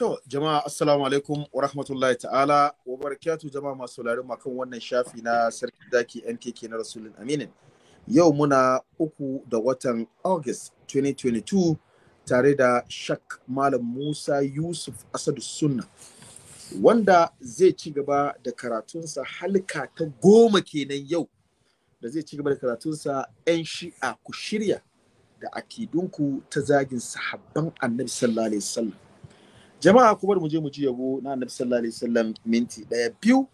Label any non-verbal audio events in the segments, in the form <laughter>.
To, jama'a assalamu alaikum wa rahmatullahi ta'ala wa barakatu jama'a masu sauraron kan wannan shafi na sarki daki NKK na Rasulun Aminin. Yau muna uku da watan August 2022 tare da Shak Malam Musa Yusuf Asadu Sunna wanda zai ci gaba da karatunsa halka ta goma kenan yau da zai ci gaba da karatunsa 'yan shi'a ku shirya da akidunku ta zagin sahabban annabi sallallahu alaihi wasallam. jama'a kuma mu je mu ji yabo na annabi sallallahu alaihi wasallam minti daya biyu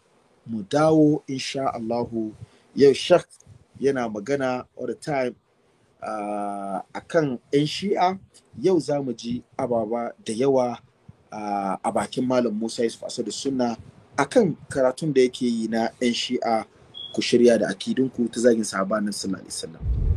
mu dawo insha Allahu yau shak yana magana all the time uh, akan yan shi'a yau za mu ji ababa da yawa uh, a bakin malam Musa Yusuf Asadu Sunna akan karatun da yake yi na yan shi'a ku shirya da akidunku ta zagin sahabanin sallallahu alaihi wasallam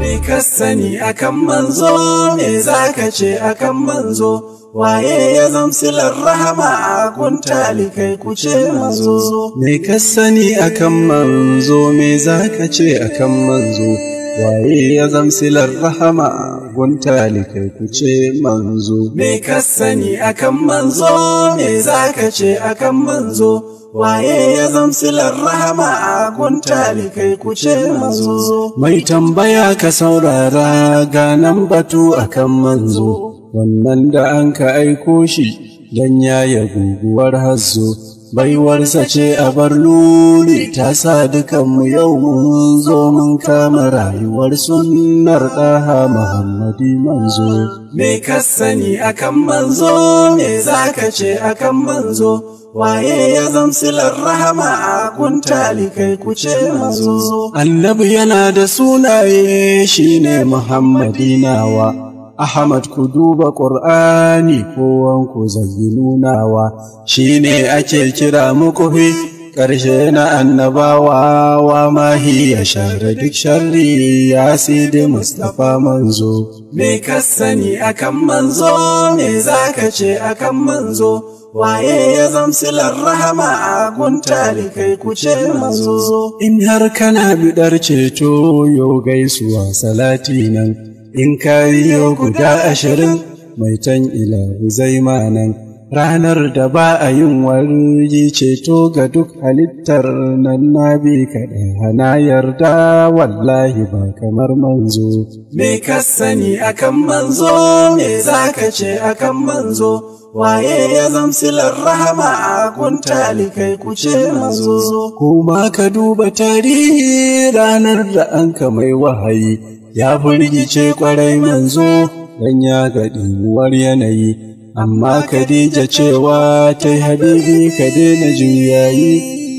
Me ka sani akan manzo, me za ka ce akan manzo, waye ya zamsilar rahama a talikai kai kuce manzo. Me ka sani akan manzo, me za ka ce akan manzo, waye ya zamsilar rahama kun talikai ku ce manzo. Me ka sani akan manzo, me za ka ce akan manzo, waye ya zamsilar rahama a kun talikai ku ce manzo. Mai tambaya ka saurara ganan batu akan manzo, wannan da an ka aiko shi don yaya guguwar hazo. baiwarsa ce a bar luli ta sa dukanmu yau mun zo mun kama rayuwar sunnar ɗaha muhammadi manzo me ka sani akan manzo me za ka ce akan manzo waye ya zamsilar rahama a kun talikai kai ce manzo annabi yana da sunaye shine muhammadi nawa Ahmad ku duba ƙur'ani kowanku nunawa, shi ne ake kira fi ƙarshe na annabawa wa mahi ya share duk sharri ya sidi Mustapha manzo. Me ka sani akan manzo, me za ka ce akan manzo, waye ya zamsilar rahama a guntali kai kuce manzo. In har kana biɗar ceto yo gaisuwa salati nan. in ka guda ashirin mai can ilahu zai manan ranar da ba a yin warji ceto ga duk halittar nan na bi kaɗan, hana yarda wallahi ba kamar manzo me ka sani akan manzo me za ka ce akan manzo waye ya zamsilar rahama a kuntali kai kuce manzo kuma ka duba tarihi ranar da an ka mai wahayi ya firgice kwarai manzo dan ya ga ɗinguwar yanayi amma Khadija cewa ta yi habibi ka daina juyayi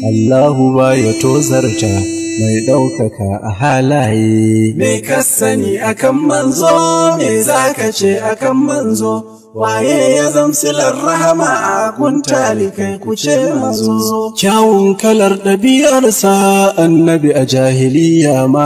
Allahu ba ya tozarta mai ɗaukaka a halaye. Me ka sani akan manzo, me za ka ce akan manzo, waye ya zamsilar rahama a kuntali kai kuce manzo. Kyawun kalar ɗabi'arsa annabi a jahiliya ma,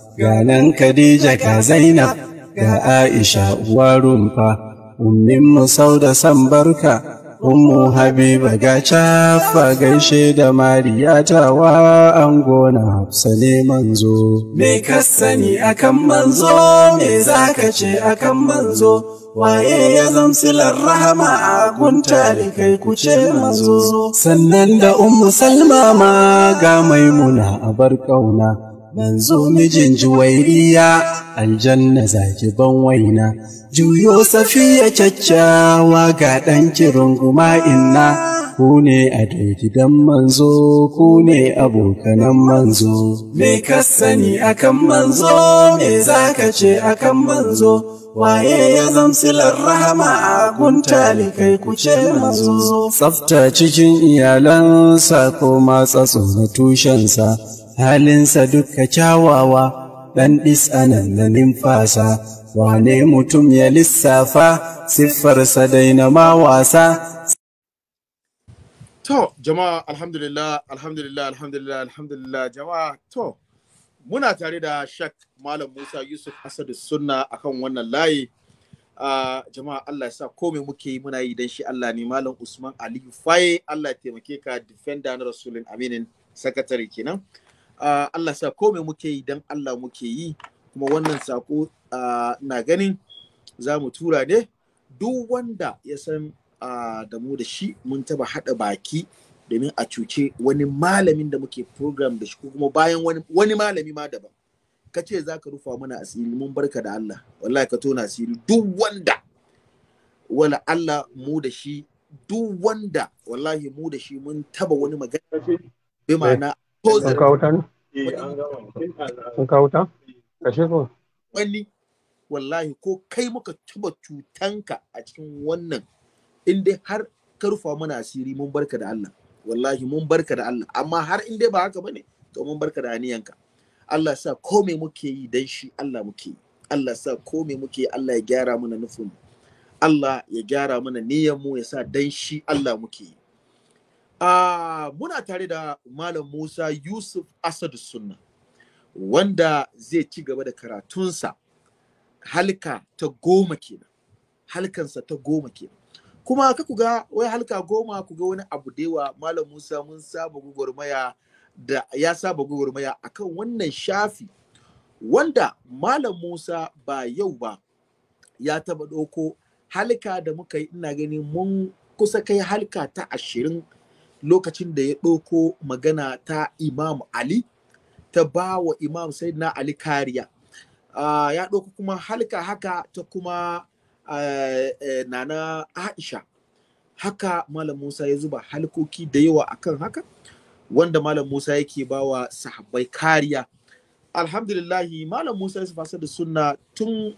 Ganan Khadija ka Zainab ga Aisha uwa rumfa ummin musau da san barka Ummu Habiba ga cafa gaishe da Mariya tawa an gona Hafsa ne manzo. Me ka sani akan manzo, me za ka ce akan manzo, waye ya zamsilar rahama a gunta da kai ce manzo. Sannan da Ummu Salma ma ga maimuna a bar ƙauna. manzo mijin juwairiya aljanna zaki ban waina juyo safiya caccawa ga ɗan kirin guma inna ku ne a gidan manzo ku ne abokanan manzo me ka sani akan manzo me za ka ce akan manzo waye ya zamsilar rahama a kuntali kai ku ce manzo tsafta cikin iyalansa ko matsa na tushensa halinsa duka kyawawa ɗan ɗis'anan na nimfasa wane mutum ya lissafa siffarsa daina ma wasa to jama'a alhamdulillah alhamdulillah alhamdulillah alhamdulillah jama'a to muna tare da shak malam musa yusuf asadu sunna akan wannan layi Uh, jama'a Allah ya sa kome muke yi muna yi don shi Allah ne Malam Usman Aliyu Faye Allah ya taimake ka defender na Rasulun Aminin sakatare kenan. Allah sa ko mai muke yi don Allah muke yi kuma wannan sako na ganin za mu tura ne duk wanda ya san da mu da shi mun taba haɗa baki domin a cuce wani malamin da muke program da shi ko kuma bayan wani malami ma daban ka ce za ka rufa mana asiri mun barka da Allah wallahi ka tona asiri duk wanda wala Allah mu da shi duk wanda wallahi mu da shi mun taba wani magana bi ma'ana Sun kawo ta? Kashe ko? Wani wallahi ko kai muka tuba cutanka a cikin wannan in har ka rufa mana asiri mun barka da Allah wallahi mun barka da Allah amma har in dai ba haka bane to mun barka da aniyanka Allah sa ko me muke yi dan shi Allah muke yi Allah sa ko me muke Allah ya gyara mana nufin Allah ya gyara mana niyyar mu ya sa dan shi Allah muke yi Uh, muna tare da Malam Musa Yusuf Asadu Sunna wanda zai ci gaba da karatunsa halka ta goma kenan. Halkansa ta goma kenan. Kuma ka wai halka goma ku ga wani abu da yawa Malam Musa mun saba gugurmaya da ya saba gugurmaya akan wannan shafi wanda Malam Musa ba yau ba ya taba ɗauko halka da muka yi ina gani mun kusa kai halka ta ashirin lokacin da ya ɗauko magana ta Imam Ali ta ba wa Imam na Ali kariya. Uh, ya ɗauko kuma halka haka ta kuma uh, nana Aisha. Haka Malam Musa ya zuba halkoki da yawa akan haka, wanda Malam Musa yake ba wa sahabbai kariya. Alhamdulillahi Malam Musa ya fasa da suna tun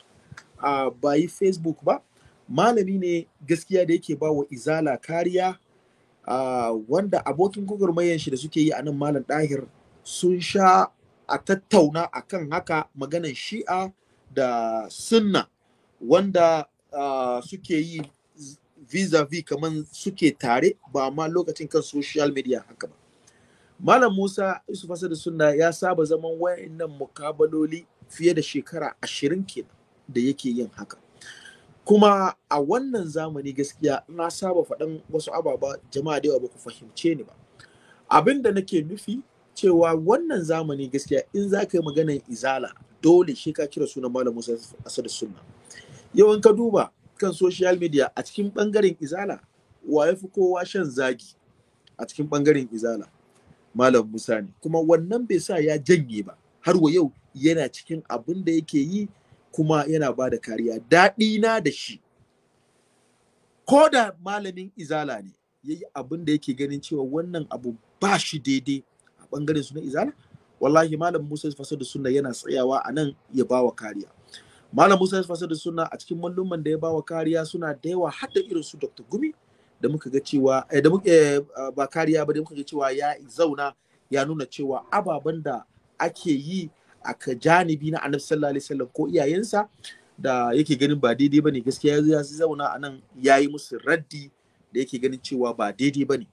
uh, bayi yi Facebook ba, malami ne gaskiya da yake ba wa izala kariya wanda abokin gwagwarmayar shi da suke yi a nan malam ɗahir sun sha a tattauna a kan haka maganan shi'a da sunna wanda suke yi vis-a-vis kamar suke tare ba ma lokacin kan social media haka ba Malam Musa Yusuf da Sunna ya saba zaman wayannan mukabaloli fiye da shekara ashirin kenan da yake yin haka. kuma a wannan zamani gaskiya na saba faɗan wasu ababa jama'a da yawa ba ku fahimce ni ba abin da nake nufi cewa wannan zamani gaskiya in za ka yi maganar izala dole shi ka kira sunan malam musa asad sunna yawan ka duba kan social media a cikin bangaren izala wa ya fi kowa shan zagi a cikin bangaren izala malam musa ne kuma wannan bai sa ya janye ba har wa yau yana cikin abin da yake yi kuma yana ba da kariya daɗi na da shi ko da malamin izala ne ya yi abin da yake ganin cewa wannan abu ba shi daidai a ɓangaren su na izala wallahi malam musa fasar da sunna yana tsayawa a nan ya bawa kariya malam musa fasar da sunna a cikin malluman da ya bawa kariya suna da yawa har da irin su dr gumi da muka ga cewa eh, da muka eh, ba kariya ba da muka ga cewa ya zauna ya nuna cewa ababen da ake yi a janibi na annabi sallallahu alaihi wasallam ko iyayensa da yake ganin ba daidai bane gaskiya ya zauna a nan ya yi musu raddi da yake ganin cewa ba daidai bane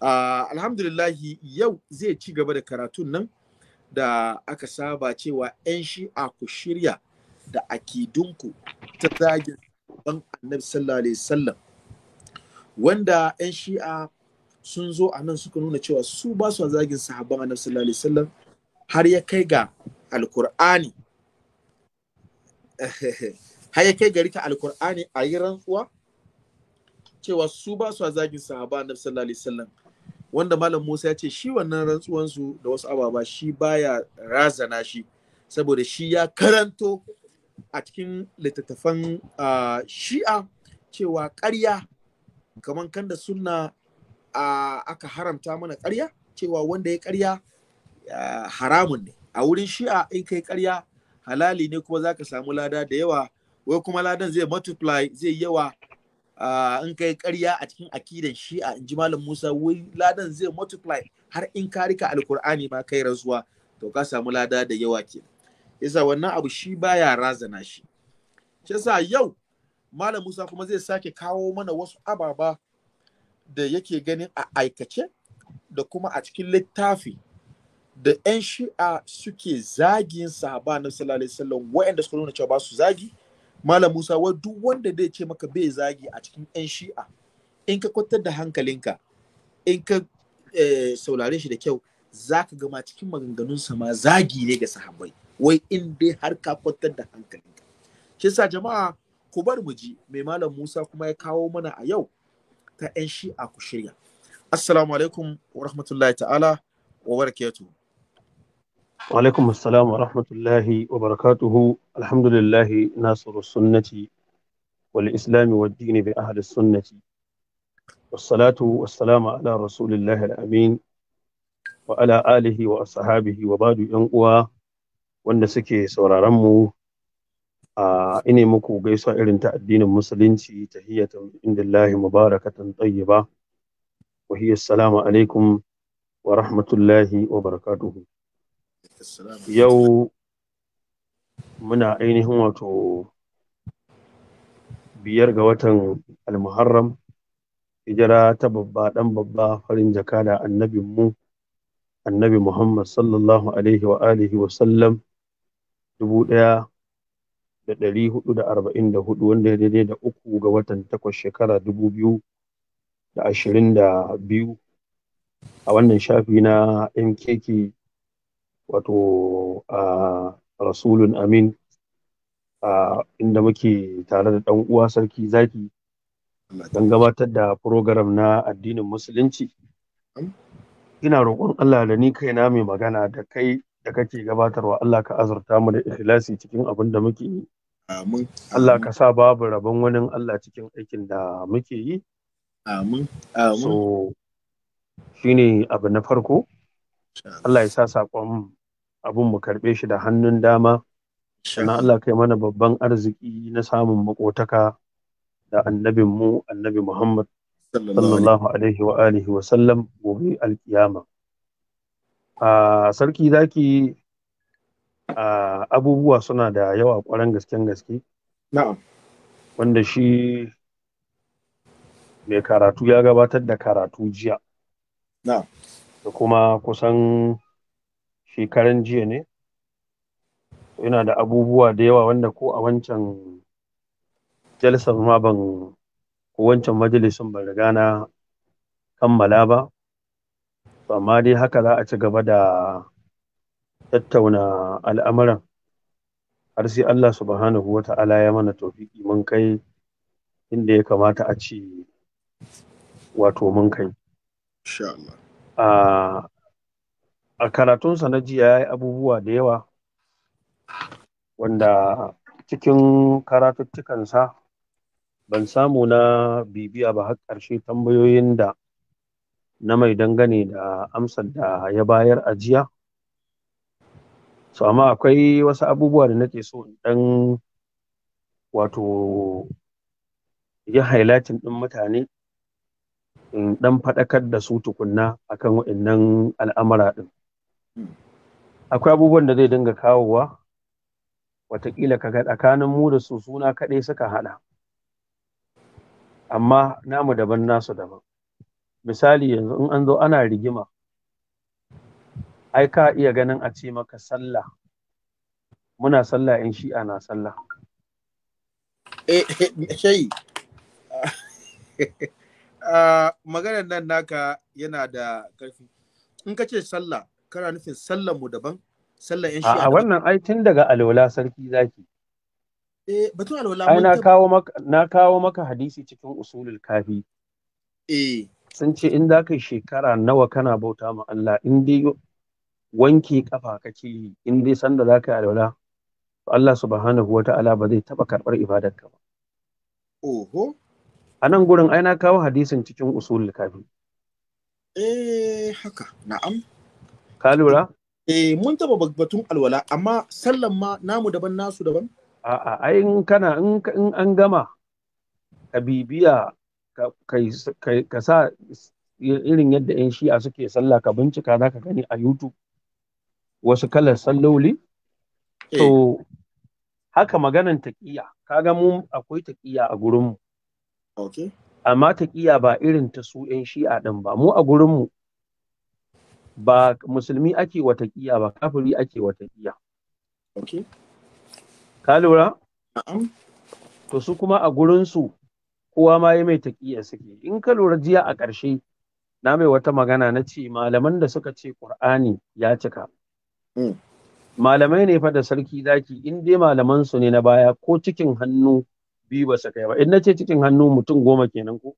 uh, alhamdulillahi yau zai ci gaba da karatun nan da aka saba cewa 'yan a ku shirya da akidunku ta zagin ban annabi sallallahu alaihi wasallam wanda 'yan shi'a sun zo a nan suka nuna cewa su ba su zagin sahabban annabi sallallahu alaihi wasallam har ya kai ga alkur'ani <laughs> har yake gari ta alkur'ani a yi rantsuwa cewa su ba su zagin sahaba annabi sallallahu alaihi wasallam wanda malam Musa ya ce shi wannan rantsuwan da wasu ababa shi baya razana shi saboda shi ya karanto a cikin littattafan shi'a cewa ƙarya kamar kan da sunna aka haramta mana ƙarya cewa wanda ya ƙarya haramun ne a wurin shi'a in kai karya halali ne kuma zaka samu lada da yawa wai kuma ladan zai multiply zai yawa in kai karya a cikin akidan shi'a in ji malam musa wai ladan zai multiply har in ka rika alkur'ani ma kai rantsuwa to ka samu lada da yawa ke yasa wannan abu shi baya razana shi shi yasa yau malam musa kuma zai sake kawo mana wasu ababa da yake ganin a aikace da kuma a cikin littafi da 'yan shi'a suke zagin sahaba na sallallahu alaihi suka nuna cewa ba su zagi malam musa wa duk wanda zai ce maka bai zagi a cikin 'yan shi'a in ka kwatar da hankalinka in ka eh, saurare shi da kyau za ka gama cikin maganganunsa ma zagi ne ga sahabai? wai in dai har ka kwatar da hankalinka shi sa jama'a ku bar mu ji mai malam musa kuma ya kawo mana a yau ta 'yan shi'a ku shirya assalamu alaikum wa rahmatullahi ta'ala wa barakatuhu وعليكم السلام ورحمة الله وبركاته الحمد لله ناصر السنة والإسلام والدين بأهل السنة والصلاة والسلام على رسول الله الأمين وعلى آله وأصحابه وبعد ينقوى wanda suke sauraron mu a ine muku gaisawa irin ta addinin musulunci tahiyatan indillahi mubarakatan tayyiba wa hiya assalamu alaikum wa rahmatullahi wa barakatuhu yau muna ainihin wato biyar ga watan almuharram hijira ta babba dan babba farin jaka da annabin mu annabi muhammad sallallahu alaihi wa alihi wa sallam dubu daya da ɗari hudu da arba'in da hudu wanda ya daidai da uku ga watan takwas shekara dubu biyu da ashirin da biyu a wannan shafi na mkk wato a rasulun amin a inda muke tare da ɗan uwa sarki zaki don gabatar da program na addinin musulunci ina roƙon Allah da ni kaina mai magana da kai da kake gabatarwa Allah ka azurta mu da ikhlasi cikin abin da muke yi Allah ka sa babu rabon wani Allah cikin aikin da muke yi. Amin. So, shi ne abu na farko. Allah ya sa saƙon abun mu karɓe shi da hannun dama sannan Allah kai mana babban arziki na samun makotaka da annabin mu annabi Muhammad sallallahu alaihi wa alihi wa sallam gobe alƙiyama. a sarki zaki abubuwa suna da yawa kwaran gasken gaske wanda shi mai karatu ya gabatar da karatu jiya da kuma kusan shekaran jiya ne yana da abubuwa da yawa wanda ko a wancan jalsar ma ban ko wancan majalisun ban riga na kammala ba amma dai haka za a ci gaba da tattauna al'amuran har sai Allah subhanahu wa ta'ala ya mana tofiki mun kai inda ya kamata a ci wato mun kai. Allah. a karatunsa na jiya ya yi abubuwa da yawa wanda cikin karatuttukansa ban samu na bibiya ba har ƙarshe tambayoyin da na mai dangane da amsar da ya bayar a jiya Su amma akwai wasu abubuwa da nake so dan wato yi highlighting ɗin mutane in dan faɗakar da su tukunna akan waɗannan al'amura ɗin. Akwai abubuwan da zai dinga kawowa, watakila kaga tsakanin mu da su suna kaɗai suka haɗa. Amma namu daban nasu daban. Misali yanzu in an zo ana rigima, ai ka iya ganin a ce maka sallah, muna sallah in shi'a na sallah. Eh, eh maganar nan naka yana da ƙarfi in ka ce sallah kana nufin sallar mu daban sallar yan shi'a a wannan ai tun daga alwala sarki zaki eh batun alwala mun na kawo maka na kawo maka hadisi cikin usulul kafi eh sun ce in za ka shekara nawa kana bauta ma Allah in dai wanke kafa kake ce, in dai sanda za ka yi alwala Allah subhanahu wa ta'ala ba zai taɓa karɓar ibadarka ba. Oho. a nan gurin ai kawo hadisin cikin usul likafi. eh haka na'am ka lura eh mun taba batun alwala amma sallan ma namu daban nasu daban a'a ai in kana in an gama ka bibiya ka sa irin yadda 'yan shi'a suke sallah ka bincika za ka gani a YouTube wasu kalar salloli? Eh. To, haka maganan taƙiya, ga mu akwai taƙiya a gurinmu. amma taƙiya ba irin ta su 'yan shi'a ɗin ba mu a gurinmu ba musulmi ake wa taƙiya ba kafiri ake wa taƙiya ka lura to su kuma a gurinsu kowa ma ya mai taƙiya suke in ka lura jiya a ƙarshe na mai wata magana na ce malaman da suka ce ƙur'ani ya cika mm. malamai ne fa da sarki zaki in dai malaman su ne na baya ko cikin hannu biyu ba su kai ba in na ce cikin hannu mutum goma kenan ko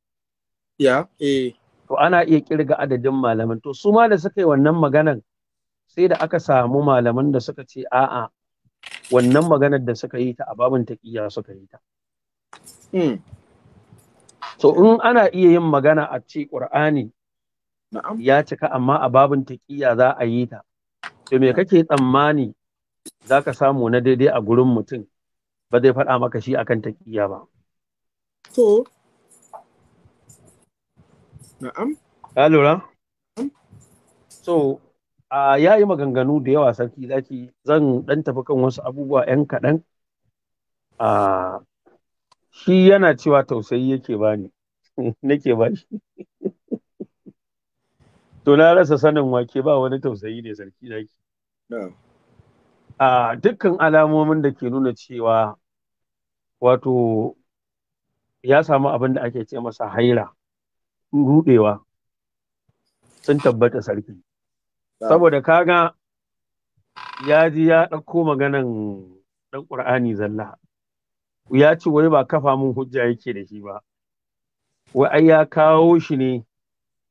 ya eh to ana iya kirga adadin malaman to su ma da suka yi wannan maganan sai da aka samu malaman da suka ce a'a wannan maganar da suka yi ta a babin taƙiyya suka yi ta hmm. so in ana iya yin magana a ce ƙur'ani ya cika amma a babin taƙiyya za a yi ta to me kake tsammani za ka samu na daidai a gurin mutum ba zai faɗa maka shi akan taƙiyya ba. To. Na'am. Ya lura? So, a ya yi maganganu da yawa sarki zaki zan ɗan tafi kan wasu abubuwa 'yan kaɗan. A shi yana cewa tausayi yake bani, <laughs> nake ba shi. <laughs> to na rasa sanin wake ba wani tausayi ne sarki zaki. Na'am. a dukkan alamomin da ke nuna cewa wato ya samu abin da ake ce masa haira rudewa sun tabbata sarki saboda kaga ya ji ya ɗauko maganan ɗan ƙur'ani zalla ya ce wai ba kafa mun hujja yake da shi ba wai ai ya kawo shi ne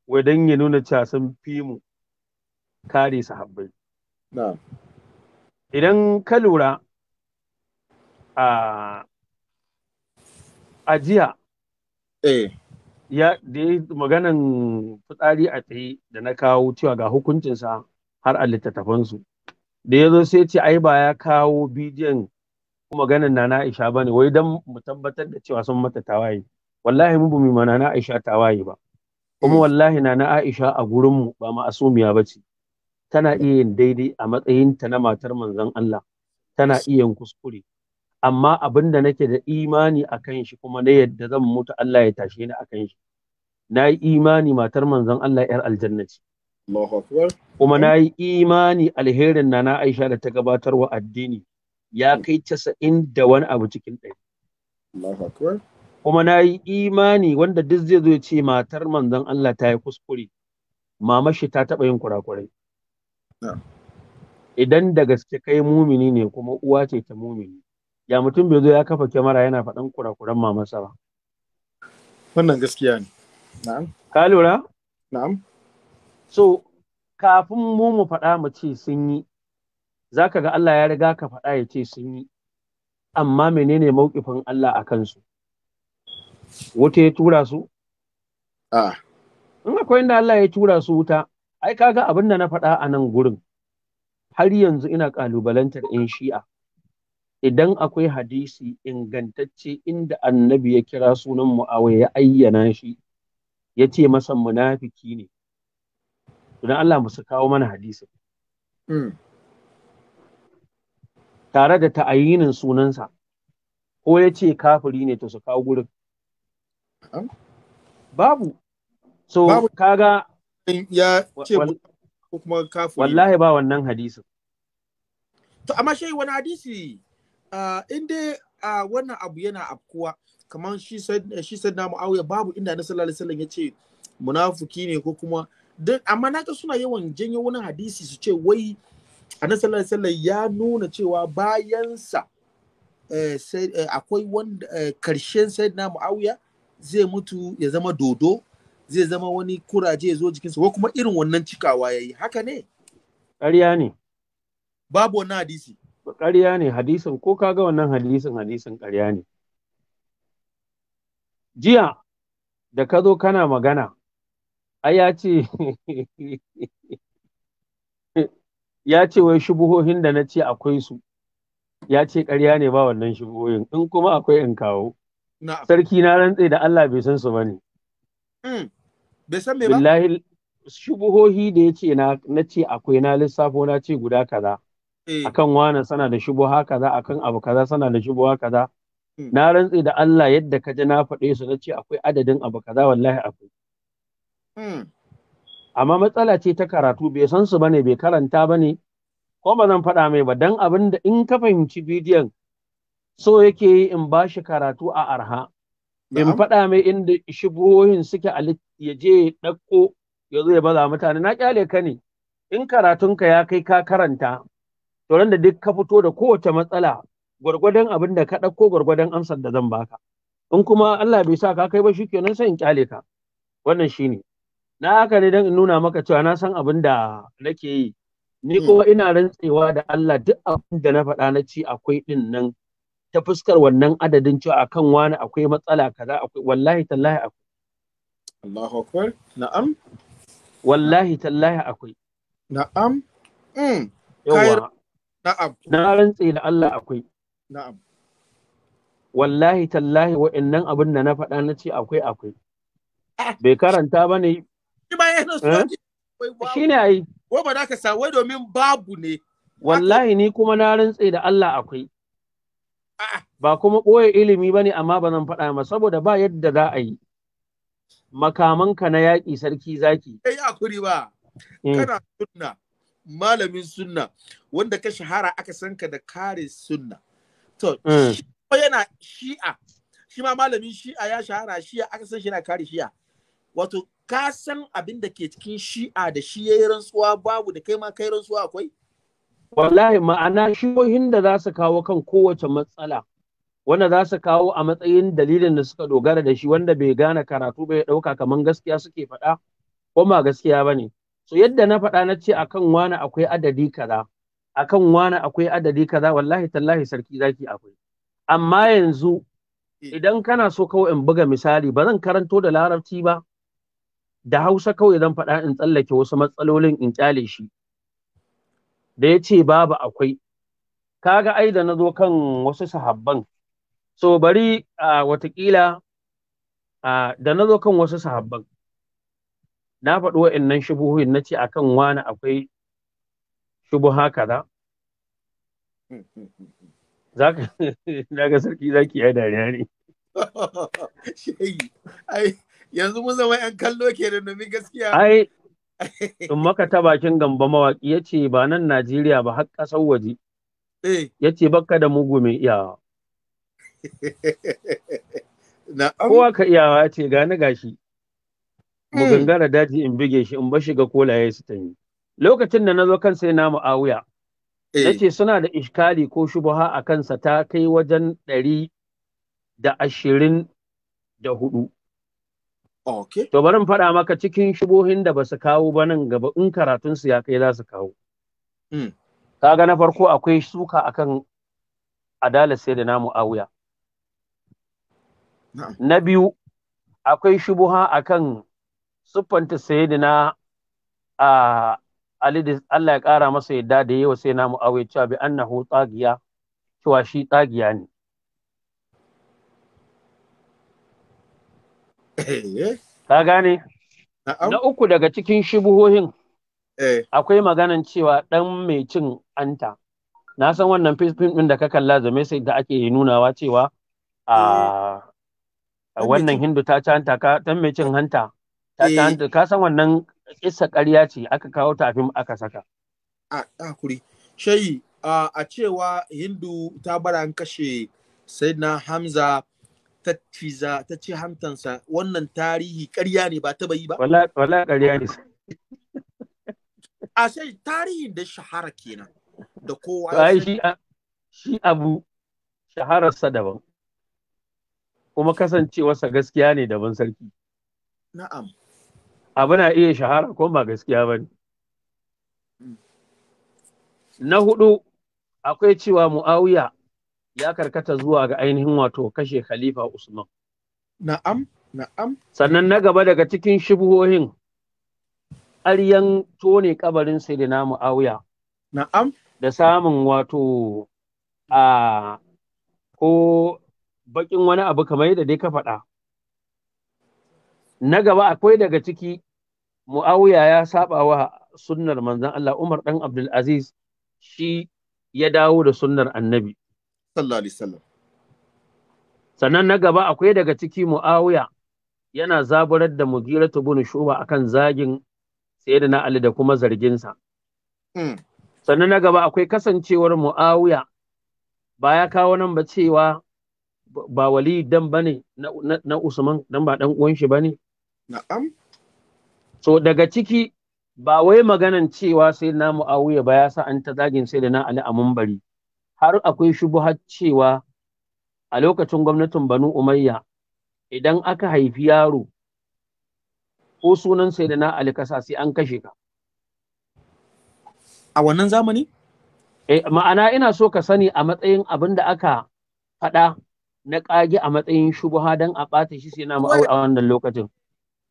wai don ya nuna casan fi mu kare sahabbai idan ka lura a jiya eh. ya da ya maganan fitsari a tsaye da na kawo cewa ga hukuncinsa har a littattafansu da ya zo sai ce ai ba ya kawo bidiyon maganan na na isha ba ne wai don mu tabbatar da cewa sun mata tawaye wallahi mu bumi ma na na aisha tawaye ba kuma mm. wallahi na na aisha a gurinmu ba ma asumiya ba ce tana iya yin daidai a matsayinta na matar manzon Allah tana iya yin kuskure amma abin da nake da imani a kan shi kuma na yadda zan mutu Allah ya tashe ni a kan shi na yi imani matar manzon Allah yar aljanna ce kuma na yi imani alherin na na Aisha da ta gabatar wa addini ya kai casa'in da wani abu cikin ɗari kuma na yi imani wanda duk zai zo ya ce matar manzon Allah ta yi kuskure mama shi ta taɓa yin kurakurai idan da gaske kai mumini ne kuma uwa ce ta mumini ya mutum bai zo ya kafa kyamara yana faɗan kurakuran mamasa ba wannan gaskiya ne ka lura na'am so kafin mu mu faɗa mu ce sun yi zaka ga Allah ya riga ka faɗa ya ce sun yi amma menene mauƙifin Allah a kansu wuta ya tura su a in akwai inda Allah ya tura su wuta ai kaga abin da na faɗa a nan gurin har yanzu ina ƙalubalantar in shi'a idan akwai hadisi ingantacce inda annabi ya kira sunan mu'awiya ya ayyana shi ya ce masa munafiki ne don Allah musu kawo mana hadisi hmm. tare da ta'ayinin sunansa ko ya ce kafiri ne to su kawo gurin babu so kaga ya ce ko kuma wallahi ba wannan hadisi to amma shi wani hadisi in dai wannan abu yana afkuwa kamar shi shi sanna muawiya babu inda na sallallahu alaihi wasallam yace munafiki ne ko kuma amma naga suna yawan janyo wani hadisi su ce wai annabi sallallahu alaihi ya nuna cewa bayansa eh, eh, akwai wanda eh, karshen sayyidina muawiya zai mutu ya zama dodo zai zama wani kuraje ya zo jikinsa ko kuma irin wannan cikawa yayi haka ne ƙarya ne babu wannan hadisi ƙarya ne hadisin ko kaga wannan hadisin hadisin ƙarya ne jiya da ka zo kana magana ai ya ce <laughs> ya ce wai shubuhohin da na ce akwai su ya ce ƙarya ne ba wannan shubuhohin in kuma akwai in kawo sarki na rantse da Allah bai san su ba ne hmm. bai san me ba billahi shubuhohi da yace na nace akwai na lissafo na ce guda kaza eh. akan wani sana da shubuha kaza akan abu kaza sana da shubuha kaza hmm. na rantse da Allah yadda ka ji na faɗe su na akwai adadin abu kaza wallahi akwai hmm. amma matsala ce ta karatu bai san su bane bai karanta bane ko ba zan faɗa mai ba dan abin da in ka fahimci bidiyon so yake yi in ba shi karatu a arha mu faɗa mai inda shigohin suke a ya je ya ɗauko ya zo ya baza mutane na ƙyale ka ne in karatunka ya kai ka karanta to da duk ka fito da kowace matsala gwargwadon abin da ka ɗauko gwargwadon amsar da zan baka in kuma Allah bai sa ka kai ba shikenan sai in ƙyale ka wannan shi ne. na haka ne don in nuna maka cewa na san abin da nake yi ni hmm. kuma ina rantsewa da Allah duk abin da na faɗa na ci akwai ɗin nan ta fuskar wannan adadin cewa akan wani akwai matsala kaza akwai wallahi tallahi akwai Allahu akbar na'am wallahi tallahi akwai na'am mm yawa na'am na rantsi da Allah akwai na'am wallahi tallahi wa'annan abin da na faɗa na ce akwai akwai ah. bai karanta ba ne eh? shi ne ai wai ba za ka sa wai domin babu ne wallahi ni kuma na rantsi da Allah akwai ba kuma ɓoye ilimi ba ne amma ba zan faɗa ma saboda ba yadda za a yi makamanka na yaƙi sarki zaki. yi akuri ba, mm. kana sunna, malamin sunna, wanda ka shahara aka san ka da kare sunna. To, mm. shi yana shi'a, shi ma malamin shi'a ya shahara shi'a aka san shi na kare shi'a. Wato, ka san abin da ke cikin shi'a da shi ya yi rantsuwa babu da kai ma kai rantsuwa akwai? wallahi ma'ana shiyohin da za su kawo kan kowace matsala wanda za su kawo a matsayin dalilin da suka dogara da shi wanda bai gane karatu bai ɗauka kamar gaskiya suke faɗa ko ma gaskiya ba ne so yadda na faɗa na ce akan wani akwai adadi kaza akan wani akwai adadi kaza wallahi tallahi sarki zaki akwai amma yanzu eh. idan kana so kawai in buga misali ba zan karanto da larabci ba da hausa kawai zan faɗa in tsallake wasu matsalolin in kyale shi da ya ce babu akwai kaga ai da na zo kan wasu sahabban so bari a watakila da na zo kan wasu sahabban na faɗi wa'annan shubuhoyin na ce akan wani akwai shubuha kaza za ka daga sarki za ki yi dariya ne <laughs> yanzu mun zama 'yan kallo ke da domin gaskiya ai in <laughs> maka ta bakin gamba mawaƙi ya ce ba nan Najeriya ba har ƙasar waje. Eh. Ya ce baka da mugu mai iyawa. <laughs> Kowa ka iyawa ya ce gani gashi. Mu hmm. gangara daji in bige shi in ba shiga kolaye su yi. Lokacin da na zo kan sai na awuya. Eh. Ya ce suna da ishkali ko shubuha a kansa ta kai wajen ɗari da ashirin da hudu. Okay. To bari in faɗa maka cikin shubohin da basu kawo ba nan gaba in karatun su ya kai za su kawo. Hmm. Kaga na farko akwai suka akan adalar sai da namu awuya. Na biyu akwai shubuha akan siffanta sayyidina a Ali da Allah ya ƙara masa yadda da yawa sai namu awuya cewa bi annahu tsagiya cewa shi tsagiya ne. Eh. Ka gane? Na uku daga cikin shibuhohin eh. akwai maganan cewa ɗan mai cin anta. Na san wannan fim ɗin da ka kalla zame sai da ake nunawa cewa a eh. wannan hindu ta ci hanta ka ɗan mai cin hanta. Ta ci hanta ka san wannan isa ƙarya ce aka kawo ta fim aka saka. A ɗakuri. Shayi a cewa hindu ta bara kashe sai na Hamza ta ciza ta ci hantansa wannan tarihi ƙarya ne ba ta bayi ba wala ƙarya ne a <laughs> sai tarihin da shahara kenan da kowa shi shi abu shahararsa daban kuma kasancewarsa gaskiya ne daban sarki na'am abu na iya shahara ko ba gaskiya ba ne mm. na hudu akwai cewa mu'awiya ya karkata zuwa ga ainihin wato kashe khalifa Usman. Na'am, na'am. Sannan na gaba daga cikin shubuhohin aryan tone kabarin Sayyidina Muawiya. Na'am. Da samun wato a ko bakin wani abu kamar yadda dai ka faɗa. Na gaba akwai daga ciki Muawiya ya saba wa sunnar manzan Allah Umar ɗan Abdulaziz shi ya dawo da sunnar Annabi. sallallahu alaihi wasallam sannan na gaba akwai daga ciki muawiya yana zaburar da mugiratu bin shuba akan zagin sayyidina ali da kuma zarginsa hmm. sannan na gaba akwai kasancewar muawiya ba ya kawo nan ba cewa ba wali dan bane na, usman dan ba dan uwan shi bane na'am so daga ciki ba wai maganan cewa sai na muawiya ba ya sa an ta zagin sayyidina ali a mumbari har akwai shubuhar cewa a lokacin gwamnatin Banu Umayya idan aka haifi yaro ko sunan sai da na alikasa sai an kashe ka. A wannan zamani? E, ma'ana ina so ka sani a matsayin abin da aka faɗa na ƙage a matsayin shubuha don a ɓata shi sai na ma'au a wannan lokacin.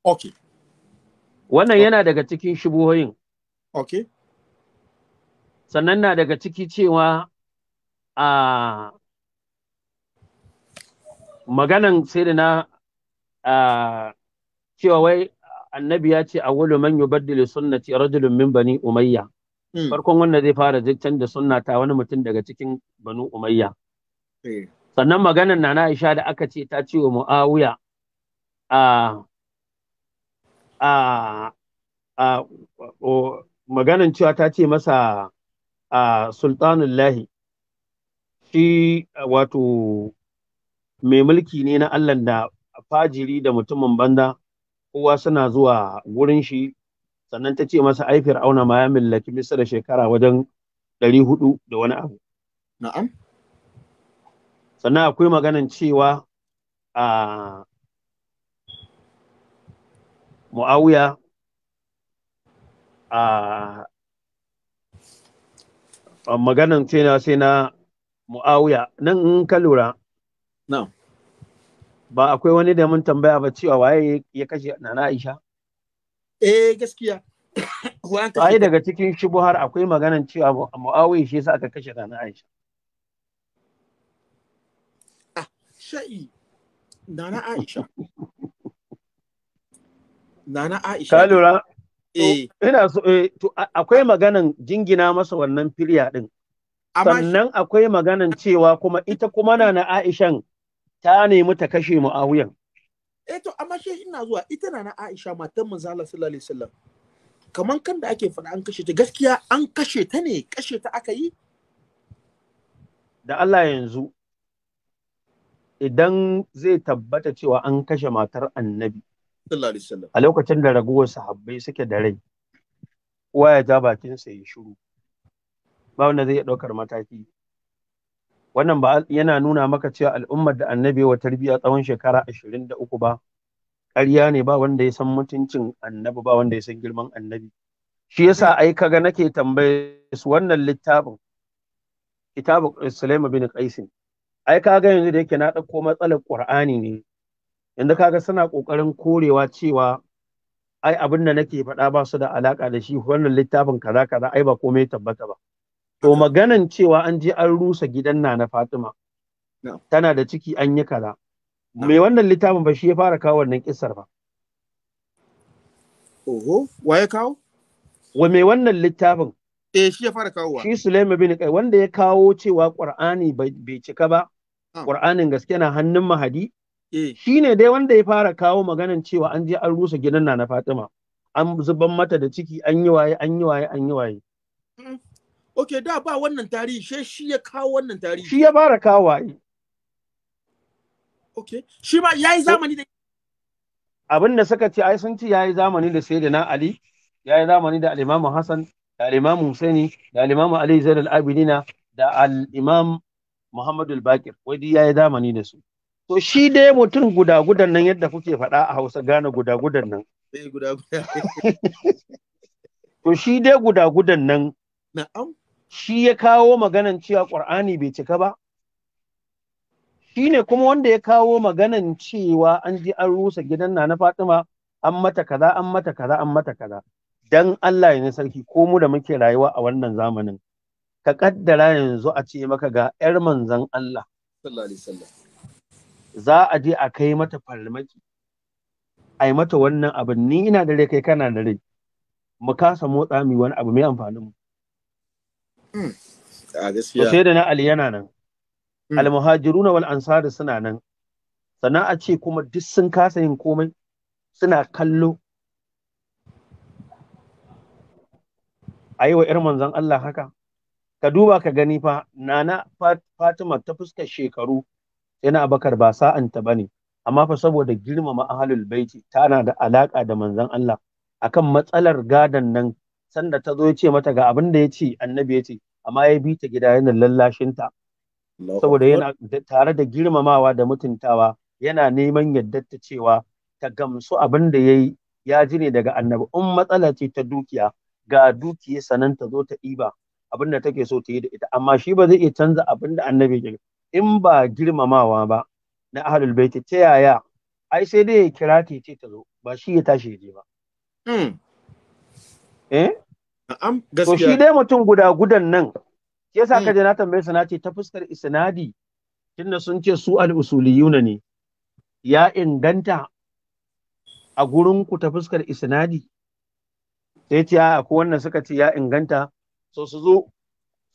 Okay. Wannan okay. yana daga cikin shubuhoyin. Okay. Sannan na daga ciki cewa a maganan da na cewa wai annabi ya ce a awwalu man yubaddilu ce rajulun min bani umayya hmm. farkon wanda zai fara jikcan da sunna ta wani mutum daga cikin banu umayya eh. sannan maganan na Aisha da aka ce ta ce wa Muawiya a a a maganan cewa ta ce masa a sultanullahi shi wato mai mulki ne na Allah da fajiri da mutumin banza, kowa suna zuwa wurin shi sannan ta ce masa ai fir'auna ma ya mallaki misra da shekara wajen ɗari hudu da wani abu na'am sannan akwai maganan cewa a mu'awiya a maganan cewa sai na mu'awiya nan in ka lura na'am ba akwai wani da mun tambaya ba cewa waye ya kashe nana Aisha? Eh gaskiya. <coughs> Ai daga cikin shubuhar akwai maganan cewa Muawiya shi yasa aka kashe nana Aisha. Ah, sha'i. Nana Aisha. <laughs> nana Aisha. Ka lura? Eh. Ina so eh to akwai maganan jingina masa wannan firya din. sannan akwai maganan cewa kuma ita kuma na na Aishan ta nemi ta kashe Muawiyan eh to amma shi ina zuwa ita na na Aisha matan manzo Allah sallallahu alaihi wasallam kaman kan da ake faɗa an kashe ta gaskiya an kashe ta ne kashe ta aka yi da Allah yanzu idan zai tabbata cewa an kashe matar annabi a lokacin da raguwar sahabbai suke da rai kowa ya ja bakinsa ya shiru ba wanda zai iya ɗaukar mataki wannan ba yana nuna maka cewa al'ummar da annabi wa tarbiyya tsawon shekara ashirin da uku ba ƙarya ne ba wanda ya san mutuncin annabi ba wanda ya san girman annabi shi yasa ai kaga nake tambaye su wannan littafin kitabu Sulaiman bin Qais ai kaga yanzu da yake na ɗauko matsalar Qur'ani ne yanzu kaga suna ƙoƙarin korewa cewa ai abin da nake faɗa ba su da alaƙa da shi wannan littafin kaza kaza ai ba komai tabbata ba to maganan cewa an je an rusa gidan na na Fatima tana da ciki an yi kaza Me wannan littafin ba shi ya fara kawo wannan kissar ba oho wa ya kawo wa mai wannan littafin eh shi ya fara kawo shi Sulaiman bin Kai wanda ya kawo cewa Qur'ani bai cika ba Qur'anin gaske na hannun Mahadi eh. shi ne dai wanda ya fara kawo maganan cewa an je an rusa gidan na na Fatima an zuban mata da ciki an yi waye an yi waye an yi waye mm. Okay, da ba wannan tarihi, she shi ya kawo wannan tarihi. Shi ya fara kawo waye. Okay, shi ma yayi zamani da Abin da suka ce ai sun ce yayi zamani da Sayyidina Ali, yayi zamani da Al-Imam Hassan, da Al-Imam Husaini, da Al-Imam Ali Zain al-Abidina, da Al-Imam Muhammad al-Baqir, wai dai yayi zamani da su. To shi dai mutum guda-gudan nan yadda kuke faɗa a Hausa gane guda-gudan nan. Eh, <laughs> to shi dai guda-gudan nan. Na'am. shi ya kawo maganan cewa ƙur'ani bai cika ba shi ne kuma wanda ya kawo maganan cewa an je an rusa gidan na na fatima an mata kaza an mata kaza an mata kaza dan Allah ya sarki ko mu da muke rayuwa a wannan zamanin ka kaddara yanzu a ce maka ga yar manzon Allah za a je a kai mata farmaki a mata wannan abin ni ina da rai kai kana da rai mu kasa motsa mi wani abu mai amfanin mu Hmm. sai da na ali yana nan hmm. almuhajiruna wal ansari suna nan sannan a ce kuma duk sun kasa yin komai suna kallo a yi wa ‘yar manzan Allah haka ka duba ka gani fa nana Fatima ta fuskar shekaru yana bakar ba sa'anta ba ne amma fa saboda girmama ahalul baiti tana da alaƙa da manzon Allah akan matsalar gadon nan sanda ta zo ya ce mata ga abin da ya ce annabi ya ce amma ya bi ta gida yana lallashinta saboda yana tare da girmamawa da mutuntawa yana neman yadda ta cewa ta gamsu abin da ya ya ji ne daga annabi in matsala ce ta dukiya ga dukiya sanan ta zo ta ɗiba abin da take so ta yi da ita amma shi ba zai iya canza abin da annabi ya in ba girmamawa ba na ahlul baiti ta yaya ai sai dai ya kira ta ce ta zo ba shi ya tashi ya je ba hmm. eh To shi dai mutum guda gudan nan sa hmm. ka je na tambaye su na ce ta fuskar isnadi tunda sun ce su al'usuli yuna ne ya inganta a gurinku ta fuskar isnadi sai ce a ko wannan suka ce ya inganta so su zo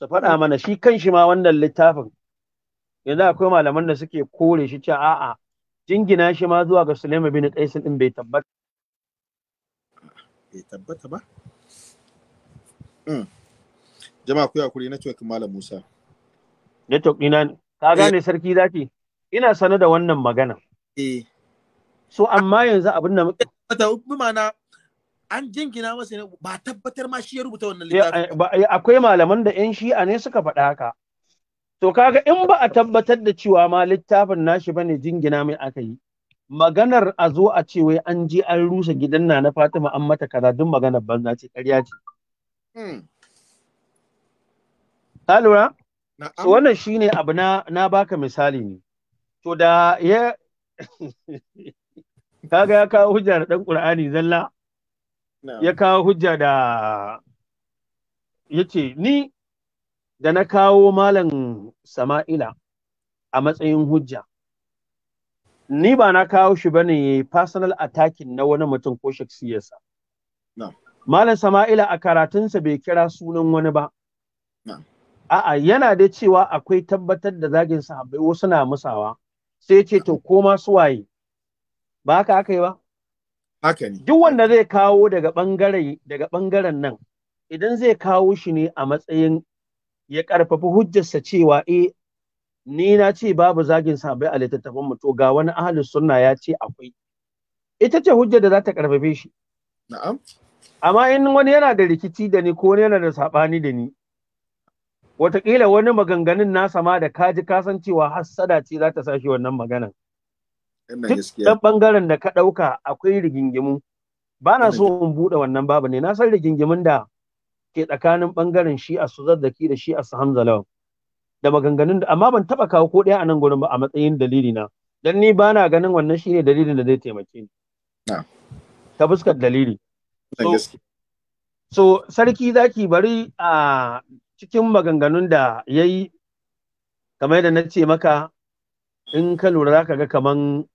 su faɗa mana shi kan shi ma wannan littafin yanzu akwai malaman da suke kore shi ce a'a jingina shi ma zuwa ga Sulema bin Qais ɗin bai tabbata bai tabbata ba Mm. jama'a kuri na cewa malam Musa network ina ka eh. gane sarki zaki ina sane da wannan magana eh so amma yanzu abin da eh, ta mana an jingina masa ne ba tabbatar ma shi ya rubuta wannan littafi akwai malaman da yan shi'a ne suka faɗa haka to kaga in ba a tabbatar da cewa ma littafin nashi bane jingina mai aka yi maganar a zo a ce wai an je an rusa gidan na na Fatima an mata kaza duk maganar banza ce ƙarya ce Hmm. Ka lura? Wannan shi ne abu na, na baka misali ne. To da ya <laughs> kaga ya kawo hujja da ɗan ƙur'ani zalla ya kawo hujja da ya ce ni da na kawo malam sama'ila a matsayin hujja ni ba na kawo shi bane personal attacking na wani mutum ko shaksiyarsa Malam Sama'ila a karatunsa bai kira sunan wani ba. A'a yana da cewa akwai tabbatar da zagin sahabbai wasu na musawa sai ce to koma su waye ba haka aka yi ba? Haka ne. Duk wanda zai kawo daga bangare daga bangaren nan idan zai kawo shi ne a matsayin ya karfafi hujjarsa cewa eh ni na ce babu zagin sahabbai a littattafan mu to ga wani ahlus sunna ya ce akwai ita ce hujjar da za ta karfafe shi. Na'am. amma in wani yana da rikici da ni ko wani yana da saɓani da ni wataƙila wani maganganun nasa ma da kaji kasan cewa hassada ce za ta sashi wannan maganan duk ɗan ɓangaren da ka ɗauka akwai rigingimu ba na so in buɗe wannan babu ne na san rigingimun da ke tsakanin ɓangaren shi a su zazzaki da shi a su da maganganun da amma ban taɓa kawo ko ɗaya a nan gurin ba a matsayin dalili na dan ni ba na ganin wannan shine dalilin da zai taimake ni ta fuskar dalili so sarki zaki bari a cikin maganganun da ya yi kamar yadda na ce maka in ka lura za ka ga kaman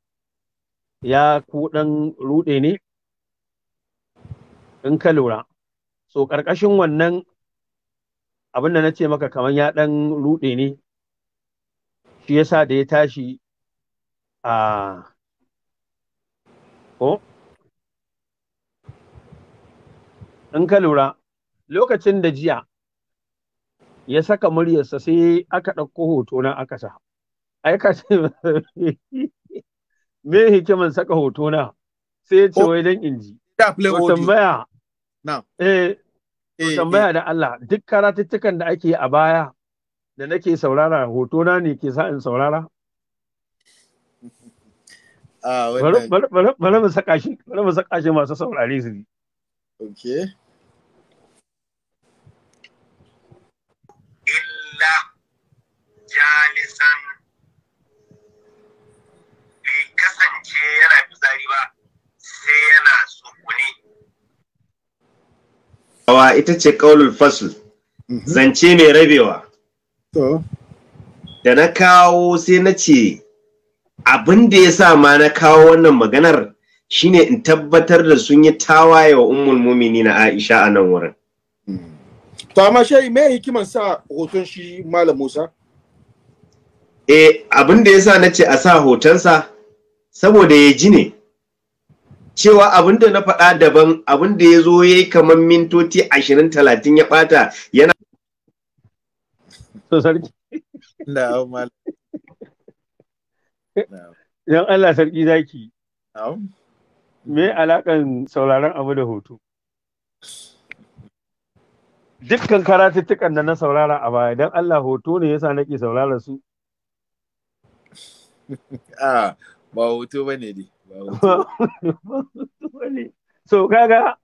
ya ku dan ruɗe ne in ka lura so karkashin wannan abin da na ce maka kaman ya dan ruɗe ne shi yasa da ya tashi a ko in ka lura lokacin da jiya ya saka muryarsa sai aka ɗauko hoto na aka sa ai ka ce <laughs> me hikiman saka hoto na sai ya ce oh. wai dan inji ko tambaya eh, eh, tambaya eh. da Allah duk karatuttukan da ake a baya da nake saurara hoto na ne ke sa in saurara ah, bari mu saka shi masu saurare su ne jalisan bai kasance yana fitsari ba sai yana tsukuni. Awa ita ce ƙaulul fasul, mhm. zance mai rabewa. Da na kawo sai na ce abin da ya sa ma na kawo wannan maganar shine in tabbatar da sun yi tawaye wa umul mumini na Aisha a nan wurin. Mhm. Ta amma shai me hikiman sa hoton shi Malam Musa? eh abin da yasa na ce a sa hotonsa saboda ya ji ne cewa abin da na faɗa daban abin da ya zo ya yi kamar mintoci ashirin talatin ya ɓata yana so sarki na'am yan Allah sarki zaki me alakan sauraron abu da hoto dukkan karatuttukan da na saurara a baya don Allah hoto ne yasa nake saurara su a ah, ba hoto ba ne dai ba hoto ba ne so kaga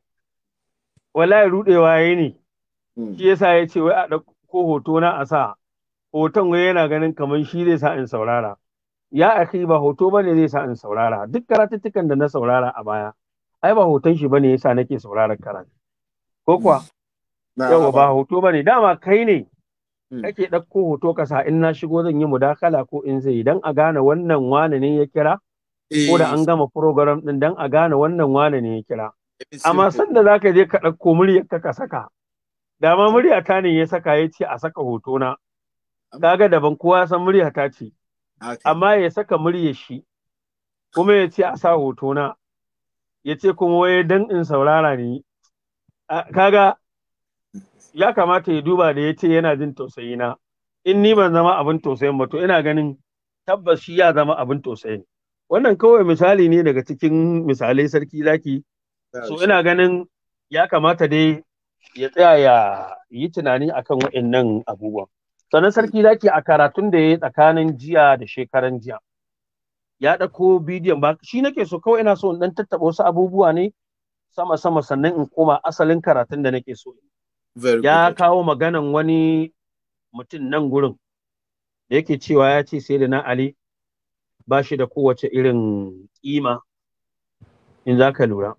wallahi rudewa yayi ne hmm. shi yasa ya ce wai a ɗauko hoto na a sa hoton wai yana ganin kamar shi zai sa in saurara ya akhi ba hoto ba ne zai sa in saurara duk karatuttukan da na saurara a baya ai ba hoton shi bane yasa nake sauraron karatu ko kuwa yawa ba hoto bane dama kai ne Hmm. kake ɗauko hoto kasa in na shigo zan yi mudakala ko in zai dan a gane wannan wane ne ya kira eh, ko da an gama program din dan a gane wannan wane ne ya kira amma sanda za ka je ka ɗauko muryar ka ka saka dama hmm. murya ta ne ya saka ya ce a saka hoto na kaga daban kowa san murya ta ce amma ya saka muryar shi kuma ya ce a sa hoto na ya ce kuma waye dan in saurara ne kaga ya kamata ya duba da ya ce yana jin tausayi na in ni ban zama abin tausayin ba to ina ganin tabbas shi ya zama abin tausayin wannan kawai misali ne daga cikin misalai sarki zaki so ina ganin ya kamata dai ya tsaya ya yi tunani akan waɗannan abubuwan sannan sarki zaki a karatun da ya tsakanin jiya da shekaran jiya ya ɗauko bidiyon ba shi nake so kawai ina so in ɗan tattaɓa wasu abubuwa ne sama sama sannan in koma asalin karatun da nake so in ya kawo maganan wani mutum nan gurin da yake cewa ya ce sai da na Ali ba shi da kowace irin kima in za ka lura.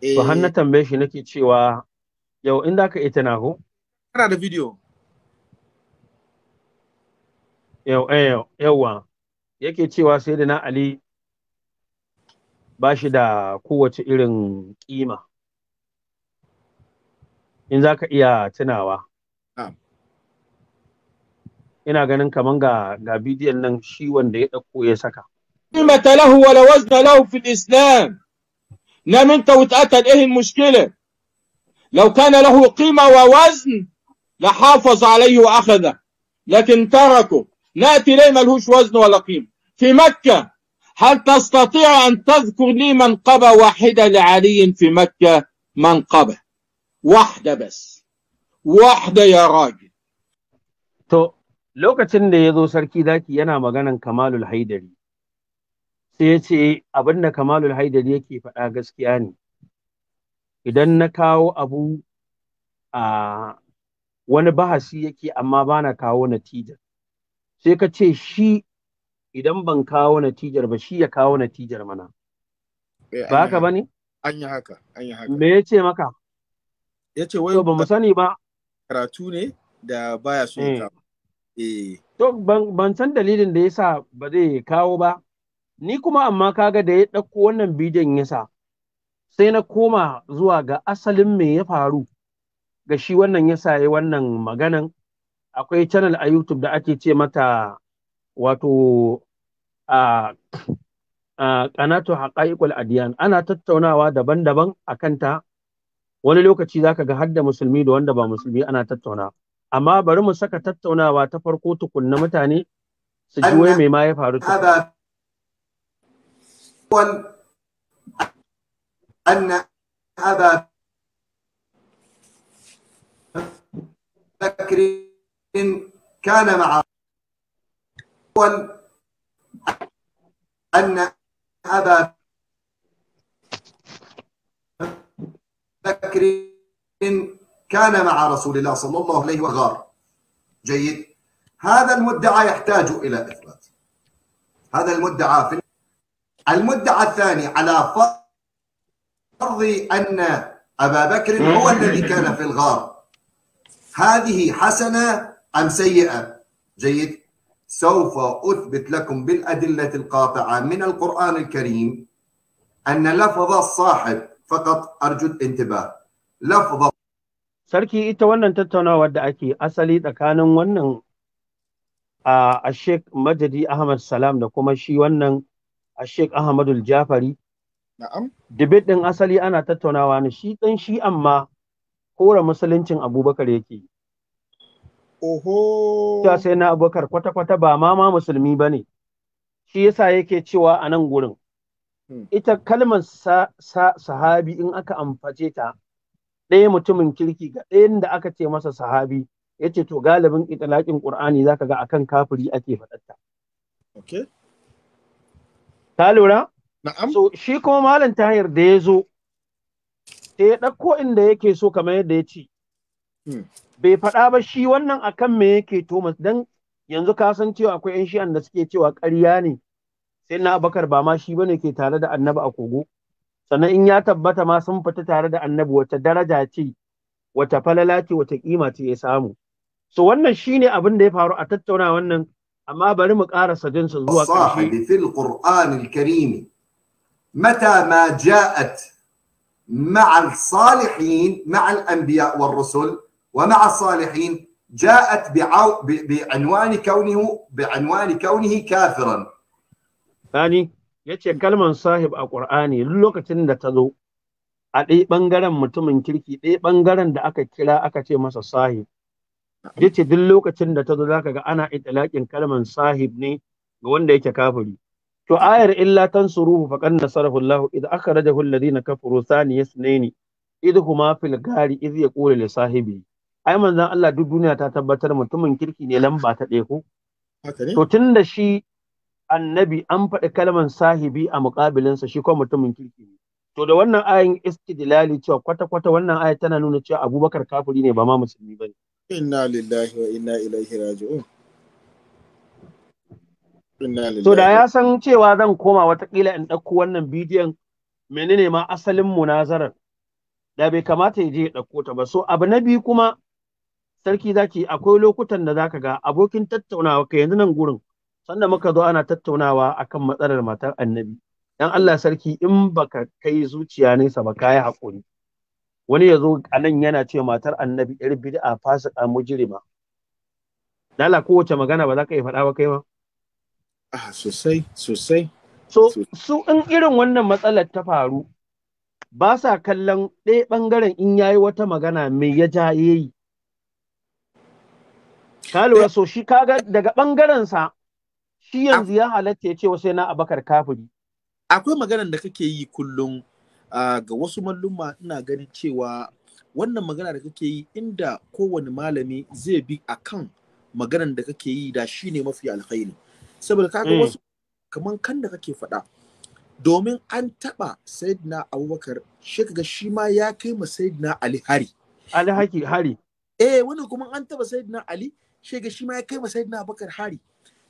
To har na eh. tambaye shi nake cewa yau in za ka ita na ko? Kana da bidiyo. Eh, yau, yauwa, yake cewa sai da na Ali ba shi da kowace irin kima. in za ka iya tunawa ina ganin kaman ga ga bidiyon nan shi wanda ya dauko ya saka قيمة له ولا وزن له في الإسلام لم أنت وتأتل إيه المشكلة لو كان له قيمة ووزن لحافظ عليه وأخذه لكن تركه نأتي ليه ملهوش وزن ولا قيمة في مكة هل تستطيع أن تذكر لي منقبة واحدة لعلي في مكة منقبة wahda bas wahda ya raji to lokacin da ya zo sarki zaki yana maganan kamalul sai ya ce abin da yake faɗa gaskiya ne idan na kawo abu wani bahasi yake amma ba na kawo natijar sai ka ce shi idan ban kawo natijar ba shi ya kawo natijar mana eh, ba haka ba ne? me ya ce maka ya ce wai ba mu sani ba karatu ne da baya so ya eh. kawo eh to ban san dalilin da yasa ba zai kawo ba ni kuma amma kaga da ya ɗauko wannan bidiyon yasa sai na koma zuwa ga asalin me ya faru ga shi wannan yasa ya wannan maganan akwai channel a YouTube da ake ce mata wato a kanatu haƙa'iƙul adiyan ana tattaunawa daban-daban a kanta wani lokaci zaka ga hadda musulmi da wanda ba musulmi ana tattauna amma bari mu saka tattaunawa ta farko tukunna mutane su ji wai mai ma ya faru wan anna hada takrin kana كان wan anna hada بكر كان مع رسول الله صلى الله عليه وسلم جيد هذا المدعى يحتاج إلى إثبات هذا المدعى في المدعى الثاني على فرض أن أبا بكر هو الذي كان في الغار هذه حسنة أم سيئة جيد سوف أثبت لكم بالأدلة القاطعة من القرآن الكريم أن لفظ الصاحب fakat arju intiba lafza sarki ita wannan tattaunawa da ake asali tsakanin wannan a Sheikh Majadi Ahmad Salam da kuma shi wannan a Sheikh Ahmadul Jafari na'am debate din asali ana tattaunawa ne shi dan shi amma kora musuluncin Abubakar yake oho ta sai na Abubakar kwata kwata ba ma ma musulmi bane shi yasa yake cewa a nan gurin Hmm. ita kalmar sahabi in aka amface ta ɗaya mutumin kirki ga ɗayan da aka ce masa sahabi ya ce to galibin itilaƙin ƙur'ani za ka ga akan kafiri ake faɗarta. Ta lura? Na'am. So shi kuma malam tahir da ya zo sai ya ɗauko inda yake so kamar yadda ya ce. Hmm. Bai faɗa ba shi wannan akan me yake to don yanzu ka san cewa akwai 'yan shi'an da suke cewa ƙarya ne sayyidina abubakar ba ma shi bane ke tare da annabi a kogo sannan in ya tabbata ma sun fita tare da annabi wata daraja ce wata falala ce wata kima ce ya samu so wannan shine abin da ya faru a tattauna wannan amma bari mu karasa jinsa zuwa ƙarshe bi fil al karim mata ma ja'at ma'a ma'a salihin مع الصالحين مع الانبياء والرسل ومع salihin جاءت بعنوان كونه بعنوان كونه كافرا Sani ya ce kalman sahib a ƙur'ani lokacin da ta zo a ɗaya ɓangaren mutumin kirki ɗaya ɓangaren da aka kira aka ce masa sahib. Ya ce duk lokacin da ta zo za ka ga ana itilaƙin kalman sahib ne ga wanda yake kafiri. To ayar illa tan tansuruhu faqad nasarahu Allah idh akhrajahu alladhina kafaru thani yasnaini idh huma fil gari idh yaqulu li sahibi ai manzon Allah duk duniya ta tabbatar mutumin kirki ne lamba ta ɗaya ko to da shi annabi an faɗi kalmar sahibi a muƙabilinsa shi kuma mutumin kirki ne to da wannan ayin istidlali cewa kwata kwata wannan aya tana nuna cewa abubakar kafiri ne ba ma musulmi bane inna lillahi wa inna ilaihi raji'un to da ya san cewa zan koma watakila in ɗauko wannan bidiyon menene ma asalin munazarar da bai kamata ya je ya ɗauko ta ba so abu na biyu kuma sarki zaki akwai lokutan da zaka ga abokin tattaunawa ka yanzu nan gurin sanda muka zo ana tattaunawa akan matsalar matar annabi dan Allah sarki in baka kai zuciya nesa ba kai hakuri wani ya zo a nan yana ce matar annabi yar bid'a fasika mujrima lala kowace magana ba za ka yi faɗa ba kai ba? ah sosai sosai so su in irin wannan matsalar ta faru ba sa kallon ɗaya ɓangaren in yayi wata magana mai ya ja yayi ka lura so shi kaga daga ɓangaren sa shi yanzu ya halatta ya ce wasu na abakar kafiri akwai maganar da kake yi kullum ga wasu malluma ina ganin cewa wannan magana da kake yi inda kowane malami zai bi a kan maganar da kake yi da shi ne mafi alkhairi saboda kaga mm. wasu kamar kan da kake faɗa domin an taɓa sayyidina abubakar shi ga shi ma ya kai ma sayyidina ali hari ali haki hari eh wani kuma an taɓa sayyidina ali shi ga shi ma ya kai ma sayyidina abubakar hari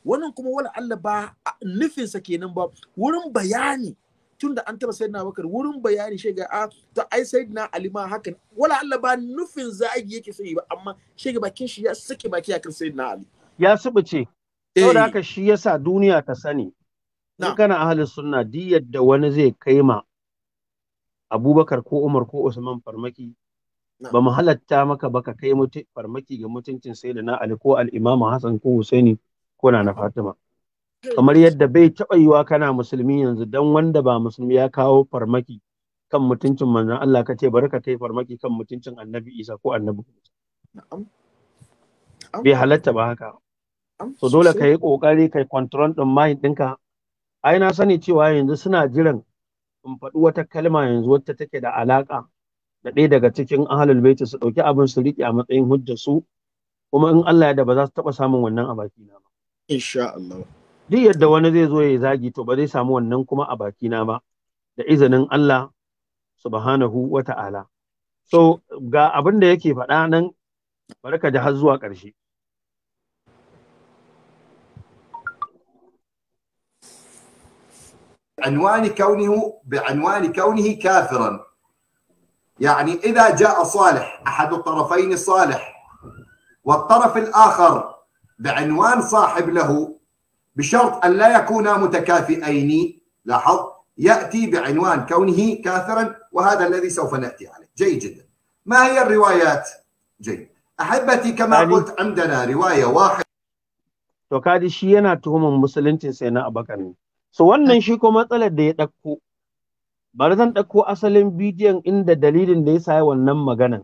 wannan kuma wala Allah ba nufinsa kenan ba wurin bayani tun da an taba sayyidina abubakar wurin bayani shi ga a ta ai sayyidina ali ma hakan wala Allah ba nufin zagi yake sai ba amma shi ga bakin shi ya sake baki akan sayyidina ali ya subuce saboda eh. haka shi yasa duniya ta sani in kana ahalin sunna di yadda wani zai kai ma abubakar ko umar ko usman farmaki ba mu halatta maka baka kai farmaki ga mutuncin sayyidina ali ko al'imamu hasan ko husaini ko na Fatima kamar yadda bai taɓa yiwa kana musulmi yanzu dan wanda ba musulmi ya kawo farmaki kan mutuncin manzon Allah ka ce bari ka kai farmaki kan mutuncin Annabi Isa ko Annabi bai halatta ba haka so dole ka yi kokari kai control din mind ɗinka ai na sani cewa yanzu suna jiran in faɗi wata kalma yanzu wacce take da alaƙa da ɗaya daga cikin ahlul baiti su ɗauki abin su riƙe a matsayin hujjar su kuma in Allah ya da ba za su taɓa samun wannan a baki ba insha Allah duk yadda wani zai zo ya zagi to ba zai samu wannan kuma a baki na ba da izinin Allah subhanahu wa so ga abin da yake fada nan bari ka ji har zuwa ƙarshe عنوان كونه بعنوان كونه كافرا يعني اذا جاء صالح احد الطرفين صالح والطرف الاخر بعنوان صاحب له بشرط أن لا يكونا متكافئين لاحظ يأتي بعنوان كونه كافرا وهذا الذي سوف نأتي عليه جيد جدا ما هي الروايات جيد أحبتي كما يعني... قلت عندنا رواية واحدة to kaji shi yana tuhumin musuluncin sai na abakan so wannan shi ko matsalar da ya ɗauko bari zan ɗauko asalin bidiyon inda dalilin da ya saya wannan maganan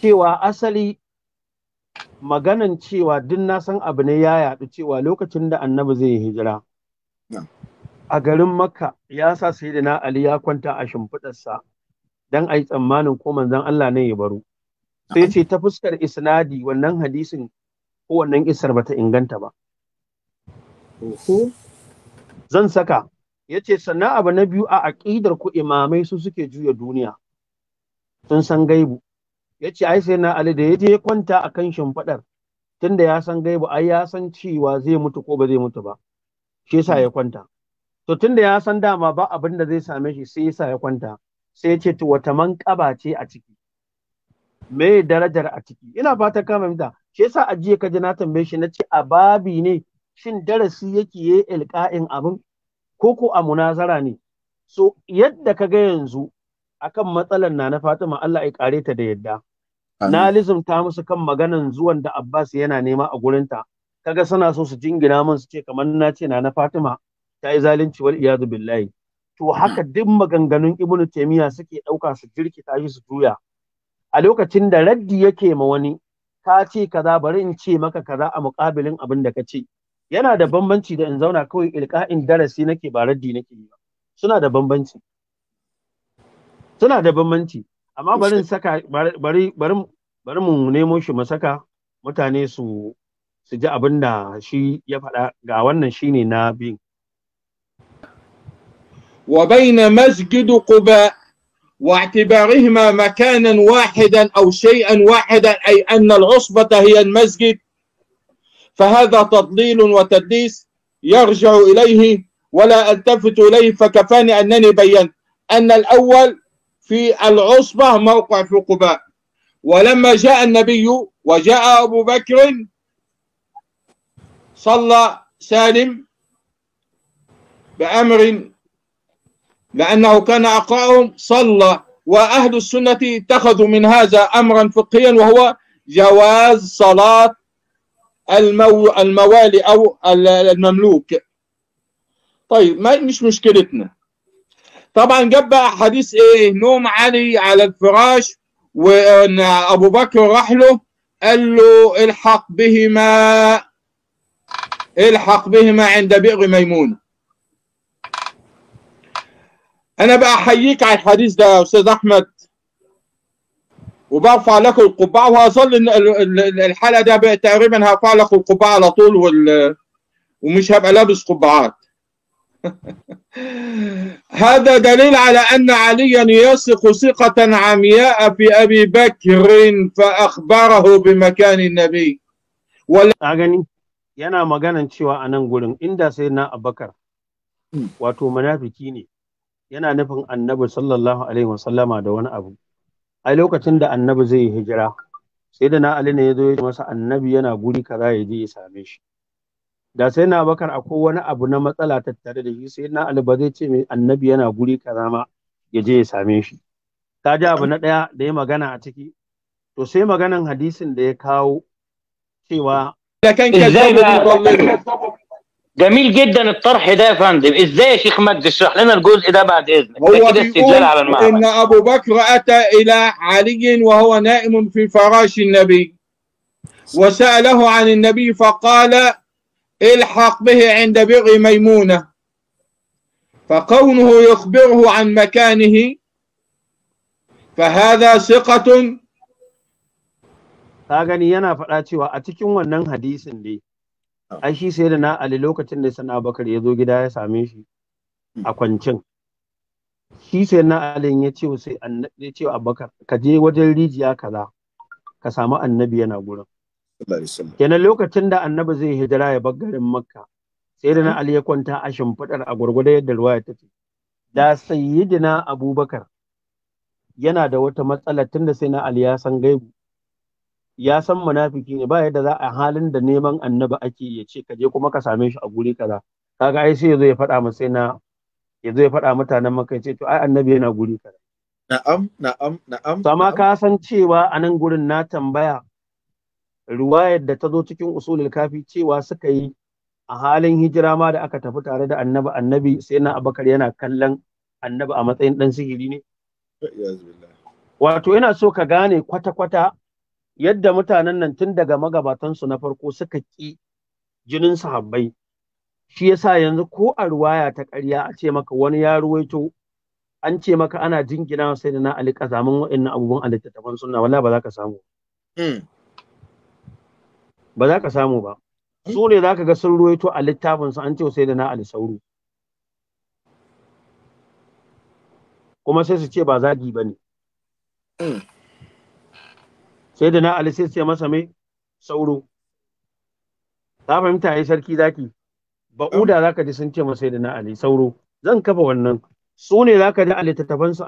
cewa asali maganan cewa duk na san abu ne ya yaɗu cewa lokacin da annabi zai hijira a garin makka ya sa sai na ali ya kwanta a shimfiɗarsa don a yi tsammanin ko manzan Allah ne ya baro sai ce ta fuskar isnadi wannan hadisin ko wannan isar bata inganta ba zan saka ya ce sannan abu na biyu a aƙidar ku imamai su suke juya duniya sun san gaibu ya ce ai sai na ali da ya je kwanta a kan shimfiɗar tunda ya san gaibu ai ya san cewa zai mutu ko ba zai mutu ba shi yasa ya kwanta to tunda ya san dama ba abin da zai same shi sai yasa ya kwanta sai ya ce to wata manƙaba ce a ciki me darajar a ciki ina fata ka fahimta shi yasa a jiya ka ji na tambaye shi na ce a babi ne shin darasi yake yi ilka'in abin ko ko a munazara ne so yadda ka ga yanzu akan matsalar na na Fatima Allah ya kare ta da yadda na lizumta musu kan maganan zuwan da Abbas yana nema a gurinta kaga suna so su jingina min su ce kamar na ce na na Fatima ta yi zalunci wal iyadu billahi to haka duk maganganun ibnu Taymiyyah suke dauka su jirkita shi su juya a lokacin da raddi yake ma wani ka ce kaza bari in ce maka kaza a muƙabilin abin da ka ce yana da bambanci da in zauna kawai ilka'in darasi nake ba raddi nake ba suna da bambanci suna da bambanci amma bari saka bari bari bari mu nemo shi mu saka mutane su su ji abinda shi ya fada ga wannan shine na bin wa وبين مسجد قباء واعتبارهما مكانا واحدا أو شيئا واحدا أي أن العصبة هي المسجد فهذا تضليل وتدليس يرجع إليه ولا ألتفت إليه فكفاني أنني بينت أن الأول في العصبة موقع في قباء ولما جاء النبي وجاء أبو بكر صلى سالم بأمر لأنه كان أقرأهم صلى وأهل السنة اتخذوا من هذا أمرا فقهيا وهو جواز صلاة المو... الموالي أو المملوك طيب ما مش مشكلتنا طبعا جاب بقى حديث ايه نوم علي على الفراش وان ابو بكر راح له قال له الحق بهما الحق بهما عند بئر ميمون انا بقى احييك على الحديث ده يا استاذ احمد وبرفع لك القبعه وهظل الحلقه ده تقريبا هرفع لك القبعه على طول وال... ومش هبقى لابس قبعات هذا دليل على أن عليا يثق ثقة عمياء في أبي بكر فأخبره بمكان النبي ولا أغني yana maganan cewa anan gurin inda sai na abakar wato munafiki ne yana nufin annabi sallallahu alaihi wasallama da wani abu a lokacin da annabi zai hijira sai da na ali ne ya zo ya ce masa annabi yana guri kaza ya je ya same shi da sai na bakar akwai wani abu na matsala tattare da shi sai na ali zai ce mai annabi yana guri kaza ma ya je ya same shi ta ji abu na daya da ya magana a ciki to sai maganan hadisin da ya kawo cewa جميل جدا الطرح ده يا فندم ازاي يا شيخ مجد اشرح لنا الجزء ده بعد اذنك هو كده على ان ابو بكر اتى الى علي وهو نائم في فراش النبي وساله عن النبي فقال الحق به عند بغي ميمونة فكونه يخبره عن مكانه فهذا ثقة ka gani yana faɗa cewa a cikin wannan hadisin ne ai shi sai da na ali lokacin da sana bakar ya zo gida ya same shi a kwancin shi sai na ali ya ce sai ya ce abakar ka je wajen rijiya kaza ka samu annabi yana gurin kenan lokacin da annabi zai hijira ya bar garin makka sai da na ali ya kwanta a shimfiɗar a gwargwado yadda ruwa ta ce da sayyidina abubakar yana da wata matsala tun da sai na ali ya san gaibu ya san munafiki ne ba yadda za a halin da neman annabi ake ya ce ka je kuma ka same shi a guri kaza kaga ai sai yazo ya faɗa sai na yazo ya faɗa mutanen ya ce to ai annabi yana guri kaza na'am na'am na'am sama ka san cewa a nan gurin na tambaya riwayar da ta zo cikin usulul kafi cewa suka yi a halin hijira ma da aka tafi tare da annabi annabi sai na abakar yana kallon annabi a matsayin dan sihiri ne wato ina so ka gane kwata-kwata yadda mutanen nan tun daga magabatansu na farko suka ki jinin sahabbai shi yasa yanzu ko a ruwaya ta ƙarya a ce maka wani ya ruwaito an ce maka ana jingina sai da na ali kazamin wa'annan abubuwan a sunna wala ba za ka samu hmm. ba za ka samu ba eh? su ne za ka ga sun ruwaito a su an ce sai da na alisauru kuma sai su ce ba zagi ba ne eh. sai da na ali sai ce masa mai sauro ta fahimta ya sarki zaki ba'uda mm. za ka ji sun ce masa da na ali sauro zan kafa wannan su ne za ka ji a littattafansu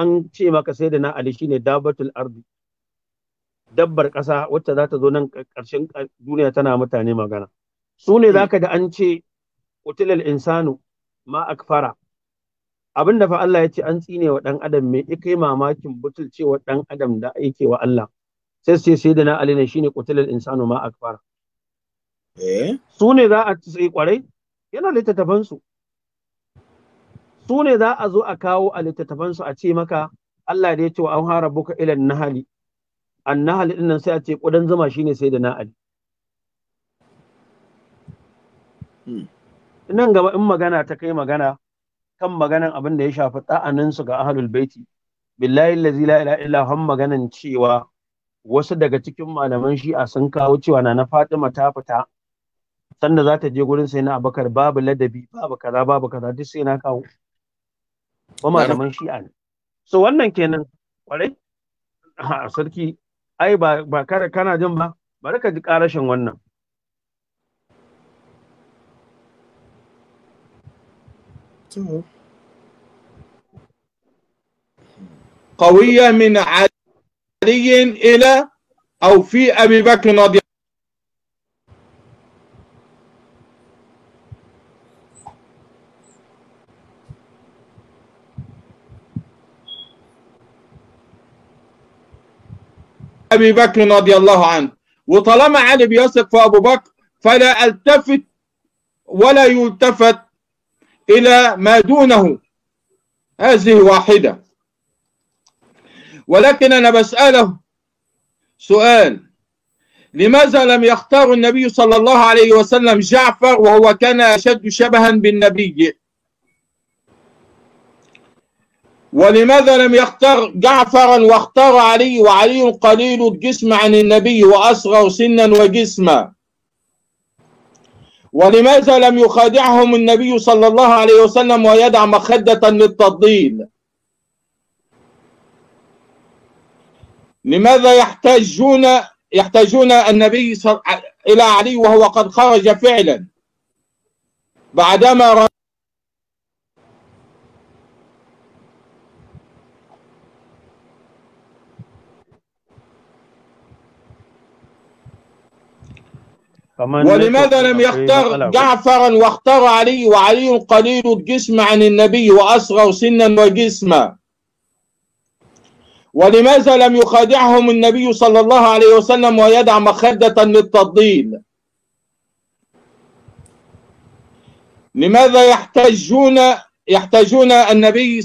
an ce maka sai da na ali shine dabatul ardi dabbar ƙasa wacce za ta zo nan ƙarshen duniya tana mutane magana su ne za ka da an ce kutilal insanu ma akfara abin da fa Allah ya ce an tsine wa ɗan adam me kai mamakin cewa ɗan adam da aike wa Allah sai sai sai da na shi ne kutilal insanu ma akfara eh? su ne za a tsaye kwarai yana littattafansu su ne za a zo a kawo a littattafansu a ce maka Allah da ya ce wa an hara buka ilan nahali annahal din nan sai a ce ƙudan zuma shine sai da na ali hmm. nan gaba in magana ta kai magana kan maganan abin da ya shafi su ga ahlul baiti billahi allazi la ilaha illa hum maganan cewa wasu daga cikin malaman a sun kawo cewa na na fatima ta fita sanda za ta je gurin sai na abakar babu ladabi babu kaza babu kaza duk sai na kawo ko malaman shi'a ne so wannan kenan kwarai a sarki ai ba ba kana jin ba bari ka ji karashin wannan قوية من علي إلى أو في أبي بكر رضي أبي بكر رضي الله عنه وطالما علي بيثق في أبو بكر فلا ألتفت ولا يلتفت إلى ما دونه هذه واحدة ولكن أنا بسأله سؤال لماذا لم يختار النبي صلى الله عليه وسلم جعفر وهو كان أشد شبها بالنبي ولماذا لم يختار جعفرا واختار علي وعلي قليل الجسم عن النبي وأصغر سنا وجسما ولماذا لم يخادعهم النبي صلى الله عليه وسلم ويدع مخدة للتضليل لماذا يحتاجون يحتاجون النبي إلى علي وهو قد خرج فعلا بعدما ولماذا لم يختار جعفرا واختار علي وعلي قليل الجسم عن النبي وأصغر سنا وجسما ولماذا لم يخادعهم النبي صلى الله عليه وسلم ويدع مخدة للتضليل لماذا يحتاجون يحتاجون النبي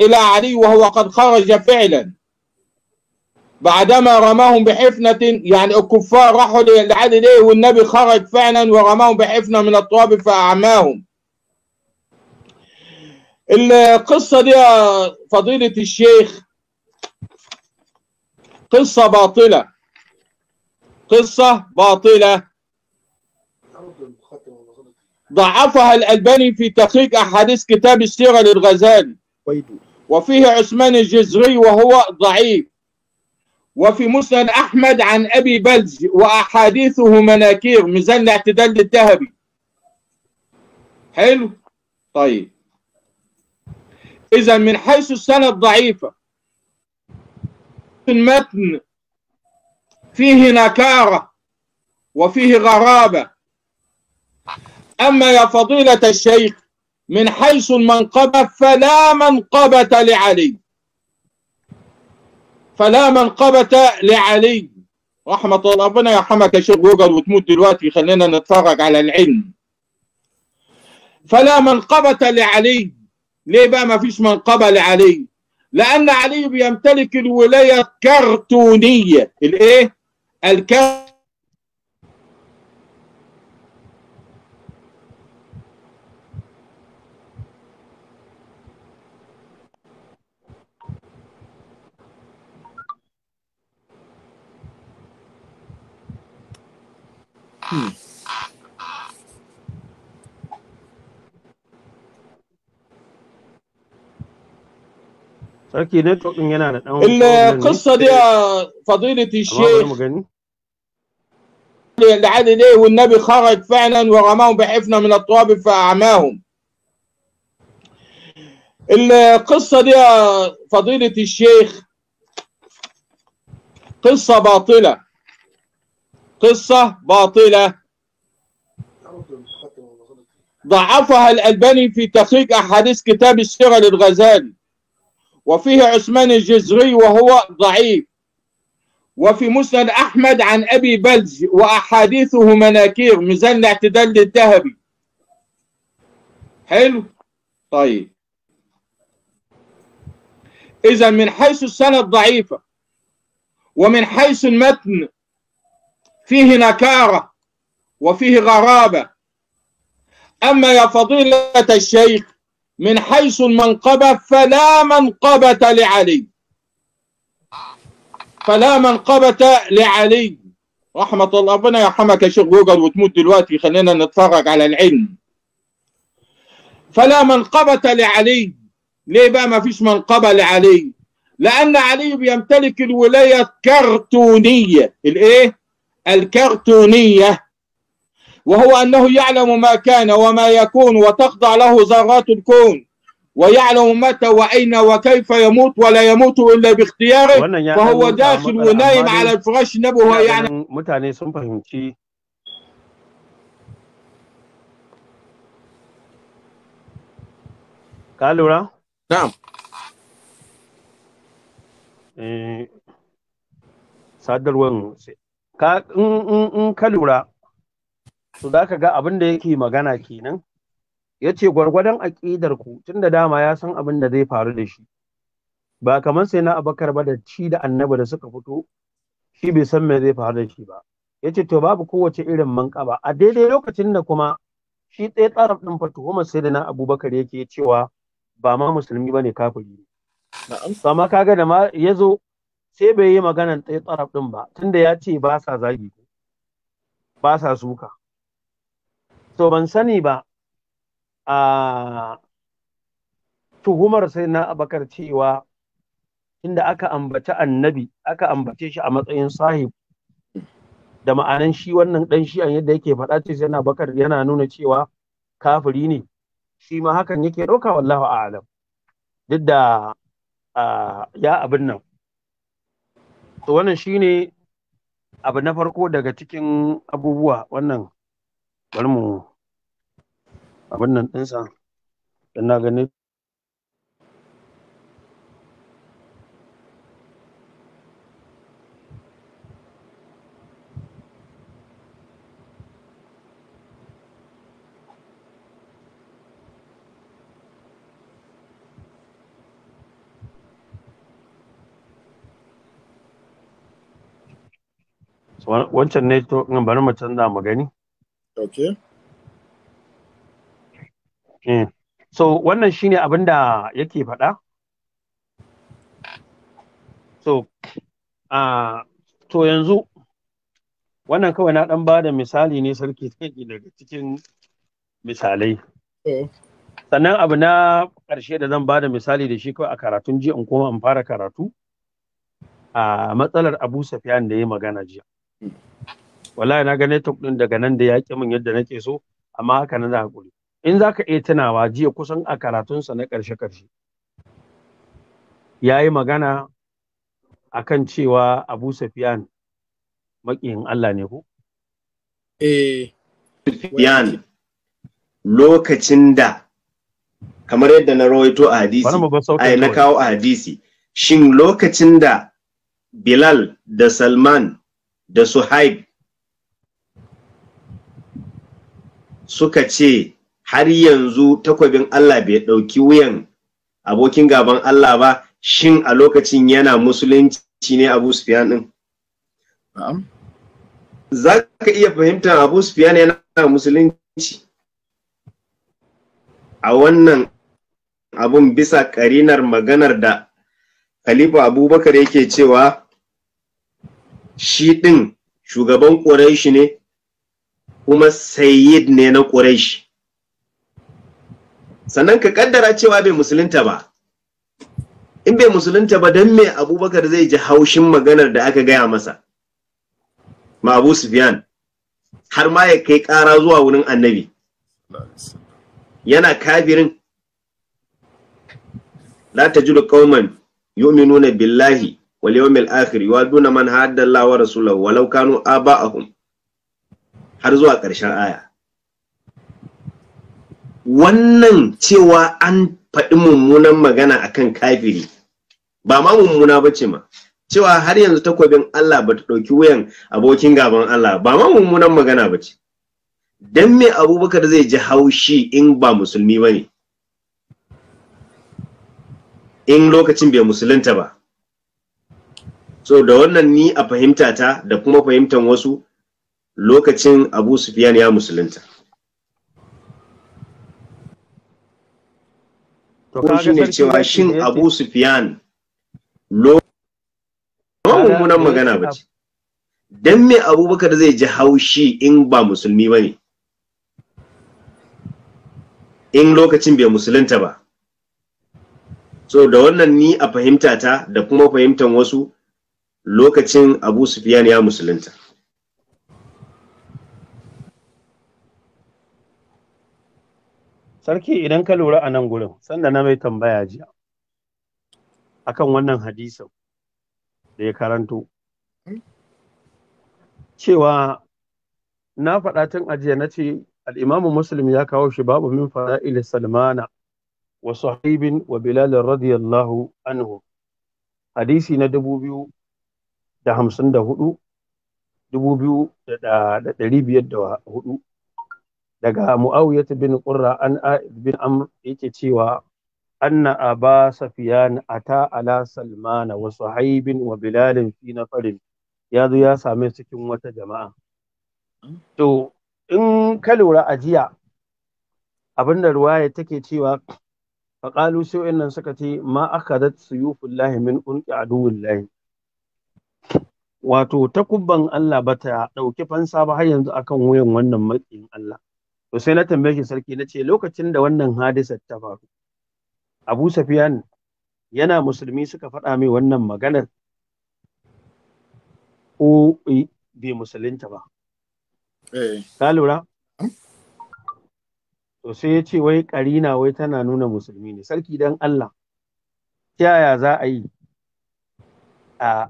إلى علي وهو قد خرج فعلا بعدما رماهم بحفنة يعني الكفار راحوا لعادي ليه والنبي خرج فعلا ورماهم بحفنة من التراب فأعماهم القصة دي فضيلة الشيخ قصة باطلة قصة باطلة ضعفها الألباني في تحقيق أحاديث كتاب السيرة للغزالي وفيه عثمان الجزري وهو ضعيف وفي مسند أحمد عن أبي بلج وأحاديثه مناكير ميزان الاعتدال للذهبي حلو طيب إذا من حيث السند ضعيفة المتن فيه نكارة وفيه غرابة أما يا فضيلة الشيخ من حيث المنقبة فلا منقبة لعلي فلا منقبة لعلي رحمة الله ربنا يرحمك يا شيخ جوجل وتموت دلوقتي خلينا نتفرج على العلم فلا منقبة لعلي ليه بقى ما فيش منقبة لعلي لأن علي بيمتلك الولاية الكرتونية الإيه؟ الكرتونية Hmm. sarki network din القصه دي فضيله الشيخ لعن ليه والنبي خرج فعلا ورماهم بحفنه من التراب فاعماهم القصه دي فضيله الشيخ قصه باطله قصة باطلة ضعفها الألباني في تخريج أحاديث كتاب السيرة للغزالي وفيه عثمان الجزري وهو ضعيف وفي مسند أحمد عن أبي بلج وأحاديثه مناكير ميزان الاعتدال للذهبي حلو طيب إذا من حيث السند ضعيفة ومن حيث المتن فيه نكارة وفيه غرابة أما يا فضيلة الشيخ من حيث المنقبة فلا منقبة لعلي فلا منقبة لعلي رحمة الله ربنا يرحمك يا شيخ جوجل وتموت دلوقتي خلينا نتفرج على العلم فلا منقبة لعلي ليه بقى ما فيش منقبة لعلي لأن علي بيمتلك الولاية الكرتونية الإيه الكرتونية وهو أنه يعلم ما كان وما يكون وتخضع له ذرات الكون ويعلم متى وأين وكيف يموت ولا يموت إلا باختياره يعني فهو داخل ونايم على الفراش نبوه يعني متاني mutane قالوا fahimci ka نعم. إيه، ka in ka lura to za ka ga abin da yake magana kenan ya ce gwargwadon aƙidar ku tunda dama ya san abin da zai faru da shi ba kamar sai na abakar ba da ci da annabi da suka fito shi bai san me zai faru da shi ba ya ce to babu kowace irin manƙaba a daidai lokacin da kuma shi ɗaya tsarin ɗin fatuhumar sai da na abubakar yake cewa ba ma musulmi ba ne kafiri ne. Sama kaga da ma ya zo sai bai yi maganan ɗaya tsaraf ɗin ba tunda ya ce ba sa zagi ba sa suka to ban sani ba a tuhumar sai na abakar cewa inda aka ambaci annabi aka ambace shi a matsayin sahib da ma'anan shi wannan ɗan shi an yadda yake faɗa ce yana bakar yana nuna cewa kafiri ne shi ma hakan yake ɗauka wallahu a'lam duk da ya abin nan Wannan wannan ne abu na farko daga cikin abubuwa wannan bari mu abin nan ɗinsa don na gani wancan ne to in bari mu canza mu gani okay eh so wannan shine abin da yake faɗa so uh, to yanzu wannan kawai na ɗan bada da misali ne <laughs> sarki daga cikin misalai sannan abu na ƙarshe da zan ba da misali da shi kawai a karatun jiya in koma in fara karatu a matsalar abu safiyan da ya magana jiya wallahi na ga network din daga nan da yaƙi min yadda nake so amma haka na da hakuri in za ka iya tunawa jiya kusan a karatunsa na ƙarshe ƙarshe ya yi magana akan cewa abu safiyan maƙiyin allah ne ko eh safiyan lokacin da kamar yadda na rawaito a hadisi ai na kawo a hadisi shin lokacin da bilal da salman da Suhaib suka ce har yanzu takwabin Allah bai ɗauki wuyan abokin gaban Allah ba shin a lokacin yana musulunci ne Abu Sufyan ɗin? Za ka iya fahimtar Abu Sufyan yana musulunci a wannan abun bisa karinar maganar da Khalifa Abubakar yake cewa shi ɗin shugaban ƙuraishi ne kuma sayid ne na ƙuraishi sannan ka ƙaddara cewa bai musulunta ba in bai musulunta ba don me abubakar zai ji haushin maganar da aka gaya masa ma abu sufyan har ma ya kai ƙara zuwa wurin annabi yana kafirin la tajidu qauman yu'minuna billahi واليوم yawmil يوادون من man الله ورسوله ولو كانوا walau har zuwa ƙarshen aya wannan cewa an faɗi mummunan magana akan kafiri ba ma mummuna ba ce ma cewa har yanzu takobin Allah ba ta ɗauki wuyan abokin gaban Allah ba ma mummunan magana ba ce don me abubakar zai ji haushi in ba musulmi ba ne in lokacin bai musulunta ba so da wannan ni a fahimta ta da kuma fahimtan wasu lokacin abu sufiyan ya musulunta ko shi ne cewa shin abu sufiyan mummunan magana ba ce don me abubakar zai ji haushi in ba musulmi ba ne in lokacin bai musulunta ba so da wannan ni a fahimta ta da kuma fahimtan wasu lokacin abu sufiyan ya musulunta sarki idan ka lura a nan gurin sanda na mai tambaya jiya akan wannan hadisin da ya karanto cewa na faɗa tun ajiya na ce al'imamu muslim ya kawo shi babu min fara'il salmana wa sahibin wa bilal radiyallahu anhu hadisi na dubu biyu da hamsin da hudu dubu biyu da ɗari biyar da hudu daga mu'awiyat bin qurra an bin amr yake cewa anna aba safiyan ata ala salmana wa suhaibin wa bilalin fi farin ya zo ya same su cikin wata jama'a to in ka lura a jiya abinda ruwaya take cewa faƙalu sai nan suka ce ma akadat suyufullahi min unqi aduwillahi wato ta kubban Allah ba ta ɗauki fansa ba har yanzu akan wuyan wannan maƙiyin Allah to sai na tambaye shi sarki na ce lokacin da wannan hadisar ta faru Abu Safiyan yana musulmi suka faɗa mai wannan maganar ko bai musulunta ba eh. ka lura hmm? to sai ya ce wai karina wai tana nuna musulmi ne sarki don Allah ta yaya za a yi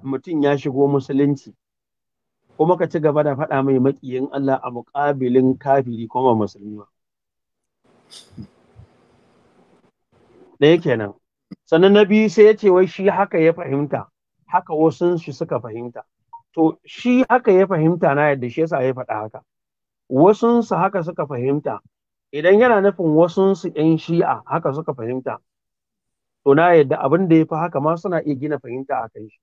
mutum ya shigo musulunci kuma ka ci gaba da faɗa mai maƙiyin Allah a muƙabilin kafiri kuma musulmi ba. Ɗaya kenan. Sannan na biyu sai ya ce wai shi haka ya fahimta, haka wasu shi suka fahimta. To shi haka ya fahimta na yadda shi yasa ya faɗa haka. Wasunsu haka suka fahimta, idan yana nufin wasunsu ‘yan shi'a haka suka fahimta, to na yadda abin da ya fi haka ma suna iya gina fahimta a kan shi.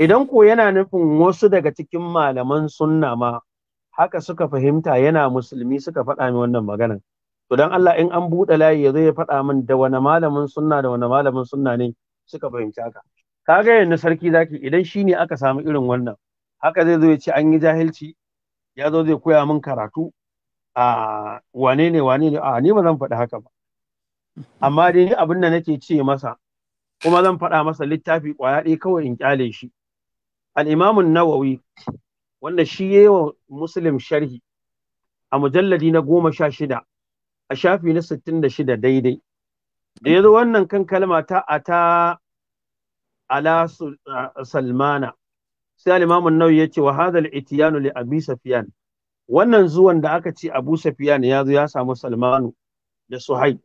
idan ko yana nufin wasu daga cikin malaman sunna ma haka suka fahimta yana musulmi suka faɗa min wannan maganan to dan Allah in an buɗe layi ya zo ya faɗa min da wani malamin sunna da wani malamin sunna ne suka fahimci haka kaga yanzu sarki zaki idan shine aka samu irin wannan haka zai zo ya ce an yi jahilci ya zo zai koya min karatu a wane ne wane ne a ni ba zan faɗi haka ba amma dai abin da nake ce masa kuma zan faɗa masa littafi ƙwaya ɗaya kawai in kyale shi al'imamun nawawi wanda shi yi wa muslim sharhi a mujalladi na goma sha shida a shafi na sittin da shida daidai da ya zo wannan kan kalma ta a ta salmana sai al'imamun nawawi ya ce wa itiyanu li abi safiyan wannan zuwan da aka ce abu safiyan ya zo ya samu salmanu da suhaib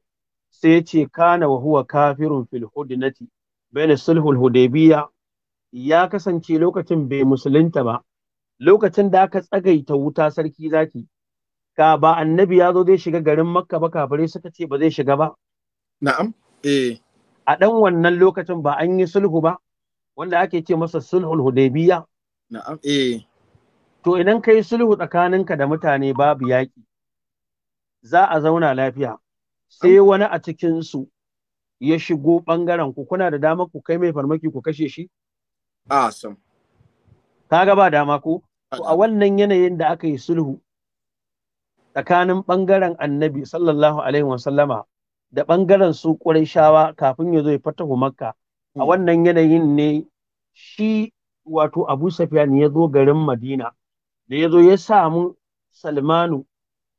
sai ya ce kana wa huwa kafirun fil hudnati baina sulhul hudaybiya ya kasance lokacin bai musulunta ba lokacin da aka tsagaita wuta sarki zaki ka ba annabi ya zo zai shiga garin makka ba kafirai suka ce ba zai shiga ba na'am eh a dan wannan lokacin ba an yi sulhu ba wanda ake ce masa sulhul hudaybiya na'am eh to idan kai sulhu tsakaninka da mutane babu yaki, za a zauna lafiya sai wani a cikin su ya shigo ɓangaren ku kuna da damar ku kai mai farmaki ku kashe shi Awesome. Kaga ba dama ko? A wannan yanayin da aka yi sulhu tsakanin ɓangaren annabi sallallahu alaihi wasallama da ɓangaren su shawa kafin ya zo ya fatahu makka a hmm. wannan yanayin ne shi wato abu Sufyan ya zo garin madina da ya zo ya samu salmanu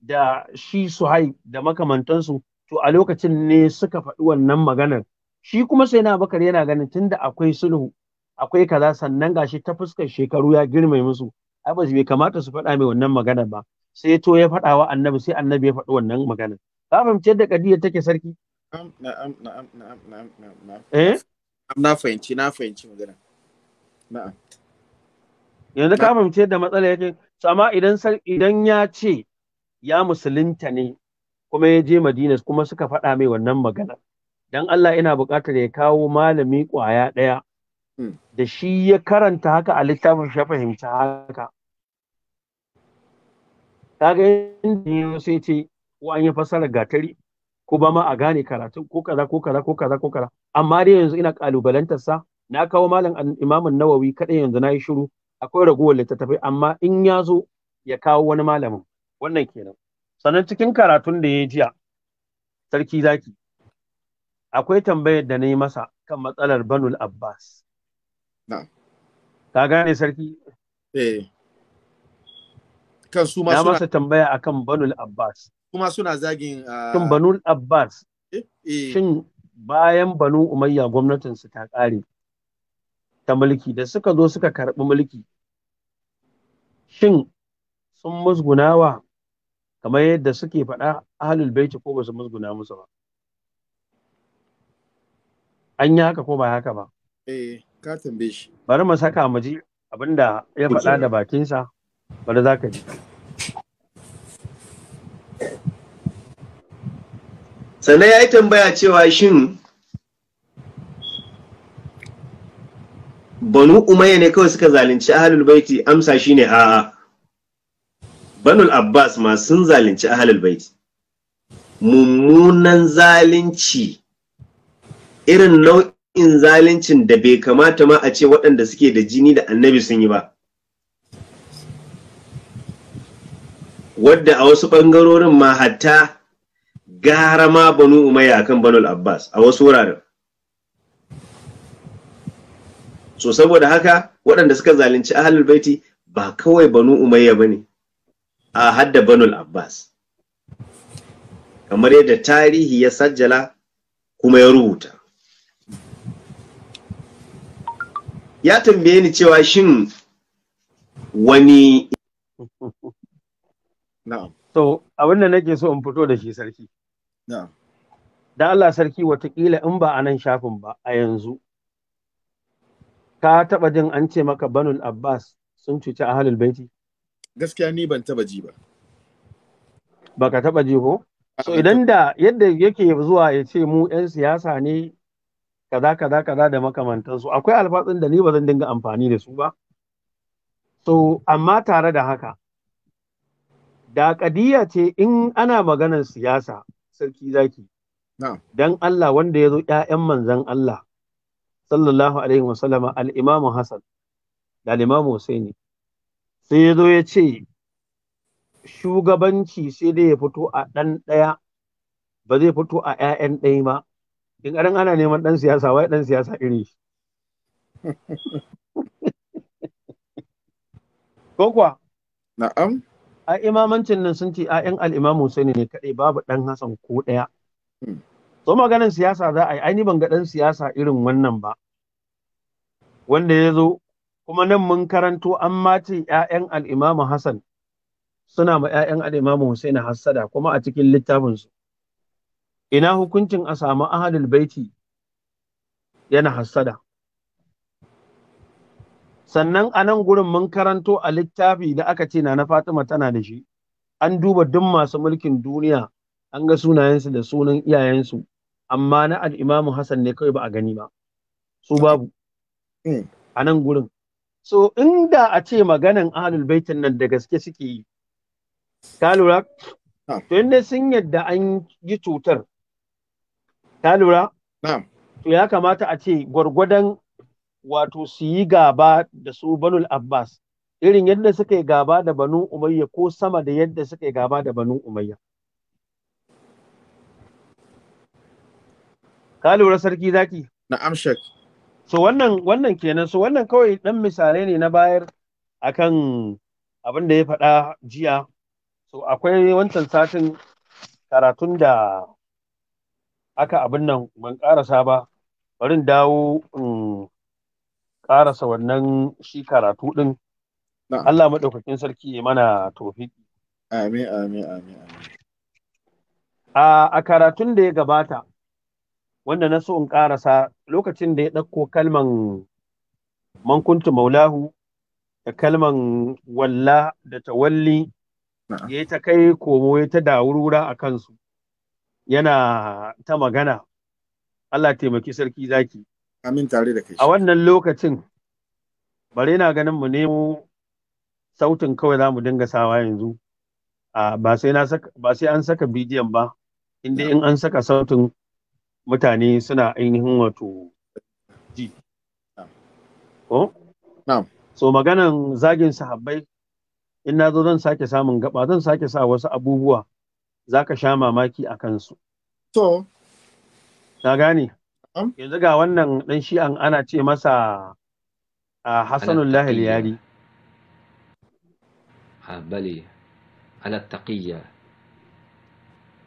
da shi suhai da makamantansu to a lokacin ne suka faɗi wannan maganar shi kuma sai na bakar yana ganin tunda akwai sulhu akwai kaza sannan gashi ta fuskar shekaru ya girme musu ai ba bai kamata su faɗa mai wannan magana ba sai to ya faɗa wa annabi sai annabi ya faɗi wannan magana ka fahimci yadda kadiyar take sarki na'am na'am na'am na'am na'am eh na fahimci na fahimci magana na'am yanzu ka fahimci yadda matsala yake amma idan idan ya ce ya musulunta ne kuma ya je Madina kuma suka faɗa mai wannan magana dan Allah ina buƙatar ya kawo malami ƙwaya ɗaya Mm. da shi ya karanta haka a littafin shi ya fahimci haka kaga inda ya ce ko an yi fasara gatari ko ba ma a gane karatu ko kaza ko kaza ko kaza ko kaza amma dai yanzu ina kalubalantar sa na kawo malam imamun nawawi kaɗai yanzu na yi shiru akwai ragowar littattafai amma in ya zo ya kawo wani malamin wannan kenan sannan cikin karatun da ya jiya sarki zaki akwai tambayar da na yi masa kan matsalar banul abbas ka gane sarki eh na masa tambaya akan banul abbas kuma suna zagin ah, shin banul abbas eh, eh. shin bayan banu umayya gwamnatinsu ta ƙare ta mulki da suka zo suka karɓi mulki shin sun musgunawa kamar yadda suke faɗa ahalul baiti ko ba su musguna musu ba an yi haka ko ba haka ba eh. ka tambaye shi bari mu saka mu ji abinda ya faɗa da bakinsa bari za ka ji sannan ya yi tambaya cewa shin banu umayya ne kawai suka zalunci ahalul baiti amsa shi ne a'a banul abbas ma sun zalunci ahalul baiti mummunan zalunci irin nau'in in zalincin da bai kamata ma a ce waɗanda suke da jini da annabi sun yi ba wadda a wasu ɓangarorin ma hatta gara ma banu umayya akan banul abbas a wasu wuraren so saboda haka waɗanda suka zalunci ahlul baiti ba kawai banu umayya ba ne a hadda banul abbas kamar yadda tarihi ya sajjala kuma ya rubuta ya tambaye ni cewa shin wani <laughs> so abin da nake so in fito da shi sarki da Allah sarki watakila in ba a nan shafin ba a yanzu ka taba jin an ce maka banul abbas sun cuci ahalul baiti gaskiya ni ban taba ji ba baka taba ji ko so idan da yadda yake zuwa ya ce mu 'yan siyasa ne kaza kaza kaza da makamantansu akwai alfatsin da ni ba zan dinga amfani da su ba so amma tare da haka da kadiya ce in ana maganar siyasa sarki zaki dan Allah wanda ya zo ƴaƴan manzon Allah sallallahu alaihi wasallam al-Imam Hassan da al-Imam Husaini sai ya zo ya ce shugabanci sai dai ya fito a ɗan ɗaya ba zai fito a ƴaƴan ɗaya ba in garin ana neman dan siyasa wai dan siyasa iri shi ko kuwa na'am a imamancin nan sun ce a yan al'imamu sani ne kadai babu dan hasan ko daya hmm. so maganin siyasa za a yi aini ban ga dan siyasa irin wannan ba wanda ya zo kuma nan mun karanto an mace 'ya'yan al'imamu Hassan suna ma 'ya'yan al'imamu Hussein hassada kuma a cikin littafinsu. ina hukuncin a samu ahalul baiti yana hassada sannan a nan gurin mun karanto a littafi da aka ce na na Fatima tana da shi an duba duk masu mulkin duniya an ga sunayensu da sunan iyayensu amma na al'imamu Hassan ne kawai ba a gani ba su babu hmm. a nan gurin so inda a ce maganan ahalul baitin nan da gaske suke yi ka lura ah. to inda sun yadda an yi cutar ta lura to ya kamata a ce gwargwadon wato su yi gaba da su banul abbas irin yadda suka yi gaba da banu umayya ko sama da yadda suka yi gaba da banu umayya ka lura sarki zaki na amshak so wannan wannan kenan so wannan kawai dan misalai ne na bayar akan abin da ya faɗa jiya so akwai wancan satin karatun da aka abin nan ban karasa ba barin dawo in karasa wannan shi karatu ɗin. Allah maɗaukakin sarki ya mana tofiki amin amin amin amin a karatun da ya gabata wanda na so in ƙarasa lokacin da ya ɗauko kalman mankuntu maulahu da kalman walla da tawalli ya ta kai komo ya ta dawurura a kansu yana ta magana Allah taimaki sarki zaki amin tare da kai a wannan lokacin bare na ganin mu nemo sautin kawai za mu dinga sawa yanzu ba sai an saka bidiyon ba inda in an saka sautin mutane suna ainihin wato ji ko so maganan zagin sahabbai in na zo zan sake samun gaba zan sake sa wasu abubuwa zaka sha mamaki akan su To. ka gane. Yanzu ga wannan dan shi an ana ce masa a Hassanun Lahil Yari. بلي على التقية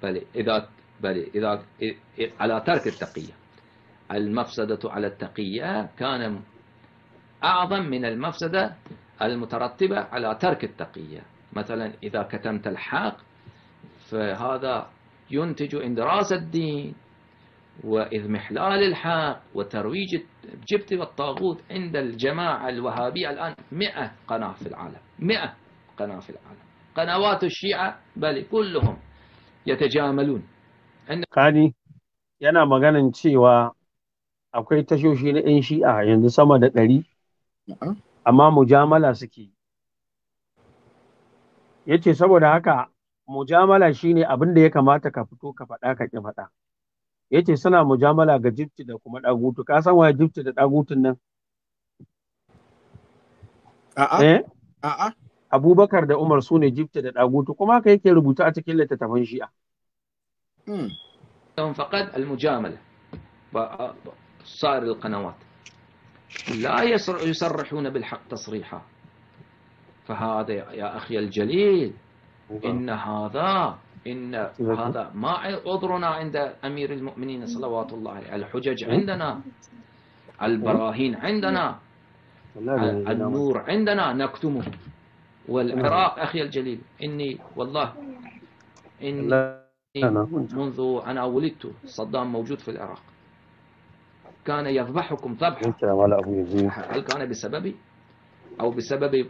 بلي إذا بلي إذا على ترك التقية المفسدة على التقية كان أعظم من المفسدة المترتبة على ترك التقية مثلا إذا كتمت الحق فهذا ينتج اندراس الدين واضمحلال الحق وترويج الجبت والطاغوت عند الجماعة الوهابية الآن 100 قناة في العالم 100 قناة في العالم قنوات الشيعة بل كلهم يتجاملون قاني ينا مغانا نتسيوا akwai tashoshi na 'yan shi'a yanzu sama da ɗari amma mujamala suke mujamala shine abin da ya kamata ka fito ka faɗa ka ki faɗa yace suna mujamala ga jibti da kuma dagutu ka san waye jibti da dagutun nan a'a a'a Abubakar da Umar sune ne da dagutu kuma ka yake rubuta a cikin littafin shi'a. hmm dan al mujamala لهم فقط المجاملة صار القنوات لا يصرحون بالحق تصريحا فهذا يا أخي الجليل إن هذا إن هذا ما عذرنا عند أمير المؤمنين صلوات الله عليه الحجج إيه؟ عندنا البراهين إيه؟ عندنا النور عندنا نكتمه والعراق أخي الجليل إني والله إني منذ أنا ولدت صدام موجود في العراق كان يذبحكم ذبحا هل كان بسببي؟ أو بسبب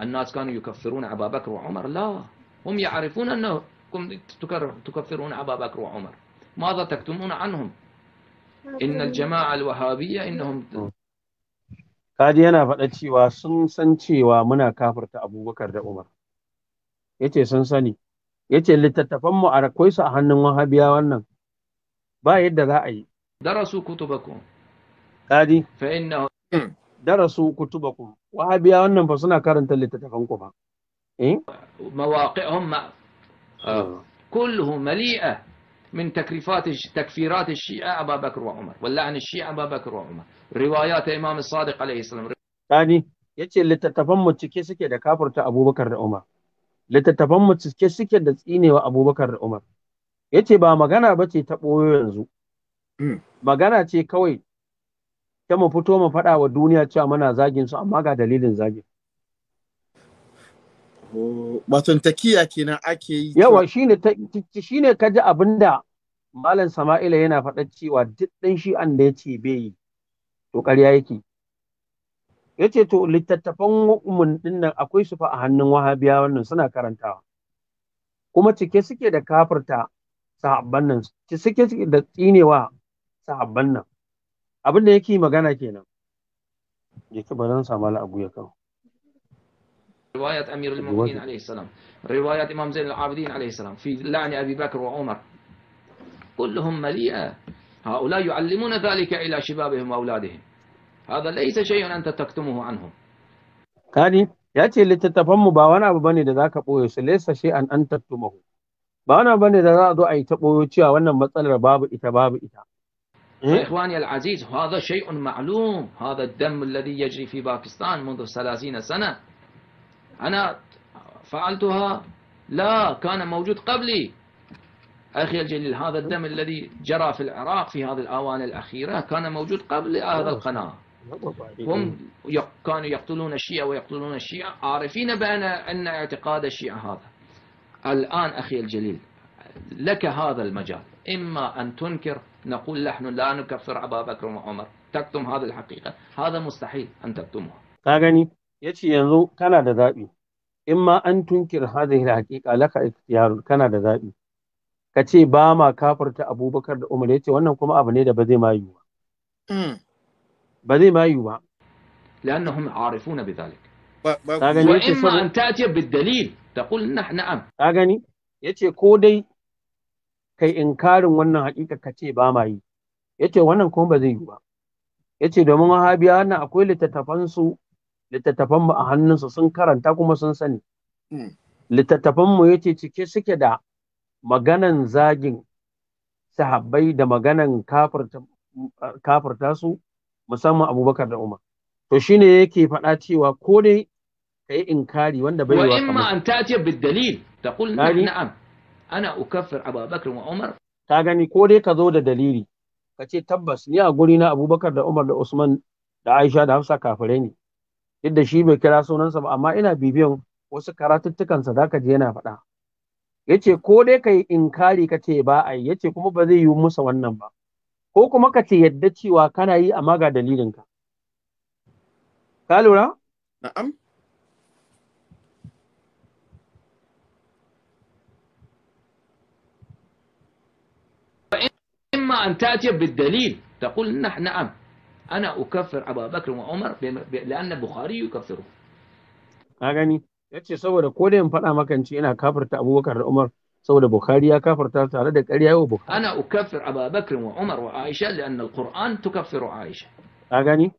الناس كانوا يكفرون أبا بكر وعمر لا هم يعرفون أنكم تكفرون أبا بكر وعمر ماذا تكتمون عنهم إن الجماعة الوهابية إنهم Kadi yana faɗa cewa sun san cewa muna kafirta abubakar da Umar. Yace sun sani. Yace littattafanmu a rakwai su a hannun wahabiya wannan. Ba yadda za a yi. Darasu kutubakum. Kadi. Fa innahu darasu kutubakum wahabiya wannan fa suna karanta littattafan ku fa eh mawaqi'hum كلهم Shi'a من تكريفات تكفيرات Umar, أبا بكر وعمر واللعن الشيعة أبا بكر وعمر روايات إمام الصادق عليه السلام ثاني yace littattafan mu cike suke da kafirta Abubakar da Umar littattafan mu cike suke da tsinewa Abubakar da Umar yace ba magana bace ta boyo yanzu hmm. magana ce kawai sai mu fito mu faɗa wa duniya cewa muna zagin su amma ga dalilin zagin Batun takiya kenan ake yi. Yawa shi ne kaji abinda Malam Sama'ila yana faɗa cewa duk ɗan shi'an da ya ce bai yi to ƙarya yake. Ya ce to littattafan mu'min ɗin akwai su fa a hannun wahabiya wannan suna karantawa. Kuma cike suke da kafirta sahabban nan, cike suke da tsinewa sahabban nan. abin da yake magana kenan je ka baran sa mala abu ya kawo رواية أمير المؤمنين عليه السلام رواية إمام زين العابدين عليه السلام في لعن أبي بكر وعمر كلهم مليئة هؤلاء يعلمون ذلك إلى شبابهم وأولادهم هذا ليس شيء أنت تكتمه عنهم كاني ya ce littattafanmu ba wani abu bane da za ka ɓoye su laisa shi an an tattumahu ba wani abu bane da za a zo a yi ta ɓoyo cewa wannan matsalar babu ita babu ita إيه؟ إخواني العزيز هذا شيء معلوم هذا الدم الذي يجري في باكستان منذ ثلاثين سنة أنا فعلتها لا كان موجود قبلي أخي الجليل هذا الدم الذي جرى في العراق في هذه الآوان الأخيرة كان موجود قبل هذا القناة هم كانوا يقتلون الشيعة ويقتلون الشيعة عارفين بأن أن اعتقاد الشيعة هذا الآن أخي الجليل لك هذا المجال إما أن تنكر نقول نحن لا نكفر ابا بكر وعمر تكتم هذه الحقيقه هذا مستحيل ان تكتمها كاغني يجي ينظو كان ذابي اما ان تنكر هذه الحقيقه لك اختيار كان ذابي كتي باما كافر ابو بكر وعمر يجي وانا كما ابني ده بدي ما يوا بدي ما يوا لانهم عارفون بذلك واما ان تاتي بالدليل تقول نحن نعم كاغني يجي كودي kai inkarin wannan haƙiƙa ka ce ba ma yi yace wannan kuma ba zai yi ba yace domin wahabiya wannan akwai littattafan su mu a hannunsu sun karanta kuma sun sani hmm. littattafan mu yace cike suke da maganan zagin sahabbai da maganan kafirta su musamman abubakar da umar to shine yake faɗa cewa ko dai ka yi inkari wanda bai yi wa kamar wa imma ta ce ta ana ukafir Abu wa Umar ka gani ko dai ka zo da dalili ka ce tabbas ni a guri na Abubakar da Umar da Usman da Aisha da Hafsa kafirai ne yadda shi bai kira sunansa ba amma ina bibiyan wasu karatuttukan sa ka je yana faɗa yace ko dai kai inkari ka ce ba ai yace kuma ba zai yi musa wannan ba ko kuma ka ce yadda cewa kana yi amma ga dalilinka ka lura na'am إما أن تأتي بالدليل تقول نحن نعم أنا أكفر أبا بكر وعمر لأن البخاري يكفره أغني yace saboda ko da in faɗa maka ce ina kafirta Abubakar da Umar saboda Bukhari ya kafarta tare da ƙarya wa Bukhari ana ukaffir Abu Bakr wa Umar wa Aisha لأن القرآن تكفر Aisha ka gani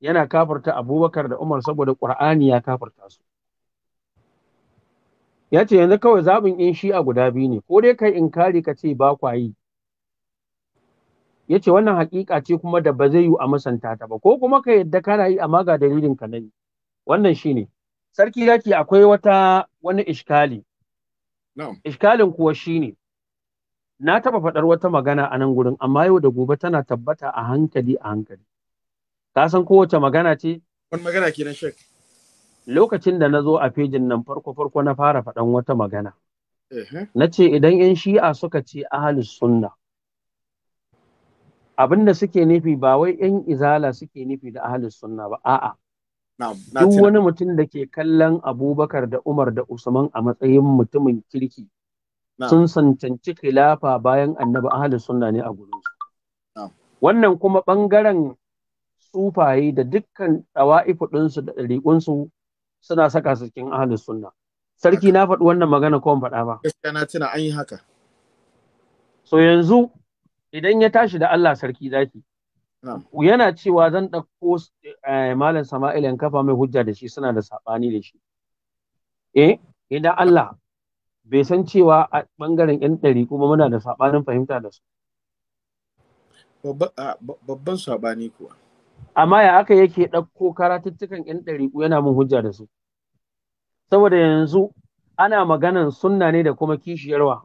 yana kafarta Abubakar da Umar saboda Qur'ani ya kafarta su ya ce yanzu kawai zaɓin in shi'a guda biyu ne ko dai kai in kare ka ce ba kwa yi ya ce wannan haƙiƙa ce kuma da ba zai yi a masanta ta ba ko kuma ka yadda kana yi amma ga dalilin ka na yi wannan shine sarki zaki akwai wata wani iskali iskalin kuwa shine na taɓa faɗar wata magana a nan gurin amma yau da gobe tana tabbata a hankali a hankali ka san kowace magana ce wani magana kenan shek lokacin da na zo a fejin nan farko farko na fara faɗan wata magana na ce idan yan shi'a suka ce ahalus sunna abin da suke nufi ba wai yan izala suke nufi da ahalus sunna ba a'a duk wani mutum da ke kallon abubakar da umar da usman a matsayin mutumin kirki sun sancanci khilafa bayan annabi ahalus sunna ne a gurin su wannan kuma bangaren sufaye da dukkan ɗawa'ifu ɗinsu da ɗariƙunsu suna saka su cikin ahalus sunna sarki na faɗi wannan magana ko faɗa ba so yanzu idan ya tashi da Allah sarki zaki yana cewa zan ɗauko eh, malam Sama'il yan kafa mai hujja da shi suna da saɓani da shi eh idan Allah bai san cewa a ɓangaren yan ɗari kuma muna da saɓanin fahimta da su babban saɓani kuwa amma ya aka yake ɗauko karatuttukan yan ɗari yana mun hujja da su saboda yanzu ana maganan sunna ne da kuma kishiyarwa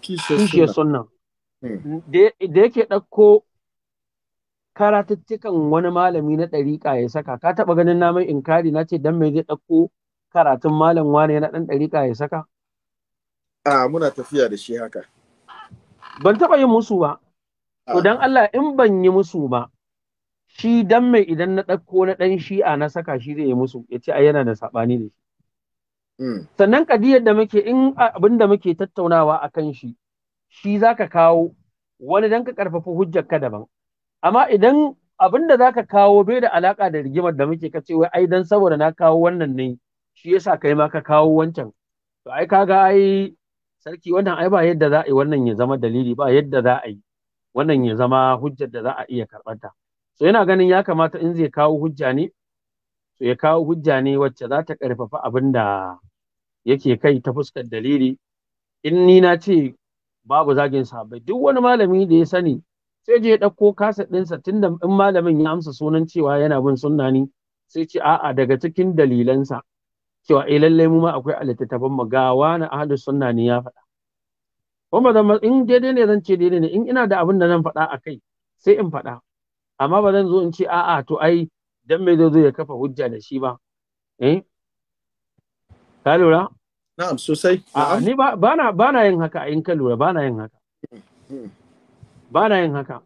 kishiyar sunna Hmm. da yake ɗauko karatuttukan wani malami na ɗariƙa ya saka ka taɓa ganin namun in inkari na ce dan mai zai ɗauko karatun malam wane na ɗan ɗariƙa ya saka? A muna tafiya da shi haka. Ban taɓa yin musu ba. To Allah in ban yi musu ba shi dan mai idan na ɗauko na ɗan shi'a na saka shi zai yi musu ya ce ai yana da saɓani da shi. Hmm. Sannan kadiyar da muke in abin da muke tattaunawa a kan shi shi za ka kawo wani don ka ƙarfafa hujjar ka daban amma idan abin da za ka kawo bai da alaƙa da rigimar da muke kace wai ai don saboda na kawo wannan ne shi yasa kai ma ka kawo wancan to ai kaga ai sarki wannan ai ba yadda za a yi wannan ya zama dalili ba yadda za a yi wannan ya zama hujjar da za a iya karɓarta so yana ganin ya kamata in zai kawo hujja ne to ya kawo hujja ne wacce za ta ƙarfafa abin da yake kai ta fuskar dalili in ni na ce babu zagin sahabbai duk wani malami da ya sani sai je ya ɗauko kasa ɗinsa tunda in malamin ya amsa sunan cewa yana bin sunna ne sai ce a'a daga cikin dalilansa cewa eh lallai mu ma akwai alittattafan mu ga wani ahli sunna ne ya faɗa kuma zan in daidai ne zan ce daidai ne in ina da abin da zan faɗa a kai sai in faɗa amma ba zan zo in ce a'a to ai dan me zo ya kafa hujja da shi ba eh ka lura Na'am sosai. Ni ba na yin haka in ka lura ba na yin haka. Hmm, hmm. Ba na yin haka.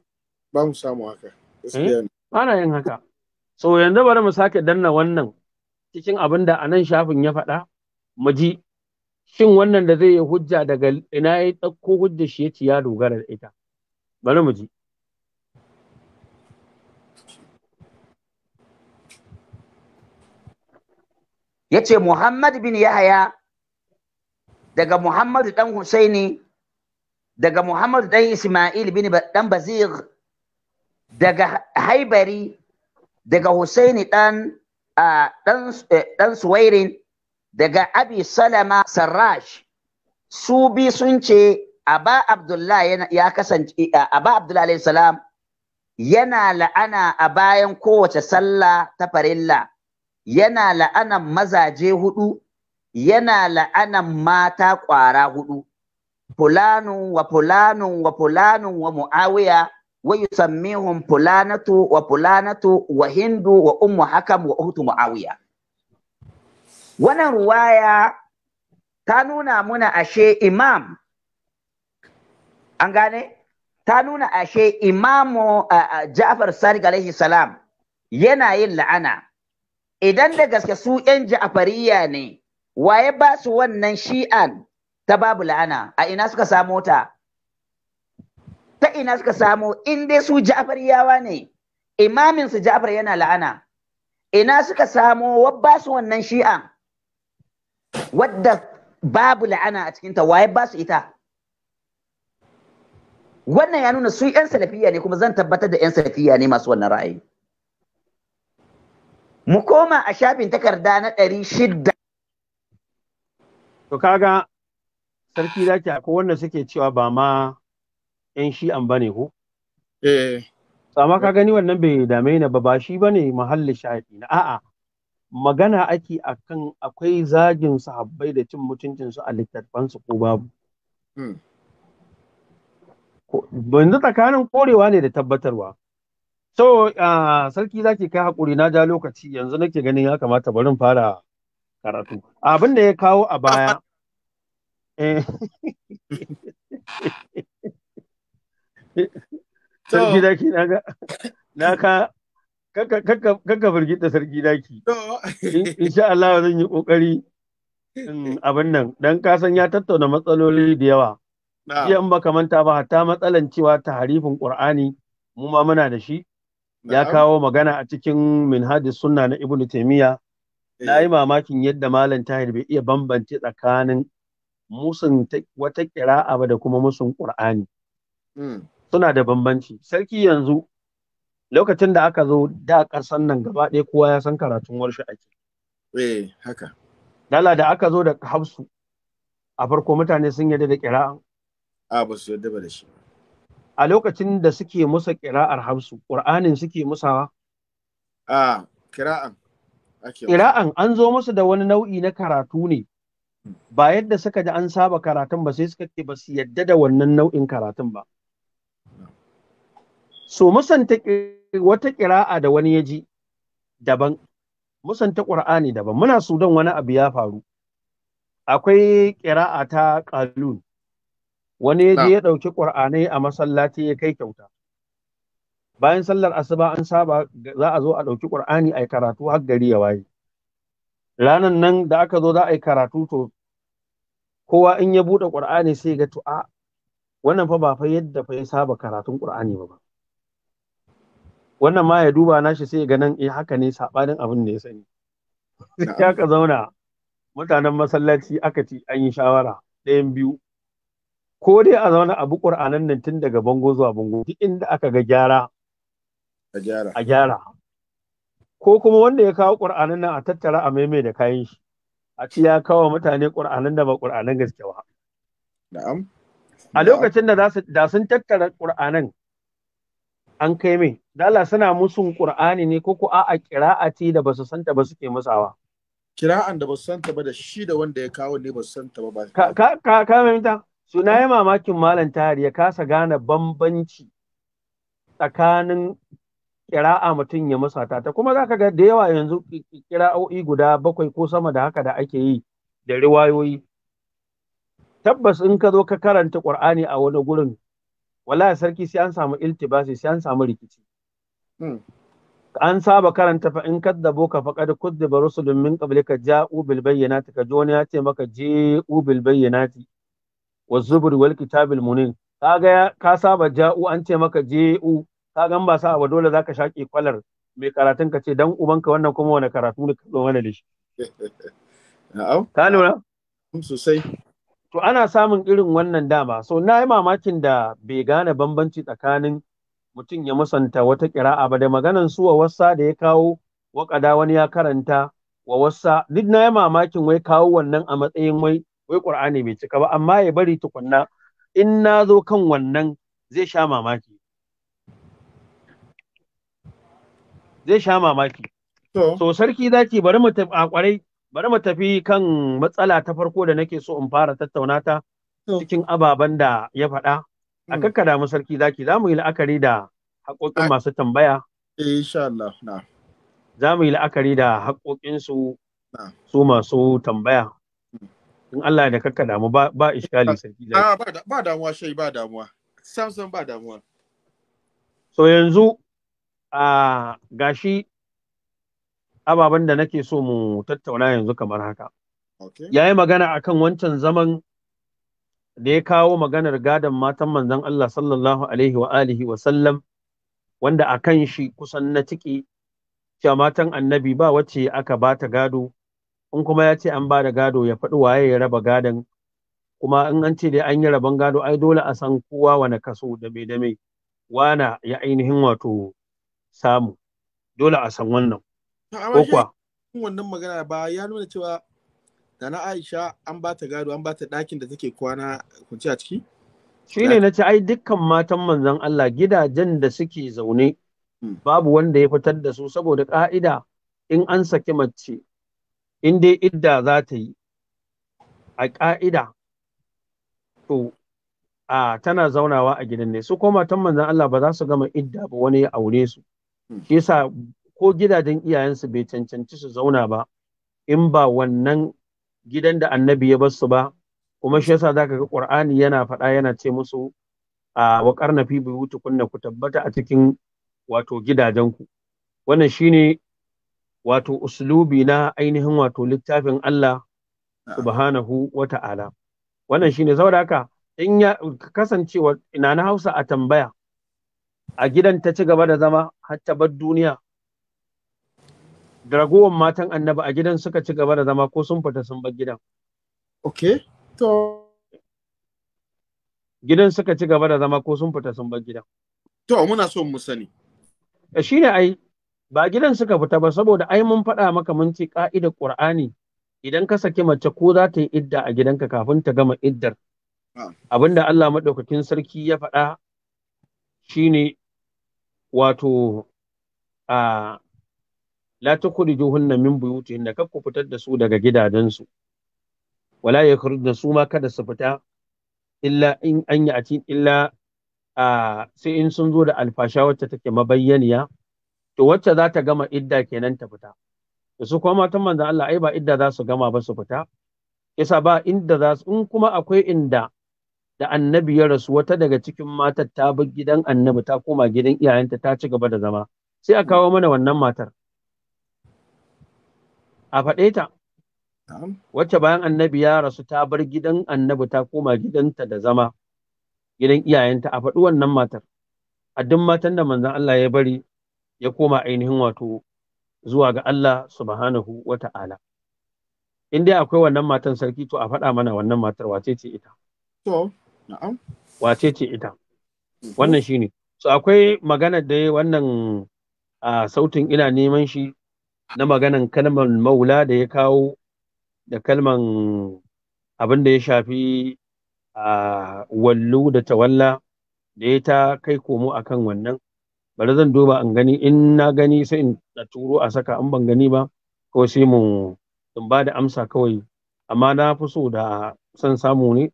Ba mu samu haka. Eh? Ba na yin haka. So yanzu bari mu sake danna wannan cikin abin da anan shafin ya faɗa mu ji shin wannan da zai yi hujja daga ina ya ɗauko hujja shi ya ya dogara da ita bari mu ji yace Muhammad bin Yahaya daga Muhammadu ɗan Husaini daga Muhammadu ɗan Ismail bin ɗan Bazir daga Haibari daga Husaini ɗan ɗan eh, Suwairin daga Abi Salama Sarrash su bi sun ce Aba Abdullah ya kasance Aba Abdullah alayhi salam yana la'ana a bayan kowace sallah ta farilla yana la'anan mazaje hudu yana la'anan mata ƙwara hudu fulanun wa fulanun wa fulanun wa mu'awiya wa yusammihum fulanatu wa fulanatu wa hindu wa ummu hakam wa uhtu mu'awiya wannan ruwaya ta nuna muna ashe imam an gane ta nuna ashe imamu Ja'far Sadiq alaihi salam yana yin la'ana idan da gaske su 'yan Ja'fariya ne waye ba su wannan shi'an ta babu la'ana a ina suka samo ta ta ina suka samo in dai su ja'fariyawa ne imamin su ja'far yana la'ana ina suka samo wa ba su wannan shi'an wadda babu la'ana a cikinta waye ba su ita wannan ya nuna su 'yan salafiya ne kuma zan tabbatar da 'yan salafiya ne masu wannan ra'ayi mu koma a shafin takarda na ɗari to kaga sarki zaki akwai wanda suke cewa ba ma yan shi'an bane ko eh amma ka gani wannan bai dame ni ba ba shi bane mahalli shahidi na a'a magana ake akan akwai zagin sahabbai da cin mutuncin su a littattafan su ko babu hmm. yanzu tsakanin korewa ne da tabbatarwa so ah, sarki zaki kai hakuri na ja lokaci yanzu nake ganin ya kamata bari fara karatu abin da ya kawo a baya eh, <laughs> sarki daki na ga na ka kakka firgita sarki daki insha Allah zan yi kokari abin nan dan kasan ya tattauna matsaloli da yawa Iya in baka manta ba hatta matsalan cewa ta harifin Ƙur'ani mu ma muna da shi ya kawo magana a cikin minhajis sunna na ibnu taimiyya na yi eh. mamakin yadda malam tahir bai iya bambance tsakanin musun wata ƙira'a ba da kuma musun ƙur'ani. Hmm. suna da bambanci sarki yanzu lokacin da aka zo da ƙasan nan gaba ɗaya kowa ya san karatun warshe ake eh haka dala da aka zo da hafsu a farko mutane sun yarda da kira'a a ba su yadda ba da shi a lokacin da suke musa ƙira'ar hafsu qur'anin suke musawa a ƙira'an. Ƙira'an an zo musu da wani nau'i na karatu ne ba yadda suka ji an saba karatun ba sai suka ce ba su yadda da wannan nau'in karatun ba. So musanta wata ƙira'a da wani ya ji daban, musanta ƙur'ani daban, muna sudan wani abu ya faru. Akwai kira'a ta ƙalun, wani ya je ya ɗauki ƙur'anai a masallaci ya kai kyauta. bayan sallar asuba an saba za a zo a ɗauki ƙur'ani a yi karatu har gari ya waye ranan nan da aka zo za a yi karatu to kowa in ya buɗe ƙur'ani sai ga to a ah, wannan fa ba fa yadda fa ya saba karatun ƙur'ani ba wannan ma ya duba nashi sai ga nan eh haka ne sabanin abin da ya sani ya ka zauna mutanen masallaci aka ci an yi shawara ɗayan biyu ko dai a zauna abu ƙur'anan nan tun daga bango zuwa bango duk inda aka ga gyara a gyara ko kuma wanda ya kawo ƙur'anin nan a tattara a maimai da kayan shi a ci ya kawo mutane ƙur'anin da ba ƙur'anin gaske ba na'am a lokacin da da sun tattara ƙur'anin an kai mai dala suna musu ƙur'ani ne ko ko a ƙira'ati da basu santa ba suke musawa kira'an da ba su santa ba da shi da wanda ya kawo ne ba su santa ba. Ka ka ka suna yi mamakin malam tari ya kasa gane bambanci tsakanin kira'a mutum ya musata ta kuma zaka ga da yawa yanzu kira'o'i guda bakwai ko sama da haka da ake yi da riwayoyi tabbas in ka zo ka karanta qur'ani a wani gurin wala sarki sai an samu iltibasi sai an samu rikici hmm. an saba karanta fa in kaddabo ka faqad kudiba rusulun min qablika ja'u bil bayyinati ka ji ya ce maka ji'u bil bayyinati wa zubri wal kitabil munin kaga ka saba ja'u an ce maka ji'u ka gan ba sa abu dole zaka shaƙe kwalar mai karatun ka ce dan ubanka wannan kuma wani karatu ne ka mana da shi <laughs> na'am ka lura sosai to ana samun irin wannan dama so na yi mamakin da bai gane bambanci tsakanin mutum ya musanta wata kira'a ba da maganan suwa wasa da ya kawo waƙada wani ya karanta wa wasa duk na yi mamakin wai kawo wannan a matsayin wai wai qur'ani bai cika ba amma ya bari tukunna in na zo kan wannan zai sha mamaki zai sha mamaki so sarki zaki bari mu tafi a kwarai bari mu tafi kan matsala ta farko da nake so in fara tattauna ta cikin ababen da ya faɗa a hmm. kakkada mu sarki zaki za mu yi la'akari da haƙoƙin masu tambaya insha Allah na za mu yi la'akari da haƙoƙinsu su masu tambaya hmm. in Allah da kakka damu ba ba iskali sarki zaki ba damuwa shai ba damuwa samson ba damuwa so yanzu gashi ababen da nake so mu tattauna yanzu kamar haka. Ya yi magana a kan wancan zaman da ya kawo maganar gadon matan manzon Allah sallallahu Alaihi wa alihi wa sallam wanda a kan shi kusan na ciki cewa matan annabi ba wacce aka ba ta gado in kuma ya ce an ba da gado ya faɗi waye ya raba gadon kuma in an ce dai an yi rabon gado ai dole a san kowa wane kaso da me da me wana ya ainihin wato samu dole a san wannan ko kuwa wannan magana ba ya nuna cewa da na Aisha an ba ta gado an ba ta ɗakin da take kwana kunci a ciki shine na ce ai dukkan matan manzon Allah gidajen da suke zaune hmm. babu wanda ya fitar da su saboda ka'ida in an saki mace in dai idda za ta yi a ka'ida to a tana zaunawa a gidan ne su ko matan manzon Allah ba za su gama idda ba wani ya aure su shi yasa ko gidajen iyayensu bai cancanci su zauna ba in ba wannan gidan da annabi ya basu ba kuma shi yasa zaka ga qur'ani yana faɗa yana ce musu a wa karna fi buyutikunna ku tabbata a cikin wato gidajenku wannan shine wato uslubi na ainihin wato littafin Allah subhanahu wa wannan shine saboda haka in ya kasancewa ina na Hausa a tambaya a gidan ta ci gaba da zama har ta bar duniya da ragowar matan annabi a gidan suka ci gaba da zama ko sun fita sun bar gidan okay to gidan suka ci gaba da zama ko sun fita sun bar gidan to muna so mu sani eh, shi ne ai ba gidan suka fita ba saboda ai mun faɗa maka mun ci ka'idar qur'ani idan ka saki mace ko za ta yi idda a gidanka kafin ta gama iddar ah. abinda Allah madaukakin sarki ya faɗa shine wato a la tukhrijuhunna min buyutihin da ku fitar da su daga gidajensu wala yakhrujna su ma kada su fita illa in an yi a illa a sai in sun zo da alfasha wacce take mabayyaniya to wacce za ta gama idda kenan ta fita da su kuma matan manzan Allah ai ba idda za su gama ba su fita yasa ba inda za su in kuma akwai inda da annabi ya rasu wata daga cikin matar ta bi gidan annabi ta koma gidan iyayenta ta ci gaba da zama sai a hmm. kawo mana wannan matar a faɗe ta wacce bayan annabi ya rasu ta bar gidan annabi ta koma gidanta da zama gidan iyayenta a faɗi wannan matar a duk matan da manzon Allah ya bari ya koma ainihin wato zuwa ga Allah subhanahu wa ta'ala in dai akwai wannan matan sarki to a faɗa mana wannan matar wace ce ita wace ce ita mm-hmm. wannan ne. so akwai magana da wannan a sautin ina neman shi na maganan kalman maula da ya kawo da kalman abin da ya shafi a wallu da tawalla da ya ta kai komo akan wannan bari zan duba an gani in na gani sai in na turo a saka an ban gani ba ko sai mu in ba da amsa kawai amma na fi so da san samu ne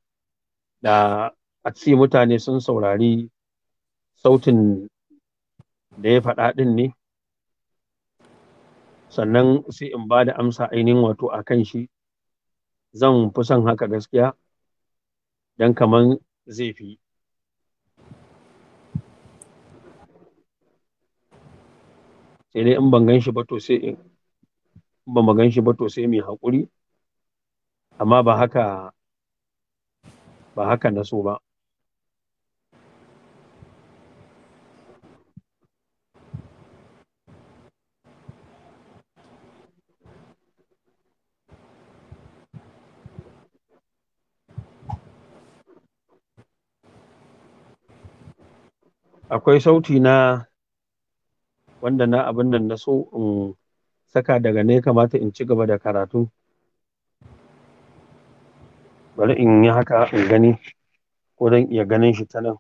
da a ce mutane sun saurari sautin da ya faɗa ɗin ne sannan sai in ba da amsa ainihin wato a kan shi zan fi son haka gaskiya don kaman zai fi sai dai in ban gan shi ba to gan shi ba to sai mai haƙuri amma ba haka ba haka na so ba akwai sauti na wanda na abin da na so in saka daga ne kamata in ci gaba da karatu bari in yi haka in gani ko zan iya ganin shi ta nan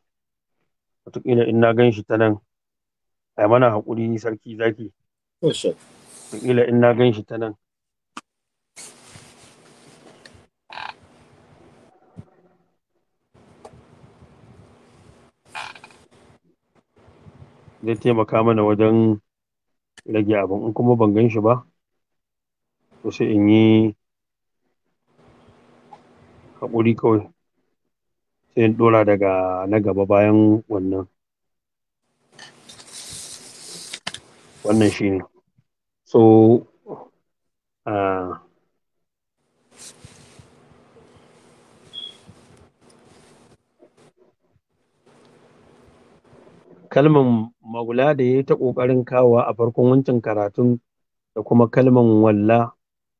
wataƙila in na gan shi ta nan ai mana haƙuri sarki zaki wataƙila in na gan shi ta nan zai taimaka mana wajen rage abin in kuma ban gan shi ba to sai in yi haƙuri kawai sai ɗora daga na gaba bayan wannan wannan shi ne so uh, kalman magula da ya yi ta ƙoƙarin kawa a farkon wancan karatun da kuma kalman walla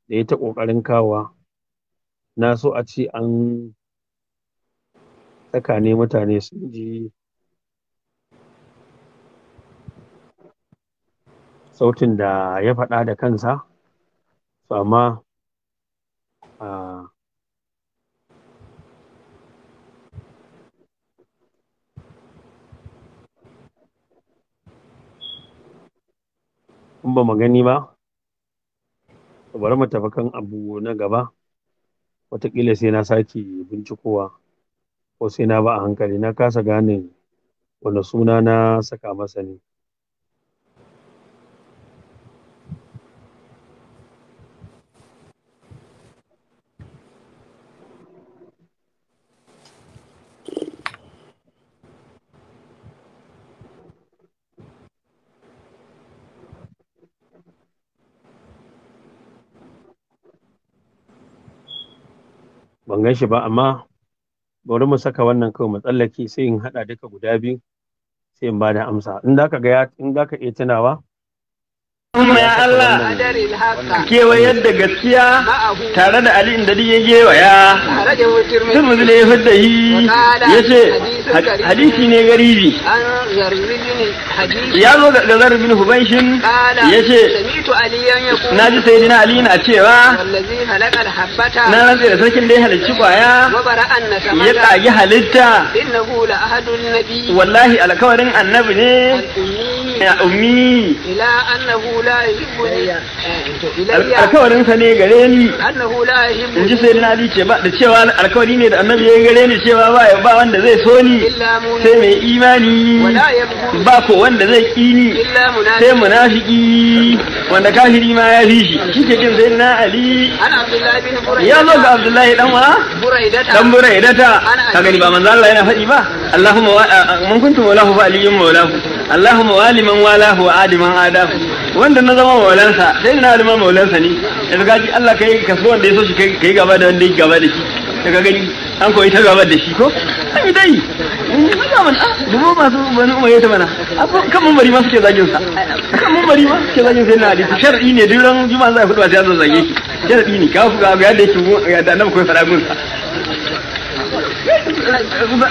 da ya ta ƙoƙarin kawa na so a ce an ne mutane sun ji sautin da ya faɗa da kansa su amma ba mu gani ba bari mu tafi kan abu na gaba watakila sai na sake bincikowa ko sai na ba a hankali na kasa gane wani suna na saka masa ne ban gan shi ba amma bari mu saka wannan kawai mu tsallake sai in haɗa duka guda biyu sai in bada amsa in zaka ga in zaka iya tunawa Allah ya Allah kewayar yadda gaskiya tare da Ali inda ya gewaya sun muzule ya fadda yi ya ce hadisi ne garibi ya zo ga zar bin hubanshin ya ce na ji sai dina aliyu na cewa na rantse da sarkin da ya halicci kwaya ya ƙagi halitta wallahi alkawarin annabi ne ya ummi ila annahu la yuhibbuni eh, alkawarin sa ne gare ni annahu la yuhibbuni inji sai na ce ba da cewa alkawari ne da annabi ya gare ni cewa ba ba wanda zai so ni sai mai imani ba ko wanda zai ki ni sai munafiki wanda kafiri ma ya fi shi shike jin sai na ali ya zo ga abdullahi dan wa dan buraidata ka gani ba manzo Allah yana faɗi ba Allahumma mun kuntum maulahu fa aliyyun maulahu Allahu waliman walahu adiman adam wanda na zama maulansa sai na zama maulansa ne yanzu gaji Allah kai ka so wanda ya so shi kai gaba da wanda ya gaba da shi ka ga gani an koyi ta gaba da shi ko an yi dai maza mana dubo ah, masu bani umar yata mana ah, kan mun bari ma suke zagin sa kan mun bari ma suke zagin sai na hadisi sharri ne duk ran juma'a za a fito sai an zage shi sharri ne ka fuka ga yadda yake yadda annabi koyi faɗa gunsa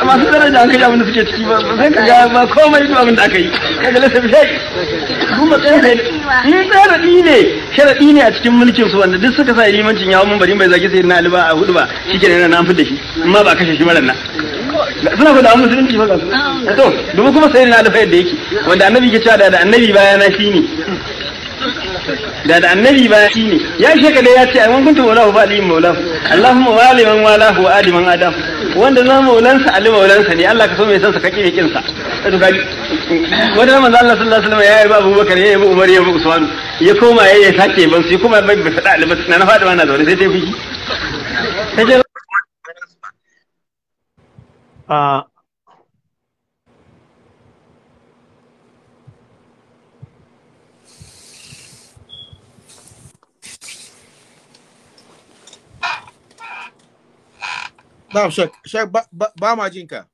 masu daraja an kaji abin suke ciki ba sai ka ga ba komai zuwa mun da aka yi kaga lasa bishai kuma tsere ni tsaraɗi ne sharaɗi ne a cikin mulkin su wanda duk suka sa limancin yawon mun bari bai zaki sai na aliba a hudu ba shi ke nan na da shi amma ba kashe shi marar nan suna da faɗa musulunci ba to domin kuma sai na alfa yadda yake wanda annabi ke cewa da annabi baya na shi ne da da annabi ba shi ne ya shekada ya ce ai mun kuntu hu fa alimin maulahu allahumma wali man walahu wa adi adam wanda zama maulansa ali maulansa ne Allah ka so mai san sa kake yakin sa to kaji wanda manzo Allah sallallahu alaihi wasallam ya yabi bakar ya yabi Umar ya yi Usman ya koma ya yi sake ban su kuma bai bai fada alibas na fada mana zaune sai dai fiki Na shek, shek ba ma jinka.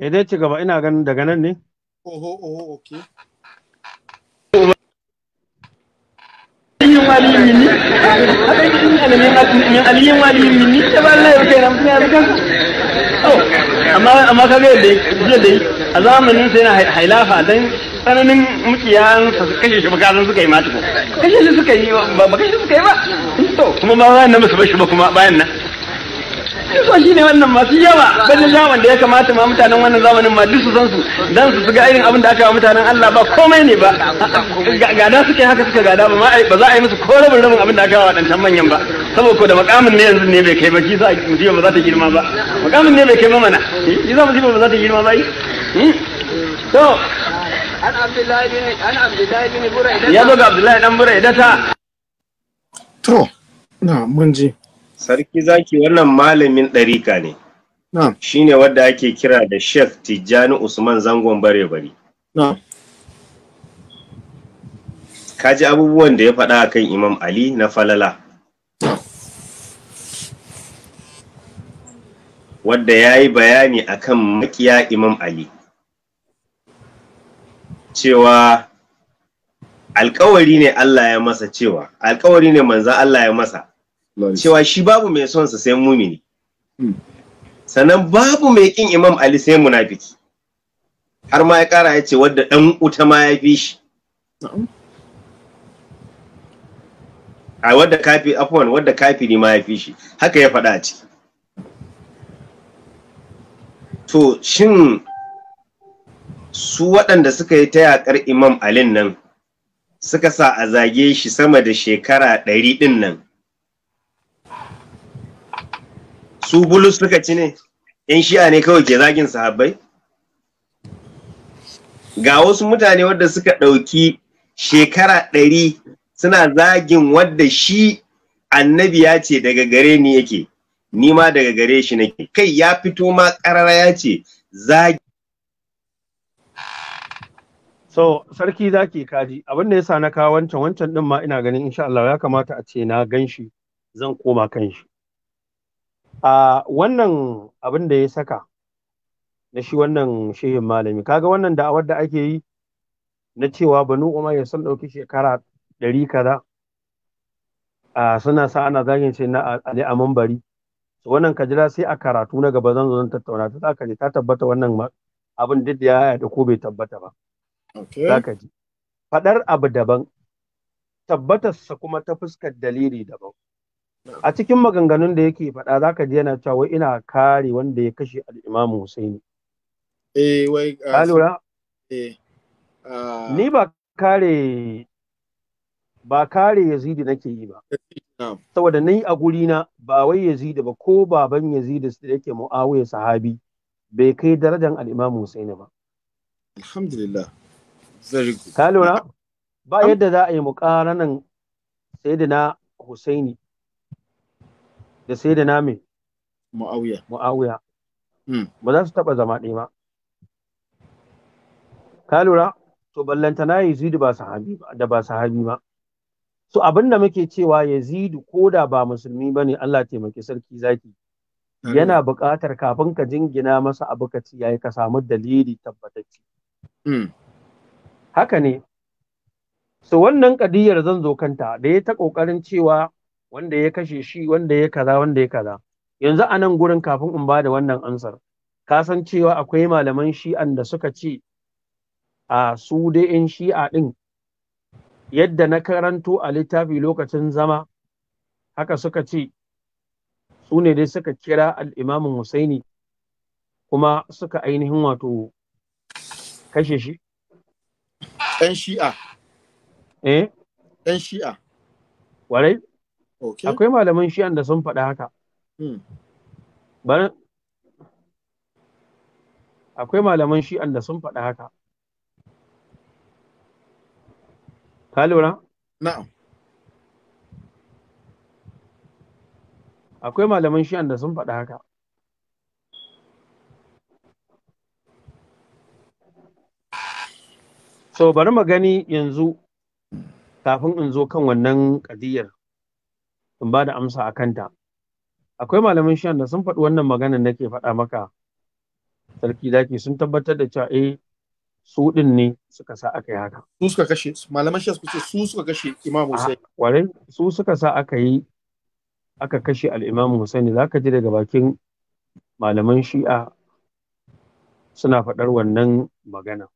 Idan eh, ci gaba ina ganin daga nan ne? Oho, oho, okay. aliyin waliyin minni ta ba Allah ya kai ran kuma ya kan oh, amma kaga yadda ya dai a zamanin sai na hailafa dan tsananin mukiyan sa su kashe shi ba kazan suka yi ma tukun kashe shi suka yi ba kashe suka yi ba to kuma ba su bar ba kuma bayan nan to shi ne wannan masu yawa bajin zaman da ya kamata ma mutanen wannan zamanin ma duk su san su dan su ga irin abin da aka wa mutanen Allah ba komai ne ba gada suke haka suka gada ba ba za a yi musu ko rabin rabin abin da aka wa wadancan manyan ba saboda da makamin ne yanzu ne bai kai ba shi sa musiba ba za ta girma ba makamin ne bai kai ba mana shi sa musiba ba za ta girma ba hmm? to an abdullahi bin an abdullahi bin buraidata ya zo ga abdullahi dan buraidata to na mun ji sarki zaki wannan malamin ɗarika ne shine wadda ake kira da sheikh tijjani usman zangon bare bari ji abubuwan da ya faɗa a kan imam ali na falala wadda ya yi bayani a kan makiya imam ali cewa alkawari ne allah ya masa cewa alkawari ne manzan allah ya masa cewa shi babu mai son sa sai mumini hmm. sannan babu mai kin imam ali sai munafiki har ma ya kara ya ce wadda dan uta ma ya fi shi a wadda kafi afwan wadda kafiri ma ya fi shi haka ya faɗa a ciki to shin su waɗanda suka yi ta yaƙar imam alin nan suka sa a zage shi sama da shekara ɗari ɗin nan su bulus suka ci ne yan shi'a ne kawai ke zagin sahabbai ga wasu mutane wadda suka ɗauki shekara ɗari suna zagin wadda shi annabi ya ce daga gare ni yake ni ma daga gare shi nake kai ya fito ma ƙarara ya ce zagi so sarki zaki kaji abin da sa na kawo wancan wancan din ma ina ganin insha Allah ya kamata a ce na gan shi zan koma kan shi a wannan abin da ya saka na shi wannan shehin malami kaga wannan da'awar da ake yi na cewa banu ya san ɗauki shekara ɗari kaza a suna sa ana zagin shi na ali a mambari wannan kajira sai a karatu na gaba zan zo zan tattauna ta zaka ta tabbata wannan abin duk da ya yaɗa ko bai tabbata ba faɗar abu daban tabbatarsa kuma ta fuskar dalili daban a cikin maganganun da yake faɗa za ka ji yana cewa wai ina kare wanda ya kashe al'imamu Husaini. Eh wai ah, ka lura? Eh. Ah. Ni ba kare ba kare Yazidi nake yi ba. Saboda ni a gurina ba wai Yazidi ba ko baban Yazidi da yake Muawiya sahabi bai kai darajar al'imamu Husaini ba. Alhamdulillah. Ka lura? Ba yadda za a yi muƙaranan Sayyidina Husaini da sai da nami mu'awiya mu'awiya hmm. ba za su taba zama ɗaya ba ka lura to ballanta na yazidu ba sahabi ba da ba sahabi ba so abin da muke cewa yazidu ko da ba musulmi ba ne Allah taimaki sarki zaki yana buƙatar kafin ka jingina masa abu ka ci yayi ka samu dalili tabbatacce hmm. haka ne so wannan kadiyar zan zo kanta da ya ta ƙoƙarin cewa wanda ya kashe shi wanda ya kaza wanda ya kaza yanzu a nan gurin kafin in ba da wannan ansar ka san cewa akwai malaman shi'an da suka ce a su dai in shi'a din? yadda na karanto a littafi lokacin zama haka suka ce su ne dai suka kira al'imamin Husaini kuma suka ainihin wato kashe shi? ‘Yan shi'a. Eh? ‘Yan shi'a. Warai? Akwai malaman shi'an da sun faɗi haka. Hmm. Akwai malaman shi'an da sun faɗi haka. Ka lura? Na'am. Akwai malaman shi'an da sun faɗi haka. So bari mu gani yanzu kafin in zo kan wannan ƙadiyar. in ba da amsa a kanta akwai malamin shan da sun faɗi wannan maganar nake faɗa maka sarki zaki sun tabbatar da cewa eh su din ne suka sa aka yi haka su suka kashe malaman shan suka ce su suka kashe imam Hussein kwarai su suka sa aka yi aka kashe al'imamu Hussein za ka ji daga bakin malaman shi'a suna faɗar wannan magana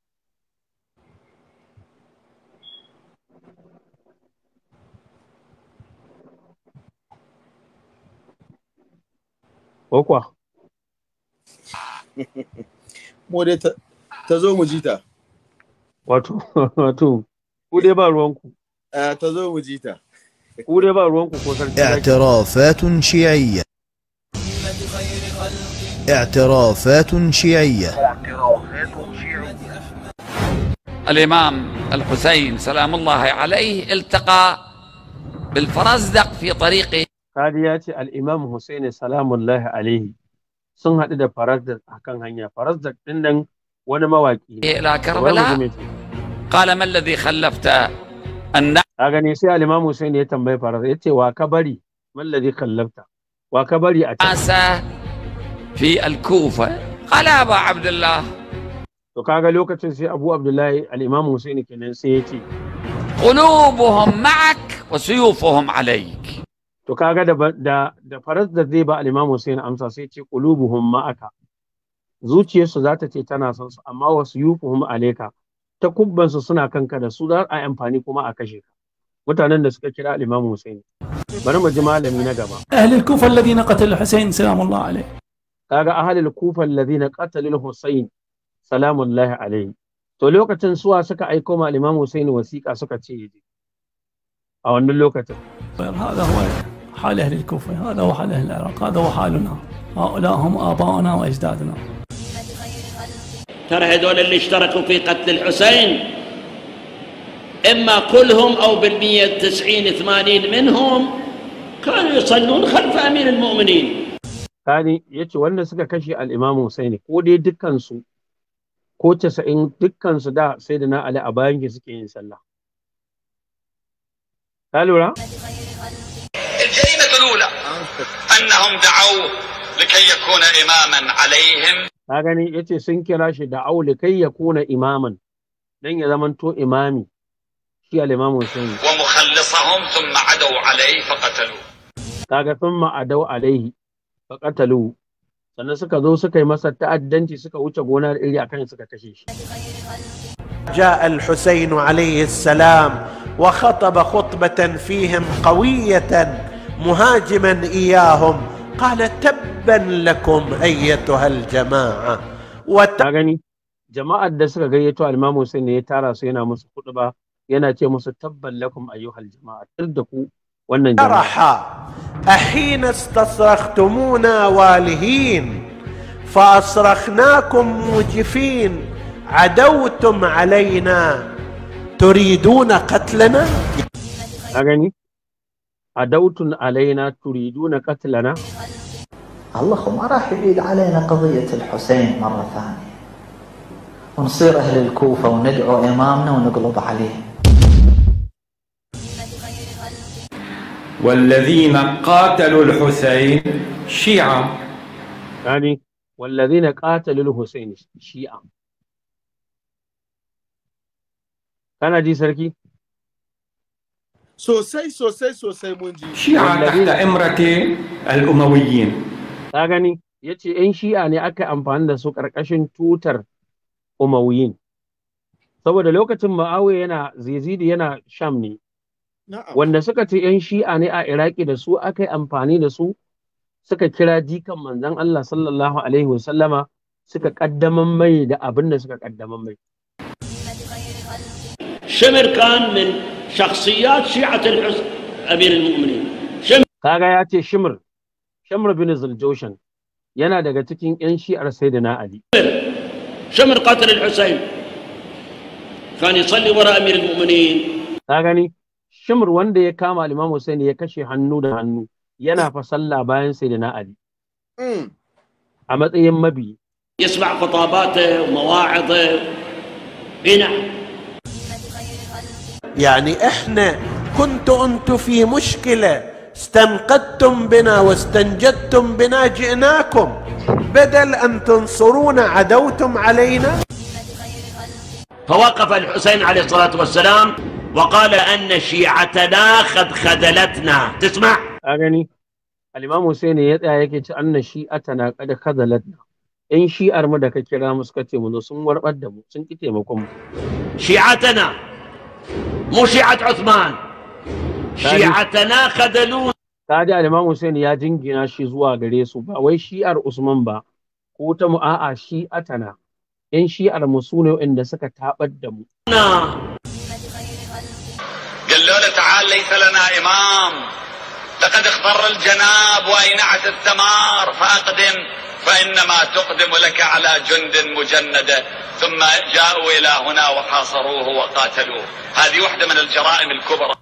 ko kuwa mu dai ta zo mu ji ta wato wato ku dai ba ruwanku ta zo mu ji ta ku dai ba ruwanku ko sarki i'tirafatun shi'iyya اعترافات شيعية الإمام الحسين سلام الله عليه التقى بالفرزدق في طريقه Sadi ya ce al'imam Hussein salamullahi alaihi sun haɗu da Farazdak a kan hanya. Farazdak ɗin nan wani mawaƙi ne. Ila Karbala, qala man ladhi khallafta anna A gani sai al'imam Hussein ya tambayi Farazdak ya ce wa ka bari man ladhi khallafta wa ka bari a can. Asa fi al-Kufa qala ba Abdullah. To kaga lokacin sai Abu Abdullahi al'imam Hussein kenan sai ya ce. قلوبهم معك وسيوفهم عليك to kaga da da da faras da zai ba al-Imam Hussein amsa sai ce qulubuhum ma'aka zuciyarsu za ta ce tana son su amma wasu yufuhum alayka ta kubbansu suna kanka da su za a amfani kuma a kashe ka mutanen da suka kira al-Imam Hussein bari mu ji malami na gaba ahlul kufa alladhina qatala Hussein salamullahi alayhi kaga ahlul kufa alladhina qatala Hussein salamullahi alayhi to lokacin suwa suka aiko ma al-Imam Hussein wasiƙa suka ce a wannan lokacin حال أهل الكوفة هذا هو حال أهل العراق هذا هو حالنا هؤلاء هم آباؤنا وأجدادنا ترى هذول اللي اشتركوا في قتل الحسين إما كلهم أو بالمية تسعين ثمانين منهم كانوا يصلون خلف أمير المؤمنين ثاني يتي وانا سكا كشي الإمام حسين كودي دكان سو ko casa'in dukkansu da sai da na Ali a bayan suke yin sallah. Ka lura? الجريمة الأولى أنهم دعوا لكي يكون إماما عليهم gani yace sun kira shi da aule kai ya kuna imaman dan ya zamanto imami shi al-imamu wa mukhallisahum thumma adaw alayhi faqatalu alayhi sannan suka zo suka yi masa ta'addanci suka wuce gona da iri akan suka kashe shi جاء AlHusainu عليه وخطب خطبه فيهم قويه مهاجما اياهم قال تبا لكم ايتها الجماعه وت... جماعة دسكا غيتو الإمام حسين يتارا سينا خطبة يناتي تبا لكم أيها الجماعة تردكو وأن أحين استصرختمونا والهين فأصرخناكم موجفين عدوتم علينا تريدون قتلنا أغني عدوت علينا تريدون قتلنا الله ما راح يعيد علينا قضية الحسين مرة ثانية ونصير أهل الكوفة وندعو إمامنا ونقلب عليه والذين قاتلوا الحسين شيعة يعني والذين قاتلوا الحسين شيعة kana ji sarki sosai sosai sosai mun ji shi'a tahta imrati al-umawiyyin ka gani yace yan shi'a ne aka amfani da su karkashin tutar umawiyin saboda lokacin ma'awiya yana zizidi yana sham ne wanda suka ce yan shi'a ne a iraki da su aka yi amfani da su suka kira jikan manzon Allah sallallahu alaihi wasallama suka kaddaman mai da abin da suka kaddaman mai شمر كان من شخصيات شيعة الحسن أمير المؤمنين شمر قاقا شمر شمر بن زلجوشن ينا دقتكين انشي على سيدنا علي شمر شمر قاتل الحسين كان يصلي وراء أمير المؤمنين قاقاني شمر وانده على الإمام حسين يكشي حنو ده ينا فصلى بين سيدنا علي امم عمد ايام مبي يسمع خطاباته ومواعظه هنا يعني احنا كنتوا انتوا في مشكله استنقذتم بنا واستنجدتم بنا جئناكم بدل ان تنصرونا عدوتم علينا فوقف الحسين عليه الصلاه والسلام وقال ان شيعتنا قد خذلتنا تسمع اغني الامام حسين يا tsaya yake ci anna shi'atana qad khazalatna in shi'ar mu da ka kira mu شيعتنا مو شيعة عثمان شيعتنا خذلون kaji al-Imam Hussein ya jingina shi zuwa gare su ba wai shi'ar Usman ba ko ta mu a'a shi'atana yan shi'ar mu sune inda suka tabar da mu جلال تعالى ليس لنا إمام لقد اخضر الجناب وأينعت الثمار فأقدم فإنما تقدم لك على جند مجندة ثم جاءوا إلى هنا وحاصروه وقاتلوه هذه واحدة من الجرائم الكبرى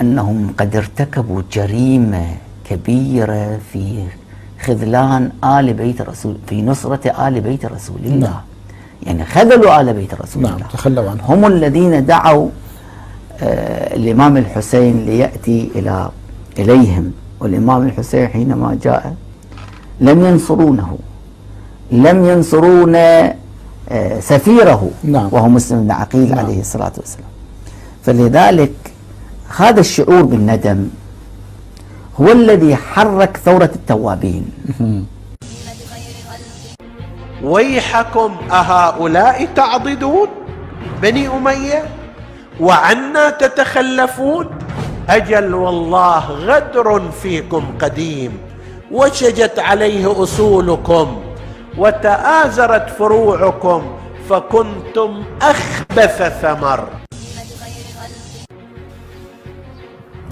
أنهم قد ارتكبوا جريمة كبيرة في خذلان آل بيت رسول في نصرة آل بيت رسول الله نعم. يعني خذلوا آل بيت رسول نعم. الله تخلوا عنهم هم الذين دعوا آه الإمام الحسين ليأتي إلى إليهم والإمام الحسين حينما جاء لم ينصرونه لم ينصرون آه، سفيره نعم. وهو مسلم بن عقيل نعم. عليه الصلاة والسلام فلذلك هذا الشعور بالندم هو الذي حرك ثورة التوابين <laughs> ويحكم أهؤلاء تعضدون بني أمية وعنا تتخلفون أجل والله غدر فيكم قديم وشجت عليه اصولكم وتآزرت فروعكم فكنتم اخبث ثمر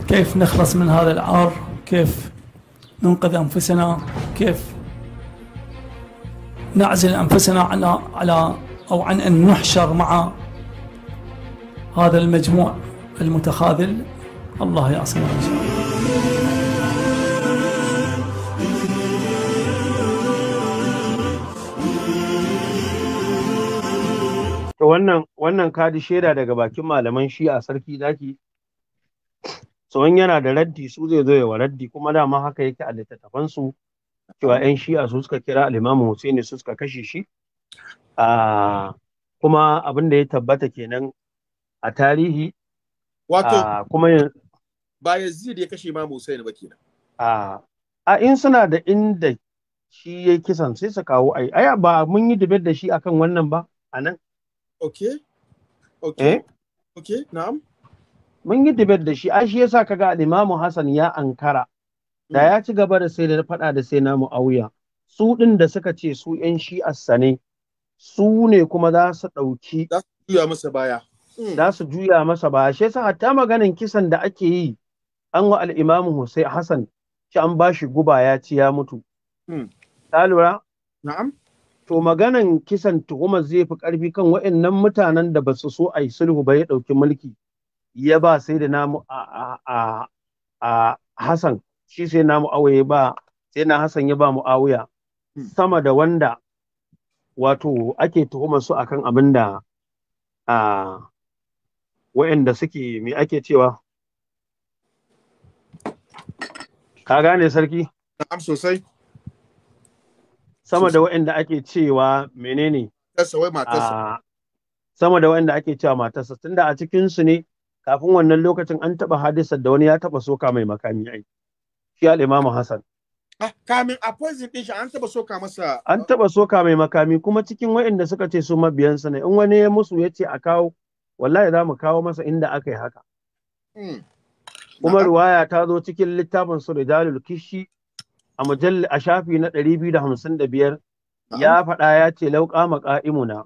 كيف نخلص من هذا العار كيف ننقذ انفسنا كيف نعزل انفسنا على على او عن ان نحشر مع هذا المجموع المتخاذل الله يعصمنا ان شاء الله To wannan wannan kadi shaida daga bakin malaman shi a sarki zaki. Tsohon yana da raddi su zai zo yawa raddi kuma dama haka yake a littattafan su cewa yan shi'a su suka kira alimamu Husaini su suka kashe shi. Ah, kuma abin da ya tabbata kenan a tarihi. Wato ah, kuma ba da ya kashe imamu Husaini ba kenan. Ah, a in suna da inda shi ya kisan sai su kawo ai ai ba mun yi dubar da shi akan wannan ba a nan ok ok eh? ok na'am mun yi debate da shi ai shi yasa kaga al-Imam Hassan ya ankara da hmm. ya ci gaba da sai da faɗa da sai na auya su ɗin da suka ce su ƴan shi sane su ne kuma za su ɗauki za su juya masa baya hmm. za su juya masa baya shi yasa hatta maganin kisan da ake yi an wa al-Imam Hussein Hassan shi an bashi guba ya ci ya mutu ta hmm. lura na'am to maganan kisan tuhumar zai fi ƙarfi kan waɗannan mutanen da ba su so a yi sulhu ba ya ɗauki mulki ya ba sai da namu a Hassan shi sai namu awaye ba sai na Hassan ya ba mu awuya hmm. sama da wanda wato ake tuhumar su akan abin da waɗanda suke me ake cewa ka gane sarki na'am sosai sama da waɗanda ake cewa menene ah, sama da waɗanda ake cewa matarsa da a cikin su ne kafin wannan lokacin an taba hadisar da wani ya taba soka mai makami ai shi al imamu Hassan ah, kamin a poison din shi an taba soka masa an taba soka mai makami kuma cikin waɗanda suka ce su mabiyansa ne in wani ya musu ya ce a kawo wallahi za mu kawo masa inda aka yi haka hmm. kuma ruwaya ta zo cikin littafin su jalil kishi a mujalli a shafi na ɗari biyu da hamsin da biyar ya faɗa ya ce lauƙa maƙa'imuna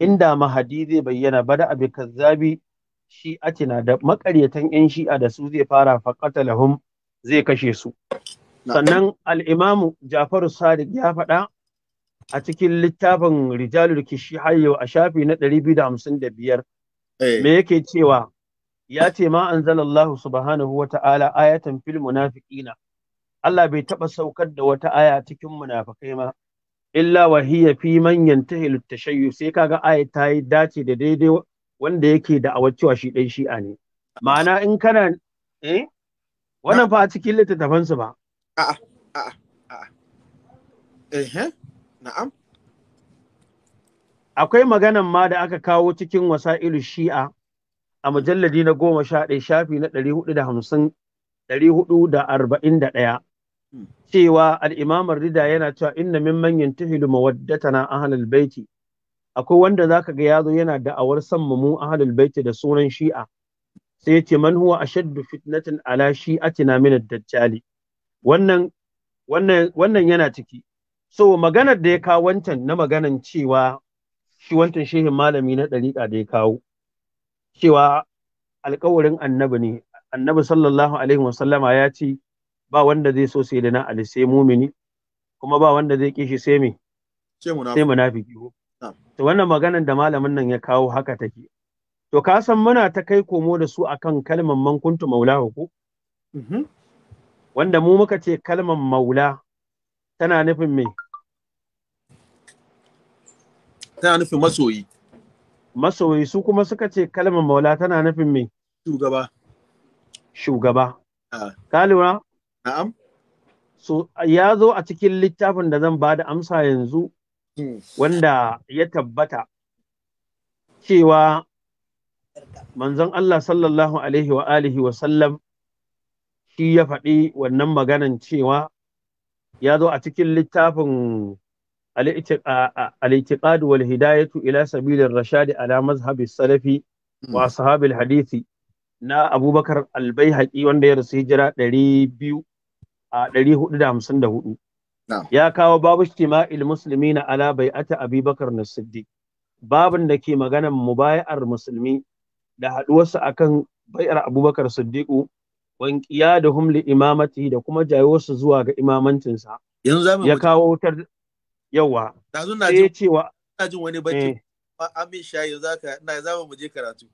inda mahadi zai bayyana bada abin kazzabi shi atina da maƙaryatan yan shi'a da su zai fara faƙata lahum zai kashe su sannan al'imamu jafaru sadiq ya faɗa a cikin littafin rijalul kishi hayyo a shafi na ɗari biyu da hamsin da biyar eh. me yake cewa ya ce ma anzalallahu subhanahu wa ta'ala ayatan fil munafiqina Allah bai taɓa saukar da wata aya cikin munafikai ma illa wa hiya fi man yantahi litashayyu sai kaga aya ta yi dace da daidai wanda yake da awar cewa shi dan shi'a ne ma'ana in kana eh wannan fa a cikin littafin su ba a a a eh na'am akwai maganan ma da aka kawo cikin wasa'ilu shi'a a mujalladi na goma sha ɗaya shafi na ɗari hudu da hamsin ɗari hudu da arba'in da ɗaya cewa al Rida yana cewa inna mimman yantahilu a ahlul baiti akwai wanda zaka ga ya zo yana da'awar san mu ahlul baiti da sunan Shi'a sai yace man huwa shaddu fitnatin ala shi'atina min dajjali wannan wannan wannan yana ciki so maganar da ya kawo wancan na maganan cewa shi wancan shehin malami na ɗariƙa da ya kawo cewa alƙawarin annabi ne annabi sallallahu alaihi wasallama ya ce ba wanda zai so sai na ali sai mumini kuma ba wanda zai kishi sai me sai munafiki to wannan maganan da malamin nan ya kawo haka take to ka san muna ta kai komo da su akan kalmar man kuntu maulahu ko mhm. wanda mu muka ce kalmar maula tana nufin me tana nufin masoyi masoyi su kuma suka ce kalmar maula tana nufin me shugaba shugaba ah. ka lura Na'am. So ya zo a cikin littafin da zan ba da amsa yanzu hmm. wanda ya tabbata cewa manzon Allah sallallahu alaihi wa alihi wa sallam shi ya faɗi wannan maganan cewa ya zo a cikin littafin al-i'tiqad wal hidayatu ila sabilir rashadi ala mazhabi salafi wa hmm. ashabil hadisi na abubakar albaihaki wanda ya rasu hijira ɗari biyu a ɗari hudu da hamsin da hudu ya kawo babu shima'il musulmi na ala bai ata abubakar na siddi babin da ke maganan mubayar musulmi da haɗuwarsa akan Bay'ar abubakar siddiƙu wankiya da humli imamati da kuma su zuwa ga imamancinsa ya kawo wutar yawa sai cewa ina jin wani bacci eh. amin shayi za na za mu je karatu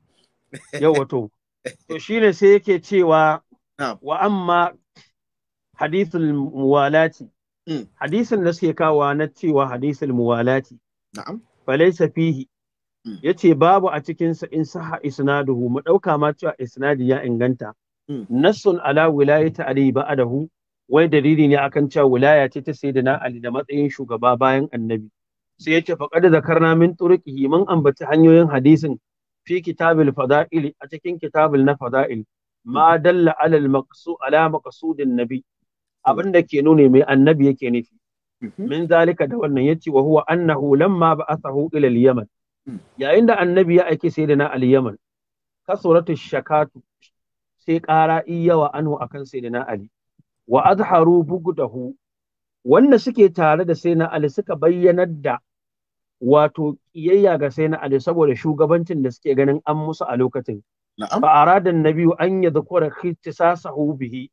yawa to to shine sai yake cewa wa amma hadithul muwalati hmm. hadisin da suke kawo na cewa hadisul muwalati falaisa Fihi fihi hmm. yace babu a cikinsa in saha isnaduhu mu dauka ma cewa isnadi ya inganta hmm. nassun ala wilayati ali ba'dahu wai dalili ne akan cewa wilaya ce ta sayyidina ali da matsayin shugaba bayan annabi sai ya yace faqad zakarna min turqihi mun ambaci hanyoyin hadisin fi kitabil fada'il a cikin kitabil na fada'il ma dalla ala maqsu ala maqsudin nabi abin da ke mai annabi yake nufi min zalika da wannan yace wa huwa annahu lamma ba'athahu ila al-yaman yayin da annabi ya aiki sayyidina al-yaman kasuratu shakatu sai ƙara iyawa anhu akan sayyidina ali wa azharu bugdahu wanda suke tare da sayyidina ali suka bayyanar da wato ƙiyayya ga sai na Ali saboda shugabancin da suke ganin an musu a lokacin. Ba a radar na biyu, an ya kirti sasa bihi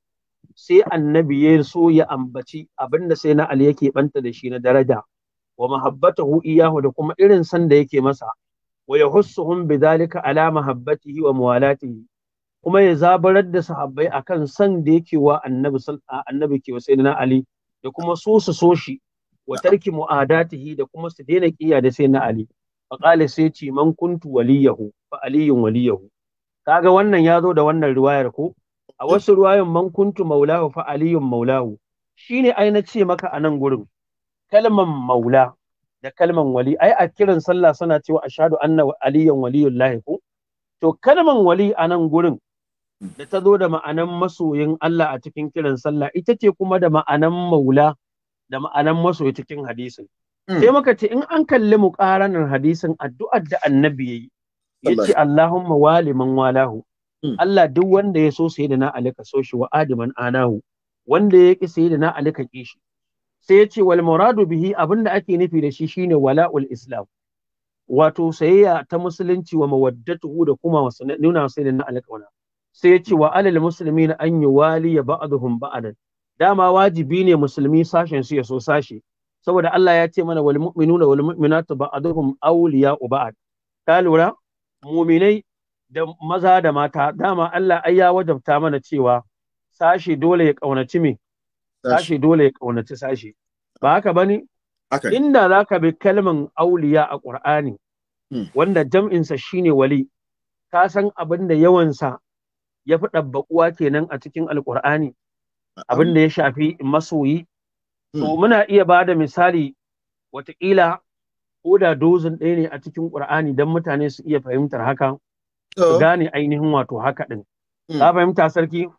sai annabi ya so ya ambaci abinda sai na Ali yake banta da shi na daraja wa hu iyahu da kuma irin san da yake masa wa ya bi zalika ala mahabbatihi wa muwalatihi kuma ya zabarar da sahabbai akan san da yake wa annabi annabi ke wa sallam Ali da kuma so su so shi wa tarki mu'adatihi da kuma su daina kiya da sai na ali fa qala sai ce man kuntu waliyahu fa aliyun waliyahu kaga wannan ya zo da wannan riwayar ko a wasu riwayan man kuntu maulahu fa aliyun maulahu shine ai na ce maka a nan gurin kalman maula da kalman wali ai a kiran sallah suna cewa ashhadu anna aliyan waliyullahi ko to kalman wali a nan gurin da ta zo da ma'anan masoyin Allah a cikin kiran sallah ita ce kuma da ma'anan maula da ma'anan masoyi cikin hadisin hmm. sai maka ce in an kalli muƙaranar hadisin addu'ar da annabi ya yi. ce yace Allahumma man walahu hmm. Allah duk wanda ya so sai da na alika so shi wa adiman anahu wanda ya ƙi sai da na alika ƙi shi sai ya ce wal muradu bihi abinda ake nufi da shi shine wala'ul islam wato sayayya ta musulunci wa mawaddatuhu da kuma nuna sai da na alika wana sai ya ce wa alal na an waliya ba'dhum ba'dan dama wajibi ne musulmi sashen su ya so sashe saboda Allah ya ce mana wal mu'minuna wal mu'minatu awliya u ba'd ka lura mu'minai da maza da mata dama Allah ai ya wajabta mana cewa sashi dole ya kaunaci me sashi dole ya kaunaci sashi ba haka bane okay. inda zaka bi kalman auliya a Qur'ani hmm. wanda jam'insa shine wali ka san abin da yawansa ya fi ɗabbaƙuwa kenan a cikin alqur'ani abin da ya shafi masoyi to hmm. muna iya ba da misali watakila ko da dozin ɗaya ne a cikin ƙur'ani don mutane su iya fahimtar haka su oh. gane ainihin wato haka ɗin hmm. ka fahimta sarki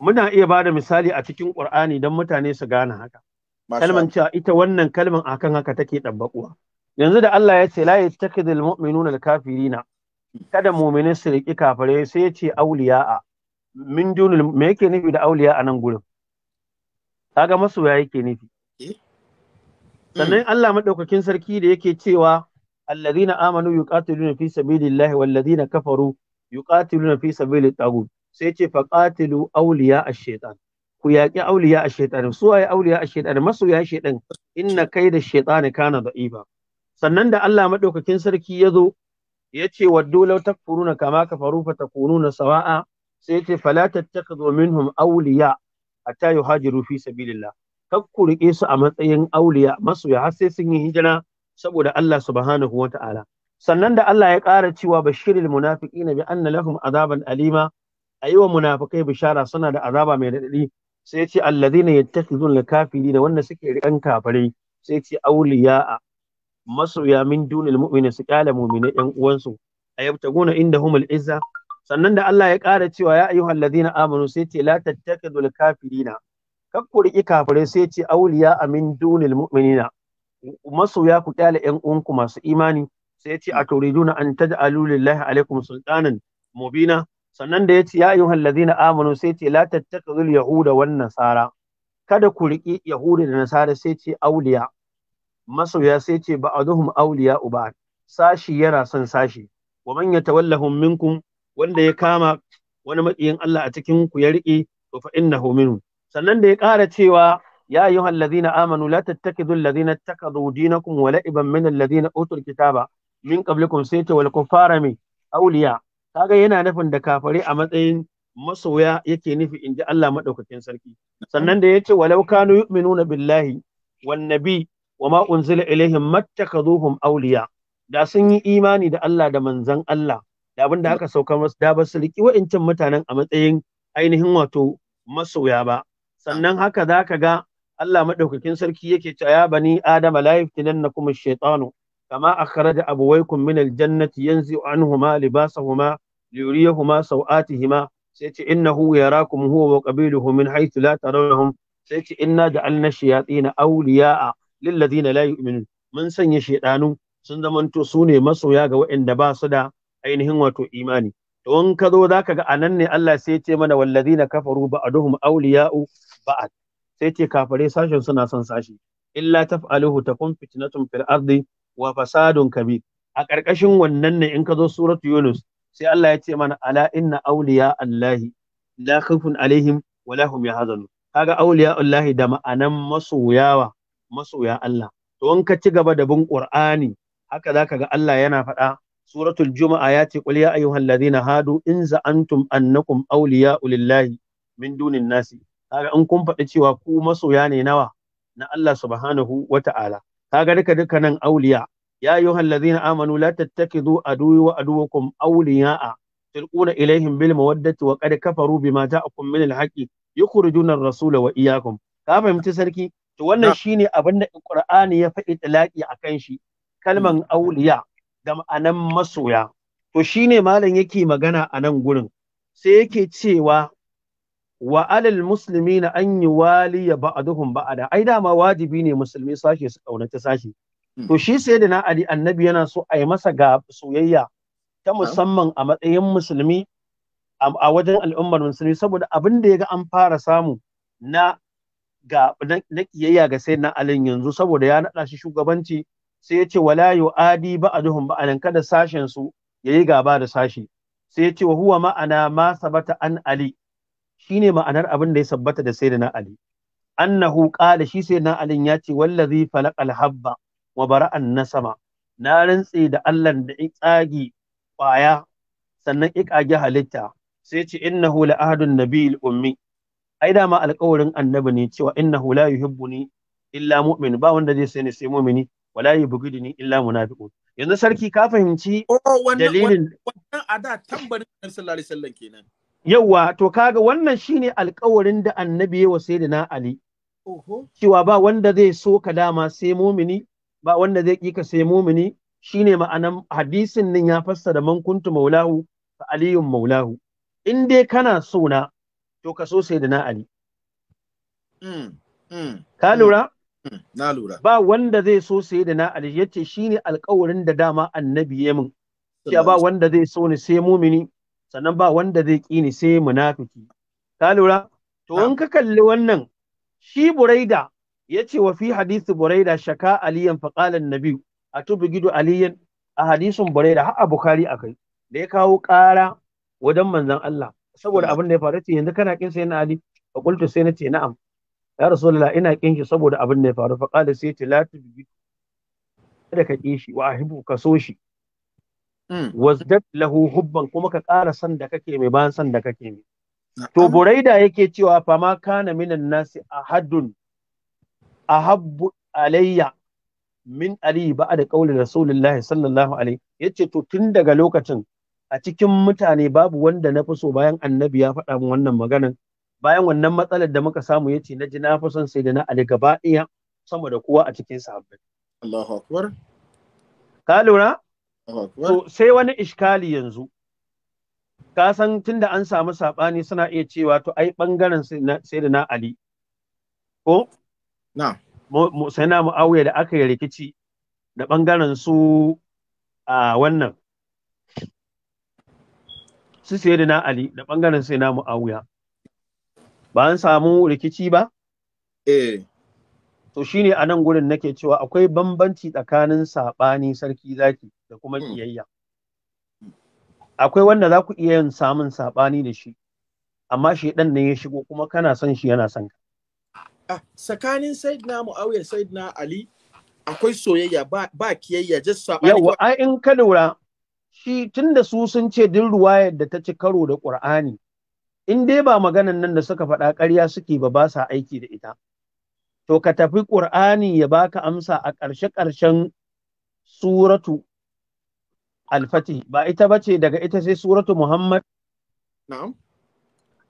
muna iya ba misali a cikin ƙur'ani don mutane su gane haka kalman cewa ita wannan kalman akan haka take ɗabbaƙuwa yanzu da Allah ya ce la yattakhidul mu'minuna al-kafirina hmm. kada mu'minin su riƙi kafirai sai ya ce auliya'a min dunul me yake nufi da auliya a nan gurin kaga masoya yake nufi eh? sannan mm. Allah madaukakin sarki da yake cewa alladhina amanu yuqatiluna fi sabilillahi walladhina kafaru yuqatiluna fi sabilit tagut sai ce faqatilu awliya ash-shaytan ku yaƙi awliya ash-shaytan su waye awliya ash-shaytan masoya shaytan inna kaida ash-shaytani kana da'ifa sannan da Allah madaukakin sarki ya zo ya ce waddu law takfuruna kama kafaru fatakununa sawa'a sai yace fala tattakhidhu minhum awliya hatta yuhajiru fi sabilillah kar ku rike su a matsayin awliya masoya har sai sun yi hijira saboda Allah subhanahu wata'ala sannan da Allah ya ƙara cewa bashiril na bi anna lahum azaban alima a yiwa munafikai bishara suna da azaba mai daɗi sai ya ce alladhina na al da wanda suke rikan kafirai sai ce awliya'a masoya min dunil mu'mina su kyale muminai yan uwansu A gona inda humul izza sannan da Allah ya ƙara cewa ya ayyuhal ladina amanu sai ce la tattaqidul kafirina kak ku riki kafirai sai ce awliya amin dunil mu'minina masoya ku kyale ƴan uwanku masu imani sai ce a turiduna an taj'alu lillahi alaikum sultanan mubina sannan da yace ya ayyuhal ladina amanu sai ce la tattaqidul yahuda wan nasara kada ku riki yahuda da nasara sai ce awliya masoya sai ce ba'aduhum awliya uba sashi yana son sashi wa man yatawallahum minkum wanda ya kama wani maƙiyin Allah a cikin ku ya riƙe to fa innahu minhu sannan da ya ƙara cewa ya ayyuha Lazina amanu la tattakidhu alladhina ittakhadhu dinakum wa la'iban min alladhina utul kitaba min qablikum sayta wal kuffara min awliya kaga yana nufin da kafare a matsayin masoya yake nufi in ji Allah madaukakin sarki sannan da yace walau kanu yu'minuna billahi wan nabi wa ma unzila ilaihim mattakadhuhum awliya da sun yi imani da Allah da manzon Allah da abin da aka sauka masu da ba su riƙi wa'incan mutanen a matsayin ainihin wato masoya ba sannan haka za ka ga Allah maɗaukakin sarki yake cewa ya bani adama la na kuma shaytanu kama akhraja abawaykum min al-jannati yanzi'u anhuma libasahuma liyuriyahuma sawatihima sai ce innahu yarakum huwa wa qabiluhu min haythu la tarawnahum sai ce inna ja'alna shayatin awliya'a lilladhina la yu'minun mun sanya shaydanu sun zamanto su ne masoya ga waɗanda ba su da ainihin wato imani to in ka zo za ka ga a nan ne Allah sai ya ce mana wallazina kafaru ba'duhum awliya'u a sai ce kafare sashen suna son sashi illa taf'aluhu takun fitnatun fil ardi wa fasadun kabir a ƙarƙashin wannan ne in ka zo suratu yunus sai Allah ya ce mana ala inna awliya allahi la khawfun alaihim wa lahum yahzanun kaga awliya allahi da ma'anan masoyawa masoya Allah to in ka ci gaba da bin qur'ani haka zaka ga Allah yana faɗa suratul juma'a ya ce qul ya ayyuhal hadu in za'antum annakum awliya'u lillahi min dunin nasi kaga in kun faɗi cewa ku masoya ne nawa na Allah subhanahu wata'ala kaga duka duka nan Auliya. ya ayyuhal lazina amanu la tattakhidhu aduwwi wa aduwwakum awliya'a tilquna ilaihim bil mawaddati wa qad kafaru bima ja'akum min al haqqi yukhrijuna ar-rasula ka fahimci sarki to wannan shine abin da Qur'ani ya faɗi a kan shi kalman mm. Auliya. da ma'anan masoya to shi ne malam yake magana a nan gurin sai yake cewa wa alal musulmi na an yi wali ya ba'ada ai dama wajibi ne musulmi sashe su ƙaunaci sashe hmm. to shi sai da na ali annabi yana so a yi masa ga soyayya ta musamman a matsayin musulmi a wajen al'ummar musulmi saboda abin da ya ga an fara samu na ga na kiyayya ga sai na alin yanzu saboda ya naɗa shi shugabanci sai ya ce ba duhun ba'duhum ba'dan kada sashen su ya yi gaba da sashi sai ya ce wa huwa ma'ana ma sabata an ali shine ma'anar abin da ya sabbata da sayyidina ali annahu qala shi sayyidina ali ya ce wallazi falaqal habba wa bara'an nasama na rantse da Allah da tsagi kwaya sannan ikage halitta sai ce innahu la ahadun nabiyil ummi ai ma alƙawarin annabi ne cewa innahu la yuhibbuni illa mu'min ba wanda zai sani sai mu'mini wala ni illa munafiqun yanzu sarki ka fahimci oh, dalilin wannan ada tambarin sallallahu alaihi wasallam kenan yawa to kaga wannan shine alƙawarin da annabi ya wasa da na ali cewa ba wanda zai so ka dama sai mumini ba wanda zai ƙi ka sai mumini shine ma'anan hadisin nan ya fassara man kuntu maulahu fa aliyun maulahu in dai kana so na to ka so sai da na ali mm, mm, ka lura mm. Hmm, na lura ba wanda zai so sai da na ali shi ne alƙawarin da dama annabi ya min cewa ba wanda zai so ni sai mumini sannan ba wanda zai ki ni sai munafiki ka lura to in ka kalli wannan shi buraida yace wa fi hadisi buraida shaka aliyan faqala annabi atubu gidu aliyan a hadisin buraida har a bukhari akai da ya kawo ƙara wajen manzon Allah saboda hmm. abin da ya faru ce yanzu kana kin sai na ali fa qultu sai na ce na'am ya rasulullah ina kin shi saboda abin da ya faru fa qala sai ta latu bi kada ka kishi wa ahibu ka so shi hmm. wazdat lahu hubban kuma ka kara san da kake mai bayan san da kake mai to buraida yake cewa fa ma kana minan nasi ahadun ahabbu alayya min ali ba'da qawli rasulullahi sallallahu alaihi yace to tun daga lokacin a cikin mutane babu wanda na fi so bayan annabi ya faɗa min wannan maganan bayan wannan matsalar da muka samu ya ce na ji na fi son sai da na Ali gaba iya sama da kowa a cikin sahabbai. Allahu akbar. Ka lura? To sai wani iskali yanzu. Ka san tunda an samu saɓani suna iya cewa to ai ɓangaren sai da na Ali. Ko? Na. Sai na mu'awiya da aka yi rikici da ɓangaren su a wannan. Su sai da na Ali da ɓangaren sai na mu'awiya. ba an samu rikici ba eh to shine a nan gurin nake cewa akwai bambanci tsakanin saɓani sarki zaki da kuma kiyayya hmm. akwai wanda za ku iya yin samun saɓani da shi amma shi ɗan ne ya shigo kuma kana son shi yana son ka ah, tsakanin sayyidina muawiya sayyidina ali akwai soyayya ba, kiyayya just saɓani yawa ai in ka lura shi tunda su sun ce din ruwayar da ta ci karo da Ƙur'ani. in dai ba maganan nan da suka faɗa ƙarya suke ba ba sa aiki da ita to ka tafi ƙur'ani ya baka amsa a ƙarshe ƙarshen suratu alfati ba ita ba ce daga ita sai suratu muhammad na'am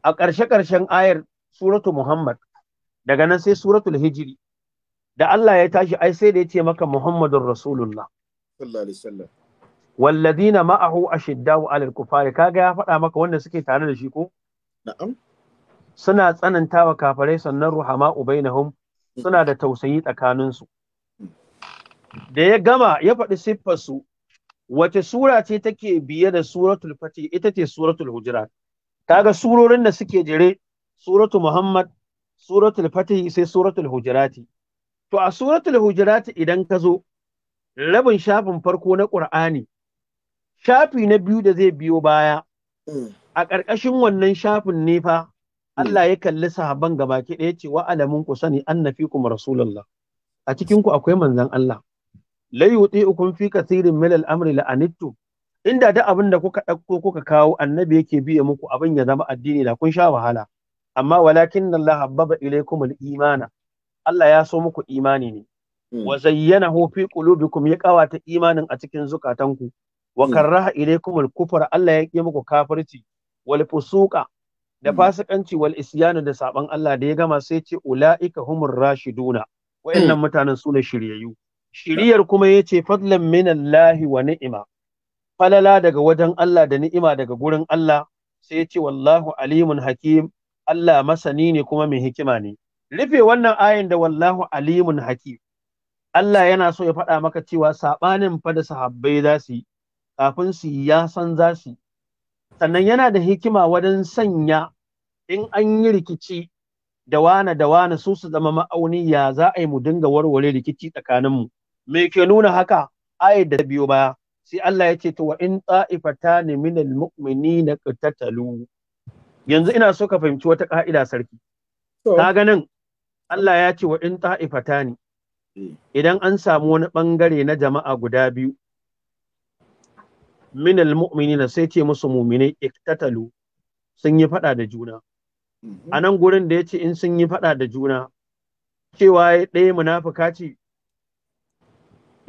a ƙarshe ƙarshen ayar suratu muhammad daga nan sai suratu hijiri da Allah ya tashi ai sai da ya ce maka Muhammadun Rasulullah. Walladina ma'ahu ashiddau alal kufari kaga ya faɗa maka wanda suke tare da shi ko? suna tsananta wa kafirai sannan ruhama ubainahum suna da tausayi tsakanin su da ya gama ya faɗi su. wace sura ce take biye da suratul fatih ita ce suratul hujurat kaga surorin da suke jire, suratu muhammad suratul fatih sai suratul hujurat. to a suratul hujurat idan ka zo rabin shafin farko na qur'ani shafi na biyu da zai biyo baya mm. a ƙarƙashin wannan shafin ne fa hmm. Allah ya kalli sahaban gabaki ɗaya ce wa alamun ku sani anna kuma rasulullah a cikin ku akwai manzon Allah la ukun fi kathirin min al-amri la anittu inda da abin da kuka ɗauko kuka kawo annabi yake biya muku abin ya zama addini da kun sha wahala amma walakin Allah habbaba ilaykum al-imana Allah ya so muku imani ne hmm. wa zayyanahu fi qulubikum ya kawata imanin a cikin zukatanku wa hmm. karraha ilaykum al-kufra Allah ya ki muku kafirci wal fusuka da hmm. fasikanci wal isyanu da saban Allah da ya gama sai ce ulaika humur rashiduna wayannan hmm. mutanen su shiryayyu shiryar kuma yace fadlan minallahi wa ni'ima falala daga wajen Allah da ni'ima daga gurin Allah sai ya ce wallahu alimun hakim Allah masani ne kuma mai hikima ne rufe wannan ayin da wallahu alimun hakim Allah yana so ya faɗa maka cewa saɓanin fa da sahabbai za su yi kafin su yi ya san za su sannan yana da hikima wajen sanya in an yi rikici da wane da wane su su zama ma'auni ya za a yi mu dinga warware rikici tsakaninmu me ke nuna haka ayat da biyo baya sai Allah ya ce to wa in ta'ifatani min almu'minin qatatalu yanzu ina so ka fahimci wata ka'ida sarki ka ganin Allah ya ce wa in ta'ifatani eh. idan an samu wani bangare na jama'a guda biyu Minal almu'minina sai ce musu mu'minai iktatalu sun yi faɗa da juna mhm. a nan gurin da ya ce in sun yi faɗa da juna cewa ɗaya munafuka ce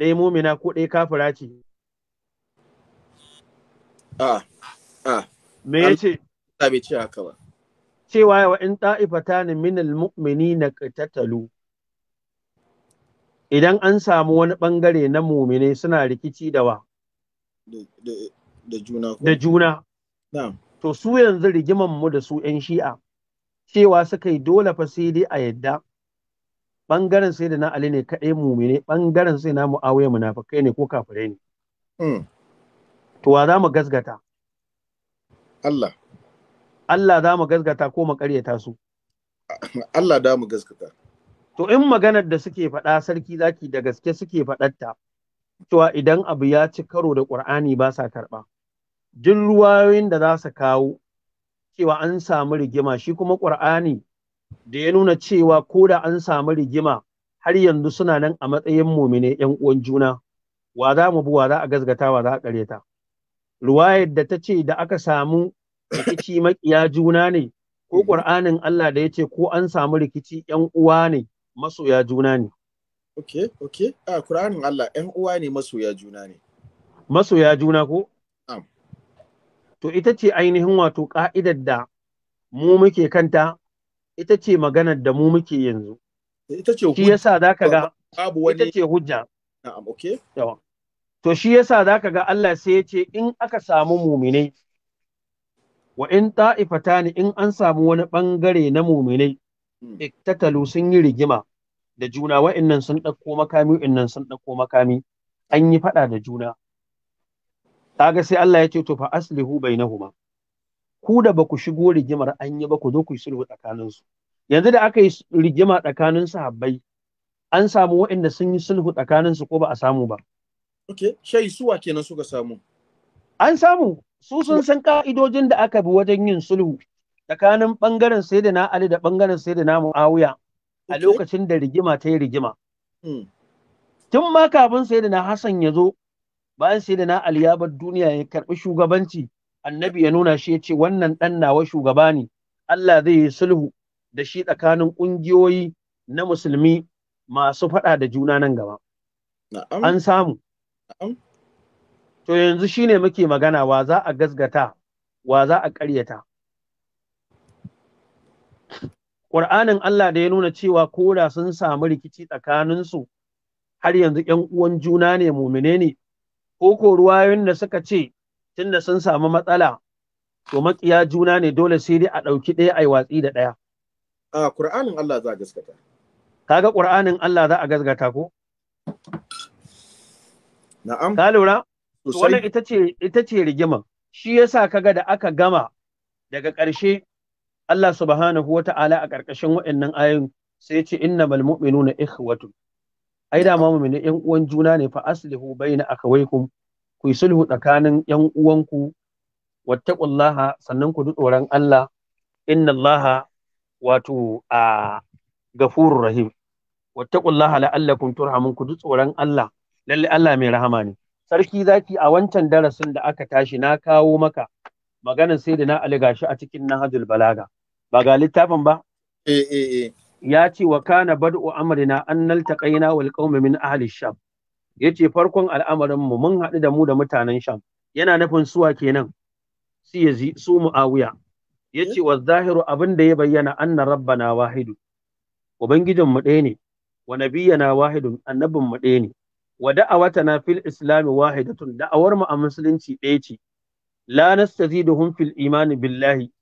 ɗaya mumina ko ɗaya kafira ce a a me yace bai ce haka ba cewa wa in ta'ifatan min na qatatalu idan an samu wani ɓangare na mumine suna rikici da wa da juna da juna to su yanzu rigiman mu da su yan shi'a cewa suka yi dole fa sai dai a yadda bangaren sai da na Ali ne kaɗai mumine bangaren sai na mu'awiya munafikai ne ko kafirai ne hmm. to wa za mu gasgata Allah Allah za mu gasgata ko mu ƙaryata su <laughs> Allah da mu gasgata. To in maganar da suke faɗa sarki zaki da gaske suke faɗatta, cewa idan abu ya ci karo da ƙur'ani ba sa karɓa duk ruwayoyin da za su kawo cewa an samu rigima shi kuma ƙur'ani da ya nuna cewa ko da an samu rigima har yanzu suna nan a matsayin mumine yan uwan juna wa za mu bi wa za a gazgata wa za a ta? ruwayar da ta ce da aka samu rikici <laughs> maƙiya juna ne ko ƙur'anin Allah da ya ce ko an samu rikici yan uwa ne masoya juna ne ok ok a Kur'anin Allah ‘yan uwa ne masoya juna ne masoya juna ko am to ita ce ainihin wato ka'idar da mu muke kanta ita ce maganar da mu muke yanzu eh, ita ce shi yasa ka ga ita ce hujja Am, okay yawa to shi yasa ka ga Allah sai ya ce in aka samu muminai wa in ne in an samu wani ɓangare na muminai hmm. iktatalu sun yi rigima da juna wa'annan sun ɗauko makami wa'annan sun ɗauko makami an yi faɗa da juna kaga sai Allah ya ce to fa aslihu bainahuma ku da baku shigo rigimar an yi ba ku zo ku yi sulhu tsakanin su yanzu da aka yi rigima tsakanin sahabbai an samu wa'anda sun yi sulhu tsakanin su ko ba a samu ba okay shai suwa kenan suka samu an samu su sun san ka'idojin da aka bi wajen yin sulhu tsakanin bangaren na Ali da bangaren na Muawiya a lokacin da rigima ta yi rigima. Hmm. Tun ma kafin sai da na Hassan ya zo bayan sai da na aliyabar duniya ya karɓi shugabanci annabi ya nuna shi ya ce wannan ɗan nawa shugaba ne Allah zai yi sulhu da shi tsakanin ƙungiyoyi na musulmi masu faɗa da juna nan gaba. An samu. To yanzu shi ne muke magana wa za a gazgata, wa za a ƙaryata. ƙur'anin Allah da ya nuna cewa koda sun samu rikici tsakaninsu har yanzu ƴan uwan juna ne mumine ne ko ko ruwayoyin da suka ce tunda sun samu matsala to maƙiya juna ne dole sai dai a ɗauki ɗaya a watsi da ɗaya. A Ƙur'anin Allah za a gaskata. Kaga Ƙur'anin Allah za a gaskata ko? Na'am. Ka lura? Wannan ita ce ita ce rigima. Shi yasa kaga da aka gama daga ƙarshe Allah subhanahu wa ta'ala a ƙarƙashin waɗannan ayoyin sai ce inna bal mu'minuna ikhwatu ai da ma mu'mini ƴan uwan juna ne fa aslihu baina akawaykum ku sulhu tsakanin ƴan uwanku wattaqullaha sannan ku tsoron Allah inna Allaha wato a gafurur rahim wattaqullaha la'allakum turhamun ku tsoron Allah lalle Allah mai rahama ne sarki zaki a wancan darasin da aka tashi na kawo maka maganar sai da na aligashi a cikin nahajul balaga ba ga littafin ba eh eh eh ya ce wa kana bad'u amrina an naltaqaina wal qaumi min ahli sham yace farkon al'amarin mu mun haɗu da mu da mutanen sham yana nufin suwa kenan su yazi su muawiya yace wa zahiru abin da ya bayyana anna rabbana wahidu ubangijin mu ɗaya ne wa nabiyyana wahidun annabin mu ɗaya ne wa da'awatana fil islami wahidatun da'awar mu a musulunci ɗaya ce la da fil imani billahi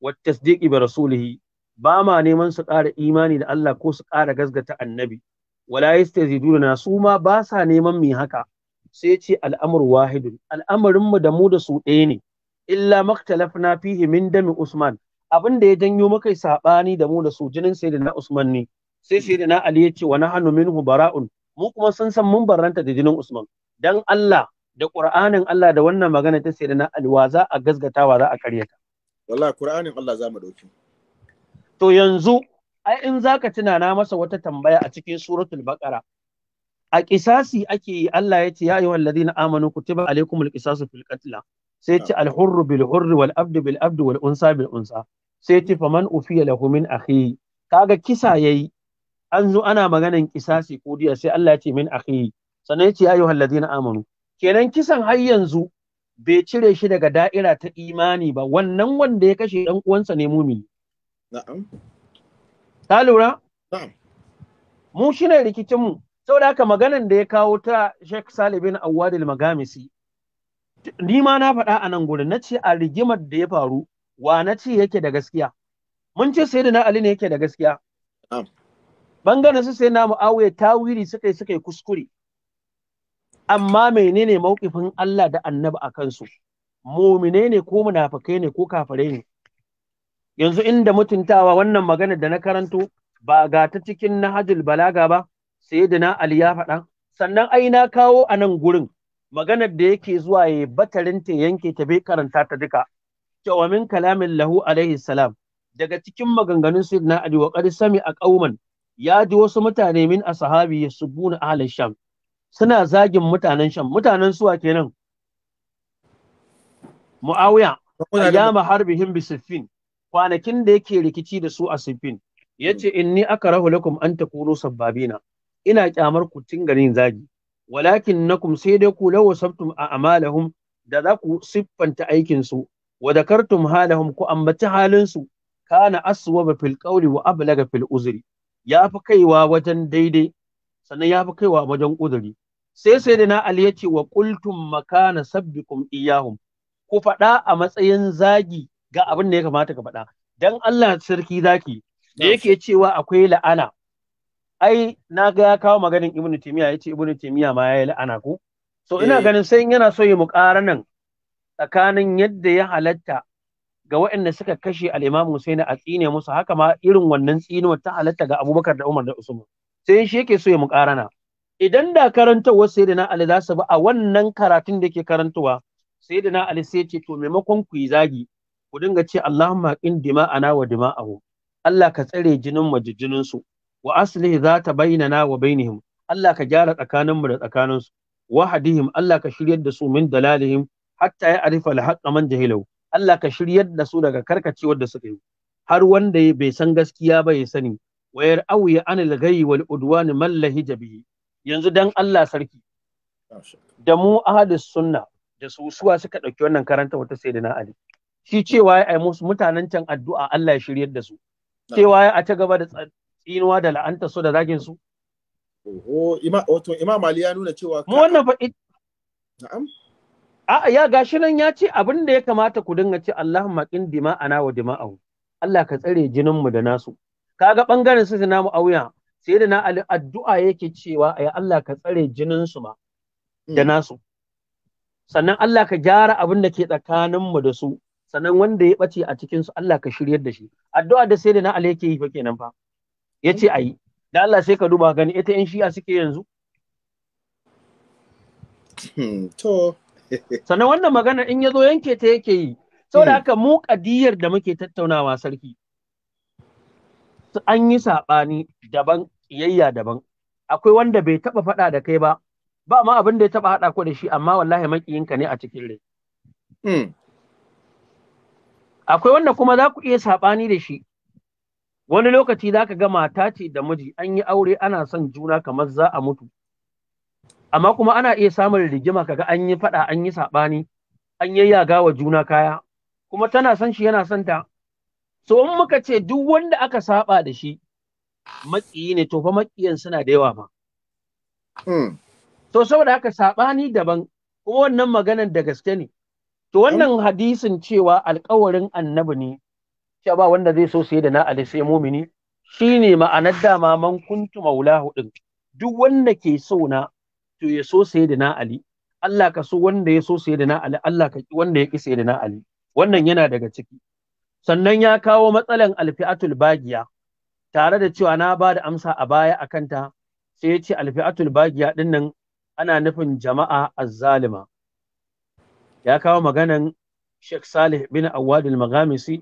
والتصديق برسوله باما نيمان سقار إيماني دا الله كو سقار غزغة النبي ولا su سوما باسا نيمان مي هكا سيتي الأمر واحد الأمر ما دمود سوئيني إلا ما اختلفنا فيه من دم عثمان abin da ya janyo makai sabani da mu da su jinin sayyidina Usman ne sai sayyidina Ali ya ce wa nahnu minhu bara'un mu kuma sun san mun barranta da jinin Usman dan Allah da Qur'anin Allah da wannan magana ta sayyidina Ali wa za a wa za a karyata wallahi qur'anin Allah za mu to yanzu ai in zaka tuna na masa wata tambaya a cikin suratul baqara a ƙisasi ake yi Allah ya ce ya ayyuhal ladina amanu kutiba alaikumul qisasu fil qatla sai ya ce ah. al hurru bil hurri wal abdu bil abdu wal unsa bil unsa sai ya ce hmm. faman ufiya lahu min akhi kaga kisa yayi an zo ana maganan ƙisasi ko diya sai Allah ya ce min akhi sannan ya ce ya ayyuhal ladina amanu kenan kisan har yanzu bai cire shi daga da'ira ta imani ba wannan wanda ya kashe dan uwansa ne mumini na'am ta lura na'am mu shine rikicin mu saboda haka maganan da ya kawo ta Sheikh Salih bin magamisi ni ma na faɗa a nan gurin nace a rigimar da ya faru wa na ce yake da gaskiya mun ce na Ali ne yake da gaskiya bangaren su sai na mu'awiya tawiri suka yi suka yi kuskure amma menene mawqifin Allah da annabi a kansu mumine ne ko munafikai ne ko kafare ne yanzu inda mutuntawa wannan magana da na karanto ba ga ta cikin nahajul balaga ba sai da na ali ya faɗa sannan ai na kawo a nan gurin maganar da yake zuwa ya batarin ta yanke ta bai karanta ta duka Kyawamin kalamin lahu alaihi salam daga cikin maganganun sayyidina ali wa qad sami a qauman ya ji wasu mutane min ashabi yasubuna ahli sham suna zagin mutanen sham mutanen suwa kenan mu'awiya ya harbihim bi siffin kwanakin da yake rikici da su a siffin yace inni rahu lakum an ta takunu sabbabina ina kyamar ku tingarin zagi walakin nakum sai dai ku lawa sabtum a amalahum da za ku siffanta aikin su wa dakartum halahum ku ambaci halin su kana aswaba fil qawli wa ablaga fil uzri ya fi kaiwa wajen daidai sannan ya fi kaiwa wajen ƙuduri sai sai da na ali ya ce wa ƙultun makana sabbikum iyahum ku faɗa a matsayin zagi ga abin da ya kamata ka faɗa dan Allah sarki zaki da yake cewa akwai la'ana ai na ga ya kawo maganin ibn timiya ce ibn timiya ma ya yi la'ana ko so ina eh. ganin sai yana so ya nan tsakanin yadda ya halatta ga waɗanda suka kashe al'imamu na a tsine musu haka ma irin wannan tsinuwar ta halatta ga Abubakar da Umar da Usman. sai shi yake so ya muƙarana idan da karanta sai da Ali za su bi a wannan karatun da ke karantawa sai Ali sai ce to maimakon ku yi zagi ku dinga ce Allahumma qin dima'ana wa dima'ahu Allah ka tsare jinin mu jinin su wa aslih za ta bainana wa bainihim Allah ka gyara tsakanin mu da tsakanin su wa hadihim Allah ka shiryar da su min dalalihim hatta ya arifa al haqq man jahilu Allah ka shiryar da su daga karkacewar da suka yi har wanda bai san gaskiya ba ya sani Wayar yar'awi an al wal udwani man lahija bihi yanzu dan Allah sarki da mu Ahadus sunna da su suwa suka dauki wannan karanta wata sayyidina Ali shi cewa ya ai musu mutanen can addu'a Allah ya shiryar da su cewa ya a ta gaba da tsinuwa da la'anta su da zagin su Oho, ima, wato Imam Ali ya nuna cewa mu wannan fa na'am A'a ya gashi nan ya ce abin da ya kamata ku dinga ce Allahumma qin dima'ana wa dima'ahu Allah ka tsare jininmu da nasu kaga bangaren su na auya sai da na ali addu'a yake cewa ayi Allah ka tsare jinin su ma da hmm. nasu sannan Allah ka gyara abin da ke tsakanin mu da su sannan wanda ya bace a cikin su Allah ka shiryar da shi addu'a da sai da na ali yake yi fa kenan fa yace ayi da Allah sai ka duba gani ita yan shi'a suke yanzu hmm. to sannan wannan magana in ya zo yanke ta yake yi saboda hmm. haka mu kadiyar da muke tattaunawa sarki an yi saɓani daban ƙiyayya daban akwai wanda bai taɓa faɗa da kai ba ba ma abin da ya taɓa haɗa ku da shi amma wallahi maƙiyinka ne a cikin rai hmm. akwai wanda kuma za ku iya saɓani da shi wani lokaci za ka ga mata ce da miji an yi aure ana son juna kamar za a mutu amma kuma ana iya samun rigima kaga an yi faɗa an yi saɓani an yayyaga wa juna kaya kuma tana son shi yana son ta So in muka ce duk wanda aka saba da shi maƙiyi ne to fa maƙiyan suna da yawa ba. To hmm. saboda haka saɓani daban kuma wannan maganar da gaske ne. To wannan hadisin cewa alƙawarin annabi ne cewa ba wanda zai so sai da na Ali sai mumini shine ma'anar dama man kuntu maulahu din duk wanda ke so na to ya so sai da na Ali Allah ka so wanda ya so sai da na Ali Allah ka ki wanda ya ki sai da na Ali wannan yana daga ciki sannan ya kawo matsalan alfi'atul bagiya tare da cewa na ba da amsa a baya akan ta sai ya ce alfi'atul bagiya din nan ana nufin jama'a az-zalima ya kawo maganan Sheikh Salih bin Awad al-Maghamisi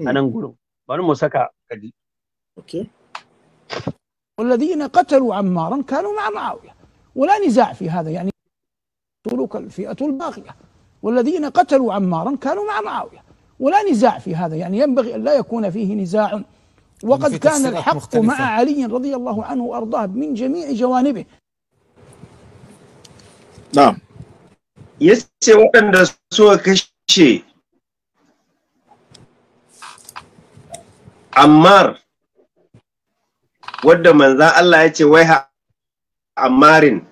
a nan gurin bari mu saka kadi okay والذين قتلوا عمارا كانوا مع معاوية ولا نزاع في هذا يعني تلك الفئة الباغية والذين قتلوا عمارا كانوا مع معاوية ولا نزاع في هذا يعني ينبغي أن لا يكون فيه نزاع وقد يعني كان الحق مختلفة. مع علي رضي الله عنه وأرضاه من جميع جوانبه نعم يسي وقن رسوة كشي عمار ود من ذا الله يتي ويها عمار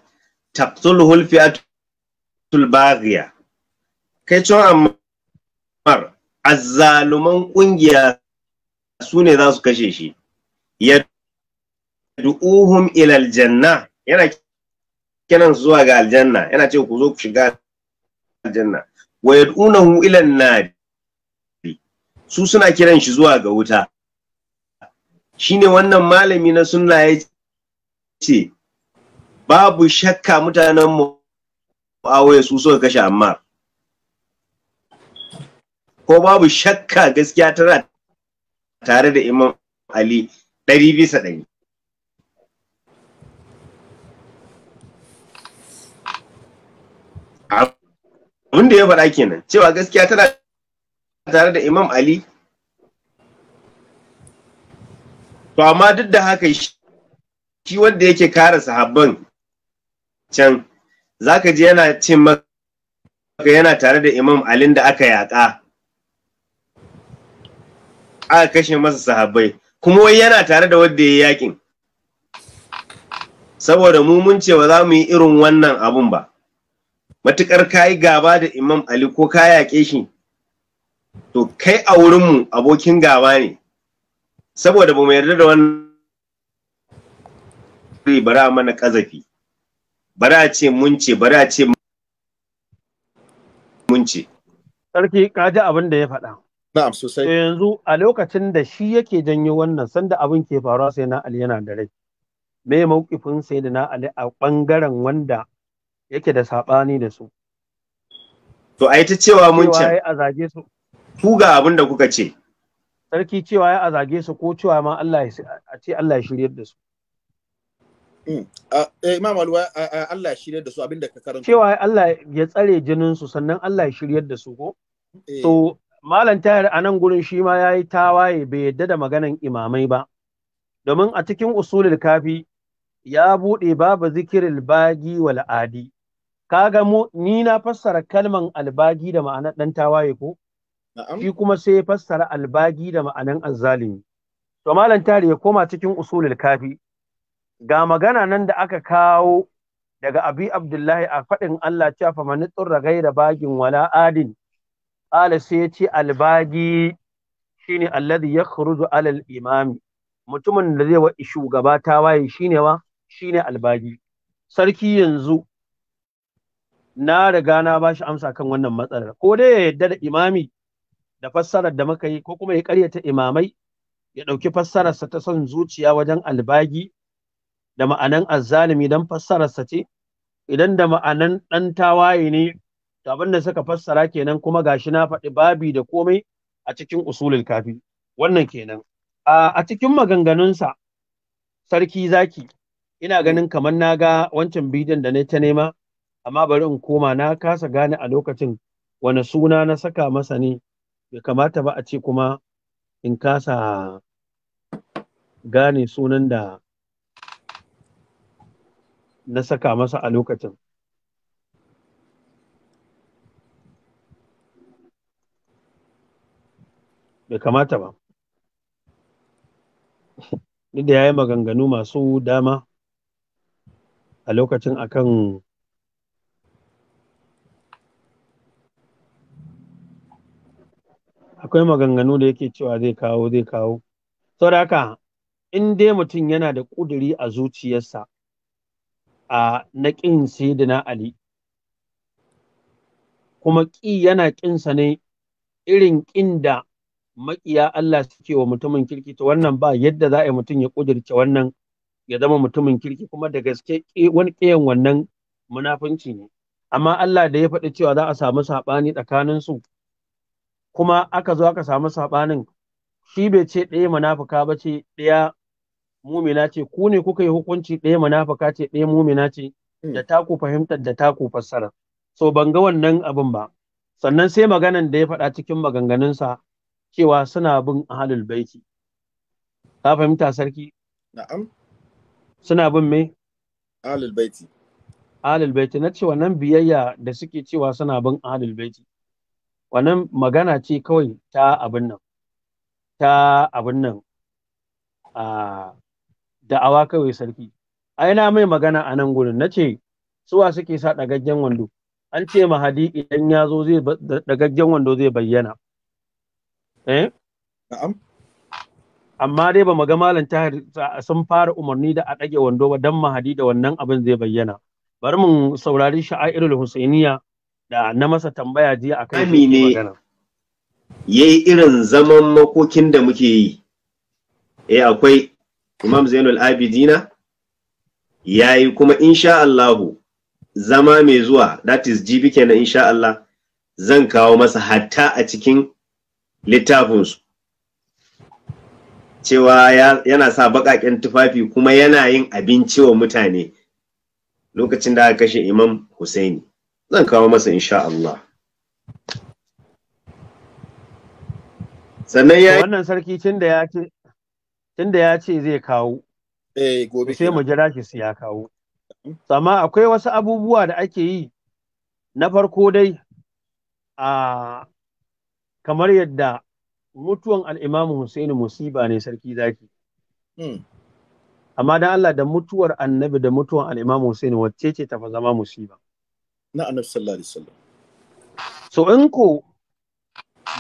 تقتله الفئة الباغية كيتو عمار azzaluman ƙungiya su ne za su kashe shi ya du'uhum ila aljanna yana kiran zuwa ga aljanna yana ce ku zo ku shiga aljanna wa yad'unahu ila an su suna kiran shi zuwa ga wuta shine wannan malami na sunna ya ce babu shakka mutanen mu su suka kashe amma ko babu shakka gaskiya tana tare da imam ali ɗari bisa ɗari abin da ya faɗa kenan cewa gaskiya tana tare da imam ali to amma duk da haka shi wanda yake kare sahabban can zaka ji yana cin maka yana tare da imam alin da aka yaƙa aka kashe masa sahabbai kuma wai yana tare da wanda ya yakin saboda mu mun ce ba za mu yi irin wannan abun ba matukar kayi gaba da imam ali ko ka yake shi to kai a mu abokin gaba ne saboda ba mu yarda da wannan bara mana kazafi bara ce mun ce bara ce mun ce sarki kaji abin da ya faɗa Na'am sosai. Yanzu a lokacin da shi yake janyo wannan sanda abin ke faruwa sai na Ali yana da rai. Me mawkifin sai da na Ali a bangaren wanda yake da saɓani da su. To ai ta cewa mun ce. a zage su. Ku ga abin da kuka ce. Sarki cewa ya a zage su ko cewa ma Allah ya a ce Allah ya shirya da su. Imam Alwa Allah ya shiryar da su mm. eh, abinda ka karanta. Cewa Allah ya tsare jinin su sannan Allah ya shirya da su ko? Eh. To Malam Tahir a nan gurin shi ma ya yi tawaye bai yadda da maganan imamai ba, domin a cikin usulul kafi ya buɗe babu zikirin bagi wal Ka ga mu ni na fassara kalman albagi da ma'anar ɗan tawaye ko? Shi kuma sai ya fassara albagi da ma'anar azzalimi. To Malam Tahir ya koma cikin usulul kafi. Ga magana nan da aka kawo daga Abi Abdullahi a faɗin Allah cewa fa man tsurra gaira bagin wala adin qala sai ya ce albagi shine alladhi yakhruju alal imami mutumin da zai wa shugaba ta waye shine wa ne albagi sarki yanzu na riga na ba shi amsa kan wannan matsalar ko dai ya yarda da imami da fassarar da muka yi ko kuma ya karyata imamai ya ɗauki fassararsa ta son zuciya wajen albagi da ma'anan azzalumi don fassararsa ce idan da ma'anan ɗan tawaye ne to abin da suka fassara kenan kuma gashi na faɗi babi da komai a cikin usulul kafi wannan kenan a a cikin maganganunsa sarki zaki ina ganin kamar na ga wancan bidiyon da na ta nema amma bari in koma na kasa gane a lokacin wani suna na saka masa ne bai kamata ba a ce kuma in kasa gane sunan da na saka masa a lokacin bai kamata ba duk da ya yi maganganu masu dama a lokacin akan akwai maganganu da yake cewa zai kawo zai kawo saboda haka in dai mutum yana da ƙuduri a zuciyarsa a na ƙin sayyidina ali kuma ƙi yana ƙinsa ne irin ƙin da maƙiya Allah suke wa mutumin kirki to wannan ba yadda za a yi mutum ya ƙudirce wannan ya zama mutumin kirki kuma da gaske wani ƙiyan wannan munafunci ne amma Allah da ya faɗi cewa za a samu saɓani tsakanin su kuma aka zo aka samu saɓanin shi bai ce ɗaya munafuka ba ce ɗaya mumina ce ku ne kuka yi hukunci ɗaya munafuka ce ɗaya mumina ce hmm. da ta taku fahimtar da ta taku fassara so ban ga wannan abin ba sannan sai maganan da ya faɗa cikin maganganunsa cewa suna bin ahalul baiti ka fahimta sarki na'am suna bin me Ahalul baiti Ahalul baiti na ce wannan biyayya da suke cewa suna bin ahalul baiti wannan magana ce kawai ta abin nan ta abin nan a da'awa kawai sarki ai na mai magana a nan gurin na ce suwa suke sa ɗagaggen wando an ce mahadi idan ya zo zai ɗagaggen wando zai bayyana Eh? amma dai ba ga malam tahir sun fara umarni da a ɗage wando ba dan mahadi da wannan abin zai bayyana bari mu saurari sha'airul husainiya da na masa tambaya jiya akan amine yayi irin zaman makokin da muke yi E, akwai Imam Zainul Abidina yayi kuma insha Allahu zama mai zuwa that is jibi kenan insha Allah zan kawo masa hatta a cikin littafinsu cewa yana sa baƙaƙen tufafi kuma yana yin abinci wa mutane lokacin da aka kashe imam Husaini zan kawo masa insha Allah sannan ya wannan sarki tun da ya ce zai kawo eh, sai mu jira shi ya kawo amma akwai wasu abubuwa da ake yi na farko dai a kamar yadda mutuwan al'imamu Hussein musiba ne sarki zaki. Hmm. Amma don Allah da mutuwar annabi da mutuwan al'imamu Hussein wacce ce tafa zama musiba. Na annabi sallallahu alaihi wasallam. So in ko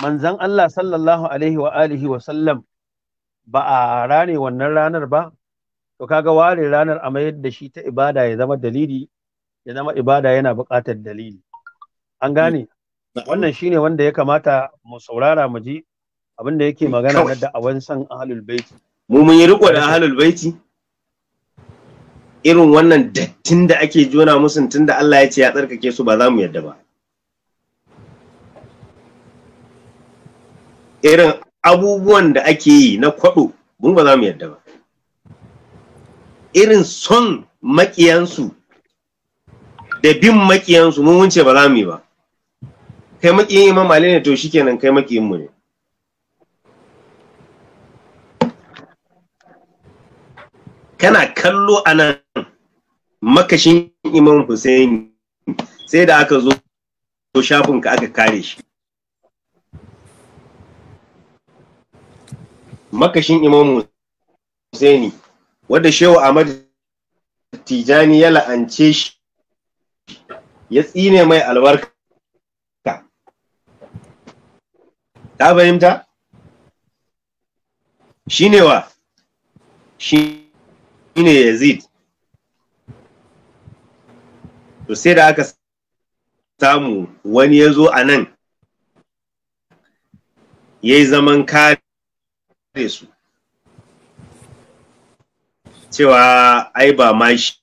manzan Allah sallallahu alaihi wa alihi wa sallam ba a rane wannan ranar ba, to kaga ware ranar a mayar da shi ta ibada ya zama dalili, ya zama ibada yana buƙatar dalili. An gane? wannan shine wanda ya kamata mu saurara mu ji abin da yake magana na da'awan san ahlul baiti mu mun yi riko da ahlul baiti irin wannan dattin da ake jona musun tunda Allah ya ce ya tsarkake su ba za mu yadda ba irin abubuwan da ake yi na kwado mun ba za mu yadda ba irin son makiyansu da bin makiyansu mun wuce ba za mu yi ba kai makiyin imam ali ne to shikenan kai makiyin mu ne kana kallo anan makashin imam Hussein sai da aka zo shafin ka aka kare shi makashin imam Hussein wanda Shehu Ahmad Tijani ya la'ance shi ya tsine mai albarka ka fahimta shine wa shine yazid to sai da aka samu wani ya zo a nan ya yi zaman kare su cewa ai ba ma shi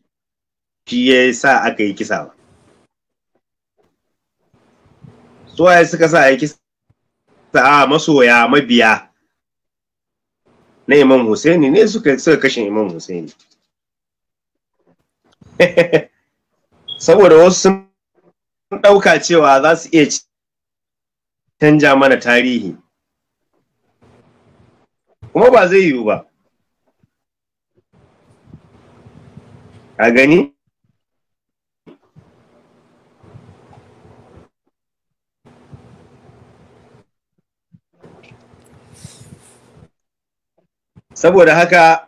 ya sa aka yi kisa ba suwaye suka sa a yi kisa a masoya mabiya na imam Husaini ne suka saka kashe imam Husaini <laughs> saboda wasu sun ɗauka cewa za su iya canja mana tarihi kuma ba zai yiwu ba a gani saboda haka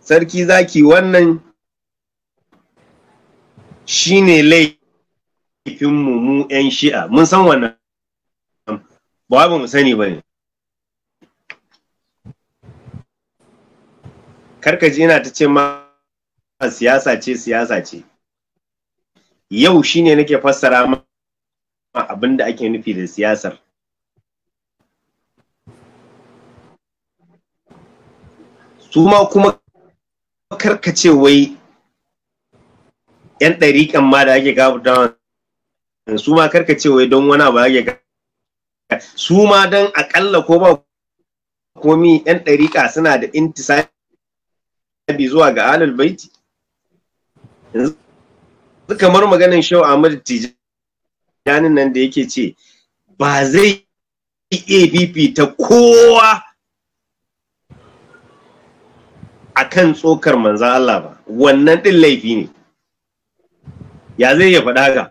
sarki zaki wannan shine laifin mu 'yan shi'a mun san wannan ba ba mu sani ba ne karkaji yana ta ce ma siyasa ce siyasa ce yau shi shine nake fassara ma abin da ake nufi da siyasar su ma kuma karkace wai yan ɗariƙan ma da ake gabata su ma karkace wai don wani abu ake su ma don aƙalla ko ba komi yan ɗariƙa suna da intisabi zuwa ga alal baiti yanzu kamar maganin shau Ahmad Tijjani nan da yake ce ba zai APP ta kowa akan tsokar manzan Allah ba wannan din laifi ne ya zai ya faɗa ga?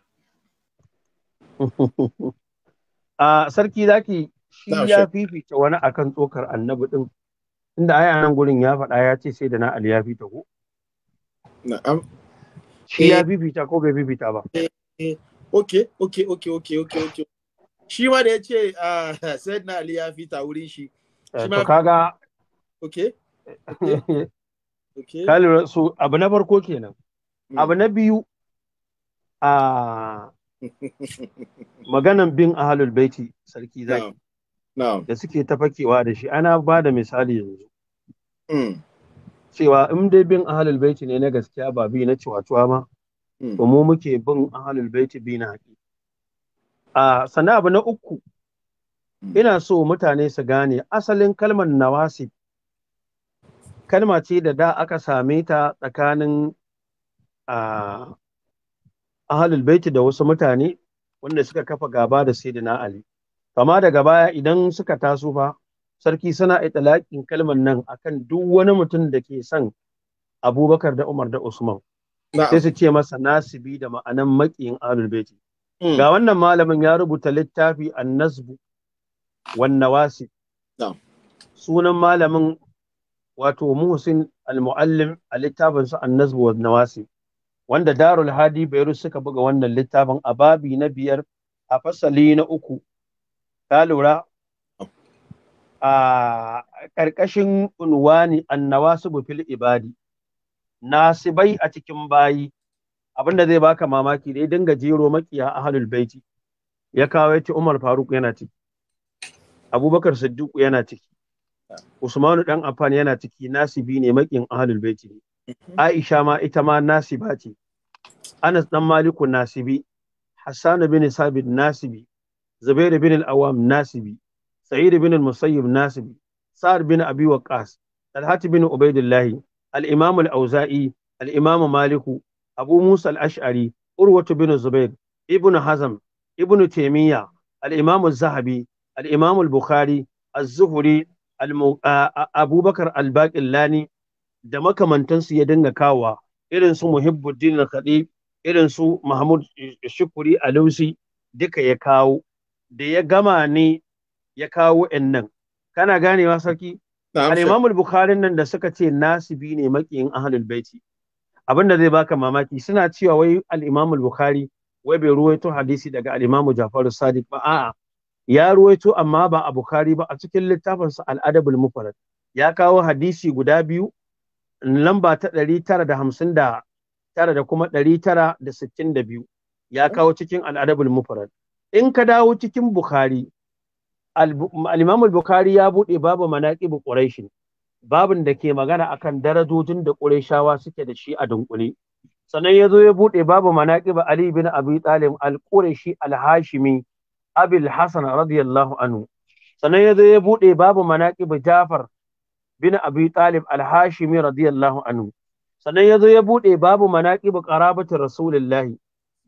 <laughs> a sarki zaki shi ya fifita wani akan tsokar annabi din inda ai nan gurin ya faɗa ya ce sai da na Ali ya fita ko na'am shi ya eh. fifita ko bai fifita ba eh, eh. okay okay okay okay oke oke shi ma da ya ce ah, <laughs> na Ali ya fita wurin shi. To kaga. oke <laughs> ka lura so abu na farko kenan hmm. abu na biyu a <laughs> maganan bin ahalul baiti sarki zaki da suke ta fakewa da shi ana ba da misali yanzu hmm. cewa in dai bin ahalul baiti ne na gaskiya ba bi na ciwacuwa ma hmm. to mu muke bin ahalul baiti bi na haƙi a sana abu na uku ina so mutane su gane asalin kalmar nawasif kalma ce da da aka same ta tsakanin ahalul baiti da wasu mutane wanda suka kafa gaba da sayyidina ali kama daga baya idan suka taso fa sarki suna italaƙin kalmar nan akan duk wani mutum da ke son abubakar da umar da usman sai su ce masa nasibi da ma'anan maƙiyin ahlul baiti hmm. ga wannan malamin ya rubuta littafi annasbu wan nawasi sunan malamin wato Muhsin al-Muallim a littafin su an nazbu wa nawasi wanda Darul Hadi Bayru suka buga wannan littafin a babi na biyar a fasali na uku ta lura a ƙarƙashin unwani annawasibu fil ibadi nasibai a cikin bayi abinda zai baka mamaki dai dinga jero makiya ahlul baiti ya kawo Umar Faruk yana ciki Abubakar Siddiq yana ciki Usmanu dan Affan yana ciki nasibi ne makin ahlul baiti ne Aisha ma ita ma nasiba ce Anas dan Maliku nasibi Hassan bin Sabit nasibi Zubair bin al-Awam nasibi Sa'id bin al-Musayyib nasibi Sa'ad bin Abi Waqqas Talhat bin Ubaidillah al-Imam al-Auza'i al-Imam Maliku Abu Musa al-Ash'ari Urwatu bin Zubair Ibn Hazm Ibn Taymiyyah al-Imam zahabi al-Imam al-Bukhari az-Zuhri abubakar lani da makamantansu ya dinga kawa irin su muhibbuddin al irin su mahmud shukuri alusi duka ya kawo da ya gama ne ya kawo nan kana ganewa sarki a imam bukhari nan da suka ce bi ne makiyin ahlul baiti abinda zai baka mamaki suna cewa wai al imamul bukhari wai bai ruwaito hadisi daga al-imam Ja'far Sadiq ba a'a ya ruwaito amma ba a Bukhari ba a cikin littafinsa al'adabul mufrad ya kawo hadisi guda biyu lamba ta ɗari tara da hamsin da tara da kuma ɗari tara da sittin da biyu ya kawo cikin al'adabul mufrad in ka dawo cikin Bukhari al-Imam al-Bukhari ya buɗe babu manaqibu Quraish babin da ke magana akan darajojin da Qurayshawa suke da shi a dunkule sannan ya zo ya buɗe babu manaqibu Ali bin Abi Talib al-Qurayshi al-Hashimi abil hasan radiyallahu anhu sannan ya ya buɗe babu manaqib jafar bin abi talib al-hashimi radiyallahu anhu Sanan yazo ya buɗe babu manaqib qarabati rasulillahi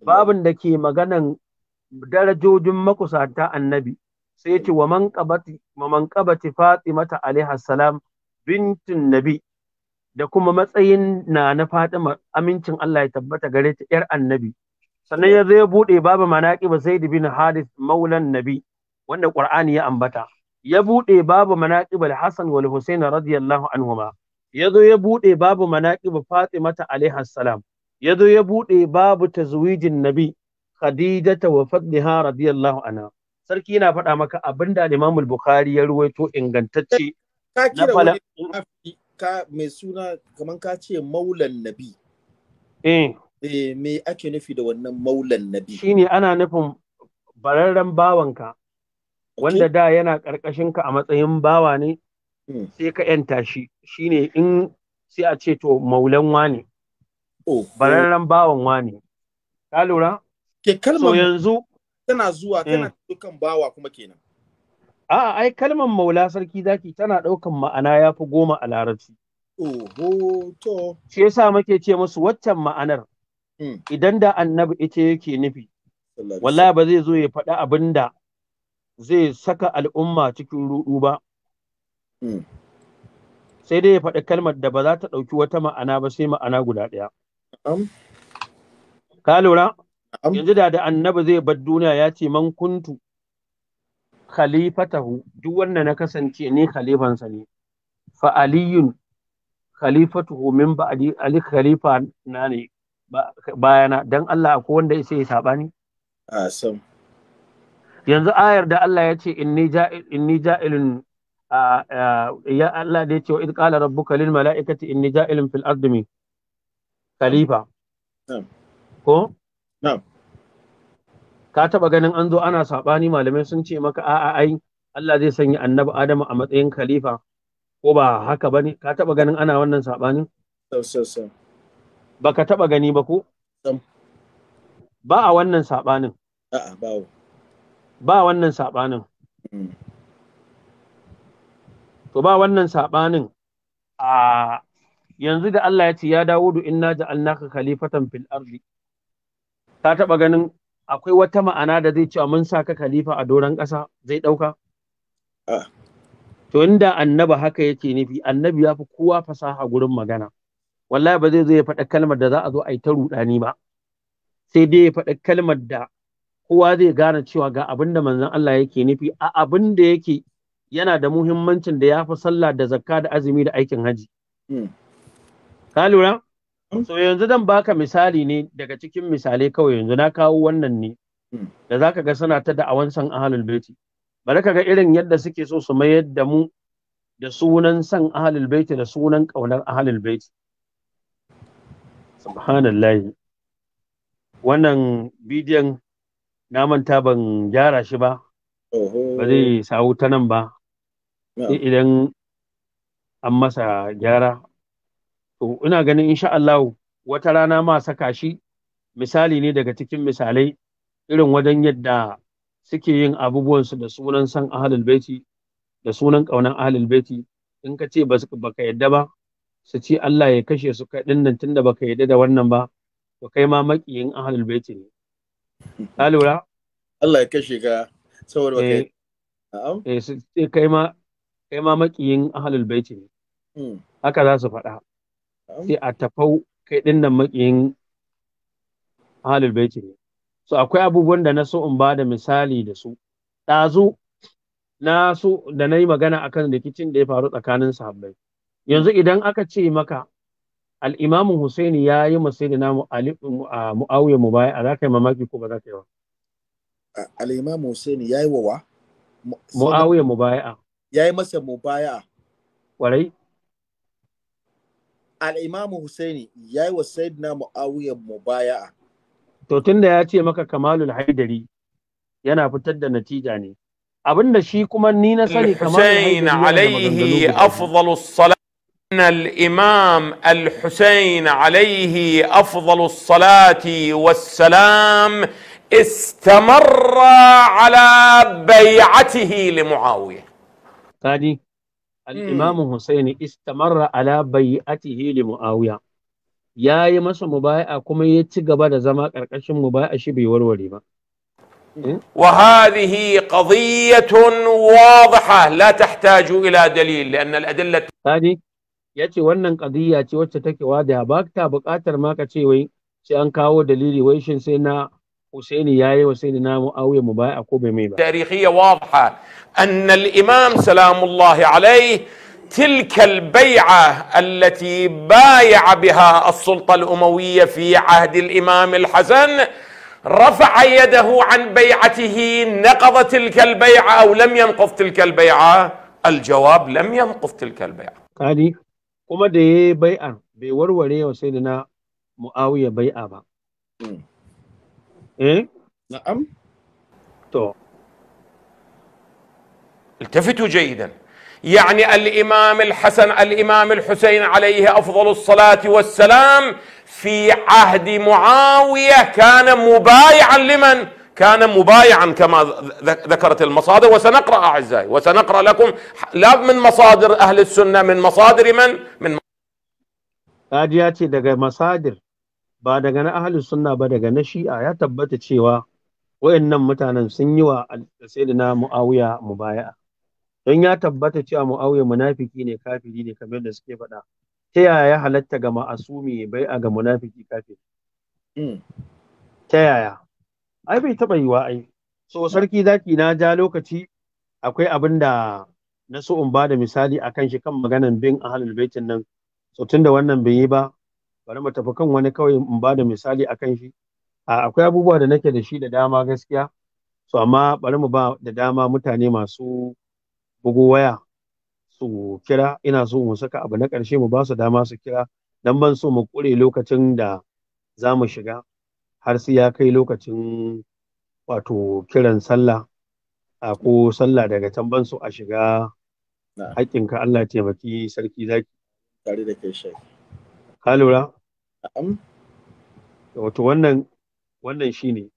babin da ke maganan darajojin makusanta annabi sai ya ce wa man qabati wa man qabati fatimata alaiha salam bintin nabi da kuma matsayin na na fatima amincin Allah ya tabbata gare ta yar annabi sannan ya zo ya buɗe babu manaƙib zaid bin hadis maulan nabi wanda qur'ani ya ambata ya buɗe babu manaƙiba al-hasan wal husayn radiyallahu anhuma ya zo ya buɗe babu fatima fatimata alaiha salam ya zo ya buɗe babu tazwijin nabi khadijata wa fadliha radiyallahu anha sarki yana faɗa maka abinda Imam Bukhari ya ruwaito ingantacce ka kira wani ka mai suna kaman ka ce maulan nabi eh eh me ake nufi da wannan maulan nabi shine ana nufin bararren bawanka wanda da yana ka a matsayin bawa ne hmm. sai ka yanta shi shine in sai a ce to maulan wane oh, eh. bararren bawan wane ka lura ke kalmar yanzu tana zuwa tana dukan eh. bawa kuma kenan a'a ai kalmar maula sarki zaki tana ɗaukan ma'ana ya fi goma a larabci oho to shi yasa muke ce musu waccan ma'anar Hmm. idan da annabi ita yake nufi wallahi ba zai zo ya faɗi abin da zai saka al'umma cikin ruɗu ba hmm. sai dai ya faɗi kalmar da ba za ta ɗauki wata ma'ana ba sai ma'ana guda ɗaya ka lura yanzu da da annabi zai bar duniya ya ce man kuntu khalifatahu duk wanda na kasance ne khalifansa ne fa aliyun khalifatuhu min ba'di ali khalifa na ne bayana dan Allah akwai wanda yace ya sabani a sam yanzu ayar da Allah ya ce inni ja'il inni ja'ilun ya Allah da ya ce wa id qala rabbuka lil mala'ikati inni ja'ilun fil ardi khalifa ko na'am ka taba ganin an zo ana sabani malamai sun ce maka a'a ai Allah zai sanya annabi Adamu a matsayin khalifa ko ba haka bane ka taba ganin ana wannan sabani baka taba gani ba ko ba a wannan sabanin a'a ba wannan sabanin hmm. to ba wannan sabanin a yanzu da Allah ya ce ya Dawudu inna ja'alnaka khalifatan fil ardi ta taba ganin akwai wata ma'ana da zai cewa mun saka khalifa a doron ƙasa zai ɗauka? to inda annaba haka yake nufi annabi ya fi kowa fasaha gurin magana wallahi ba zai zo ya faɗa kalmar da za a zo a yi ta ruɗani ba sai dai ya faɗa kalmar da kowa zai gane cewa ga abin da manzon Allah yake nufi a abin da yake yana da muhimmancin da ya fi sallah da zakka da azumi da aikin haji hmm. ka lura hmm. so yanzu zan baka misali ne daga cikin misalai kawai yanzu na kawo wannan ne hmm. da zaka ga suna ta da'awan san ahlul baiti bari ka ga irin yadda suke so su mayar da mu da sunan san ahlul baiti da sunan kaunar ahlul baiti Subhanallah. wannan bidiyon na manta ban gyara shi ba ba zai sawu ta nan ba idan an masa gyara ina ganin insha Allah wata rana ma saka shi misali ne daga cikin misalai irin wajen yadda suke yin abubuwansu da sunan san ahlul baiti da sunan ƙaunar ahlul baiti in ka ce ba ka yadda ba su ce Allah ya kashe su kai dinnan tunda baka yarda da wannan ba to kai ma makiyin ahlul baiti ne ka lura Allah ya kashe ka saboda baka eh, eh su ce kai ma kai ma makiyin ahlul baiti ne hmm. haka za su faɗa sai a tafau kai dinnan makiyin ahlul baiti ne so akwai abubuwan da na so in ba da misali da su ɗazu na so da na yi magana akan rikicin da ya faru tsakanin sahabbai yanzu idan aka ce maka al'imamin Husaini ya yi masai na mu'awiya mu baya a za ka yi mamaki ko ba za ka yi ba. Al'imamin Husaini ya yi wa Mu'awiya mu baya. Ya yi masa mu baya. Warai? Al'imamin Husaini ya yi wa Sayyidina mu'awiya mu baya. To tun da ya ce maka Kamalul Haidari yana fitar da natija ne. Abinda shi kuma ni na sani mm, Kamalul Haidari. Husain alaihi da salat. ان الامام الحسين عليه افضل الصلاه والسلام استمر على بيعته لمعاويه قادي الامام حسين استمر على بيعته لمعاويه يا يمس مبايع mubaya kuma ya ci مبايع شبي zama إيه؟ وهذه قضية واضحة لا تحتاج إلى دليل لأن الأدلة هذه yace wannan ƙadiyya ce wacce take wada ba ta buƙatar ma ka ce wai sai an kawo dalili wai shin sai na حسين ياي وسيدنا نام أو مبايع أكو بميبا تاريخية واضحة أن الإمام سلام الله عليه تلك البيعة التي بايع بها السلطة الأموية في عهد الإمام الحسن رفع يده عن بيعته نقض تلك البيعة أو لم ينقض تلك البيعة الجواب لم ينقض تلك البيعة هذه kuma da yayi yi bai warware wa sai da na mu'awiya bai'a ba. Hmm. Eh? Na'am. To. التفتوا جيدا يعني الامام الحسن الامام الحسين عليه افضل الصلاه والسلام في عهد معاويه كان مبايعا لمن؟ كان مبايعا كما ذكرت المصادر وسنقرا اعزائي وسنقرا لكم لا من مصادر اهل السنه من مصادر من؟ من قد دغ مصادر بعد غنى اهل السنه بعد غنى الشيعه يا تبت شيوا وان متانا سن يوا سيدنا معاويه مبايعه don ya tabbata cewa Muawiya munafiki ne kafiri ne kamar da suke fada ta yaya ya halatta ga ma'asumi bai a ga munafiki kafiri mm ai bai taɓa yiwa ai so sarki zaki na ja lokaci akwai abin da na so in ba da misali akan shi kan maganan bin a halin baitin nan so tun da wannan bai yi ba bari mu tafi kan wani kawai in ba da misali akan shi akwai abubuwa da nake da shi da dama gaskiya so amma bari mu ba da dama mutane masu bugu waya su kira ina so mu saka abu na karshe mu ba su dama su kira dan ban so mu ƙure lokacin da za mu shiga har sai ya kai lokacin wato kiran sallah a ko sallah daga can su a shiga haƙƙinka Allah taimaki sarki zaki tare da kai shi ka lura wato wannan wannan shine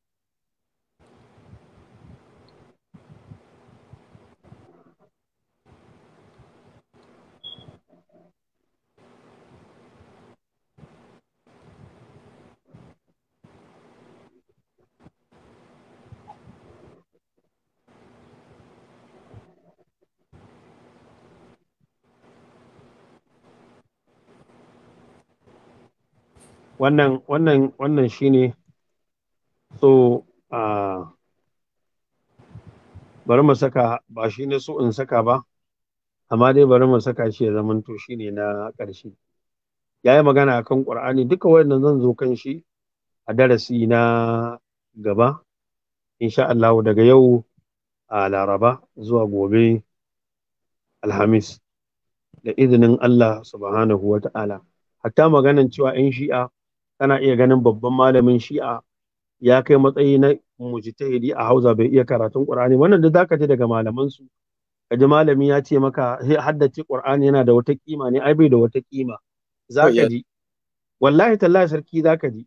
wannan wannan wannan shine so uh, bari mu saka ba shi ne so in saka ba amma dai bari mu saka shi ya zamanto shine na ƙarshe ya yi magana kan ƙur'ani duka wayannan zan zo kan shi a darasi na gaba insha Allah daga yau a laraba zuwa gobe alhamis da izinin Allah subhanahu wa ta'ala hatta maganan cewa 'yan shi'a kana iya ganin babban malamin shi'a ya kai matsayi na mujtahidi a hausa bai iya karatun qur'ani wannan da zaka ji daga malaman su kaji malami ya ce maka haddace qur'ani yana da wata kima ne ai bai da wata kima zaka ji wallahi tallahi sarki zaka ji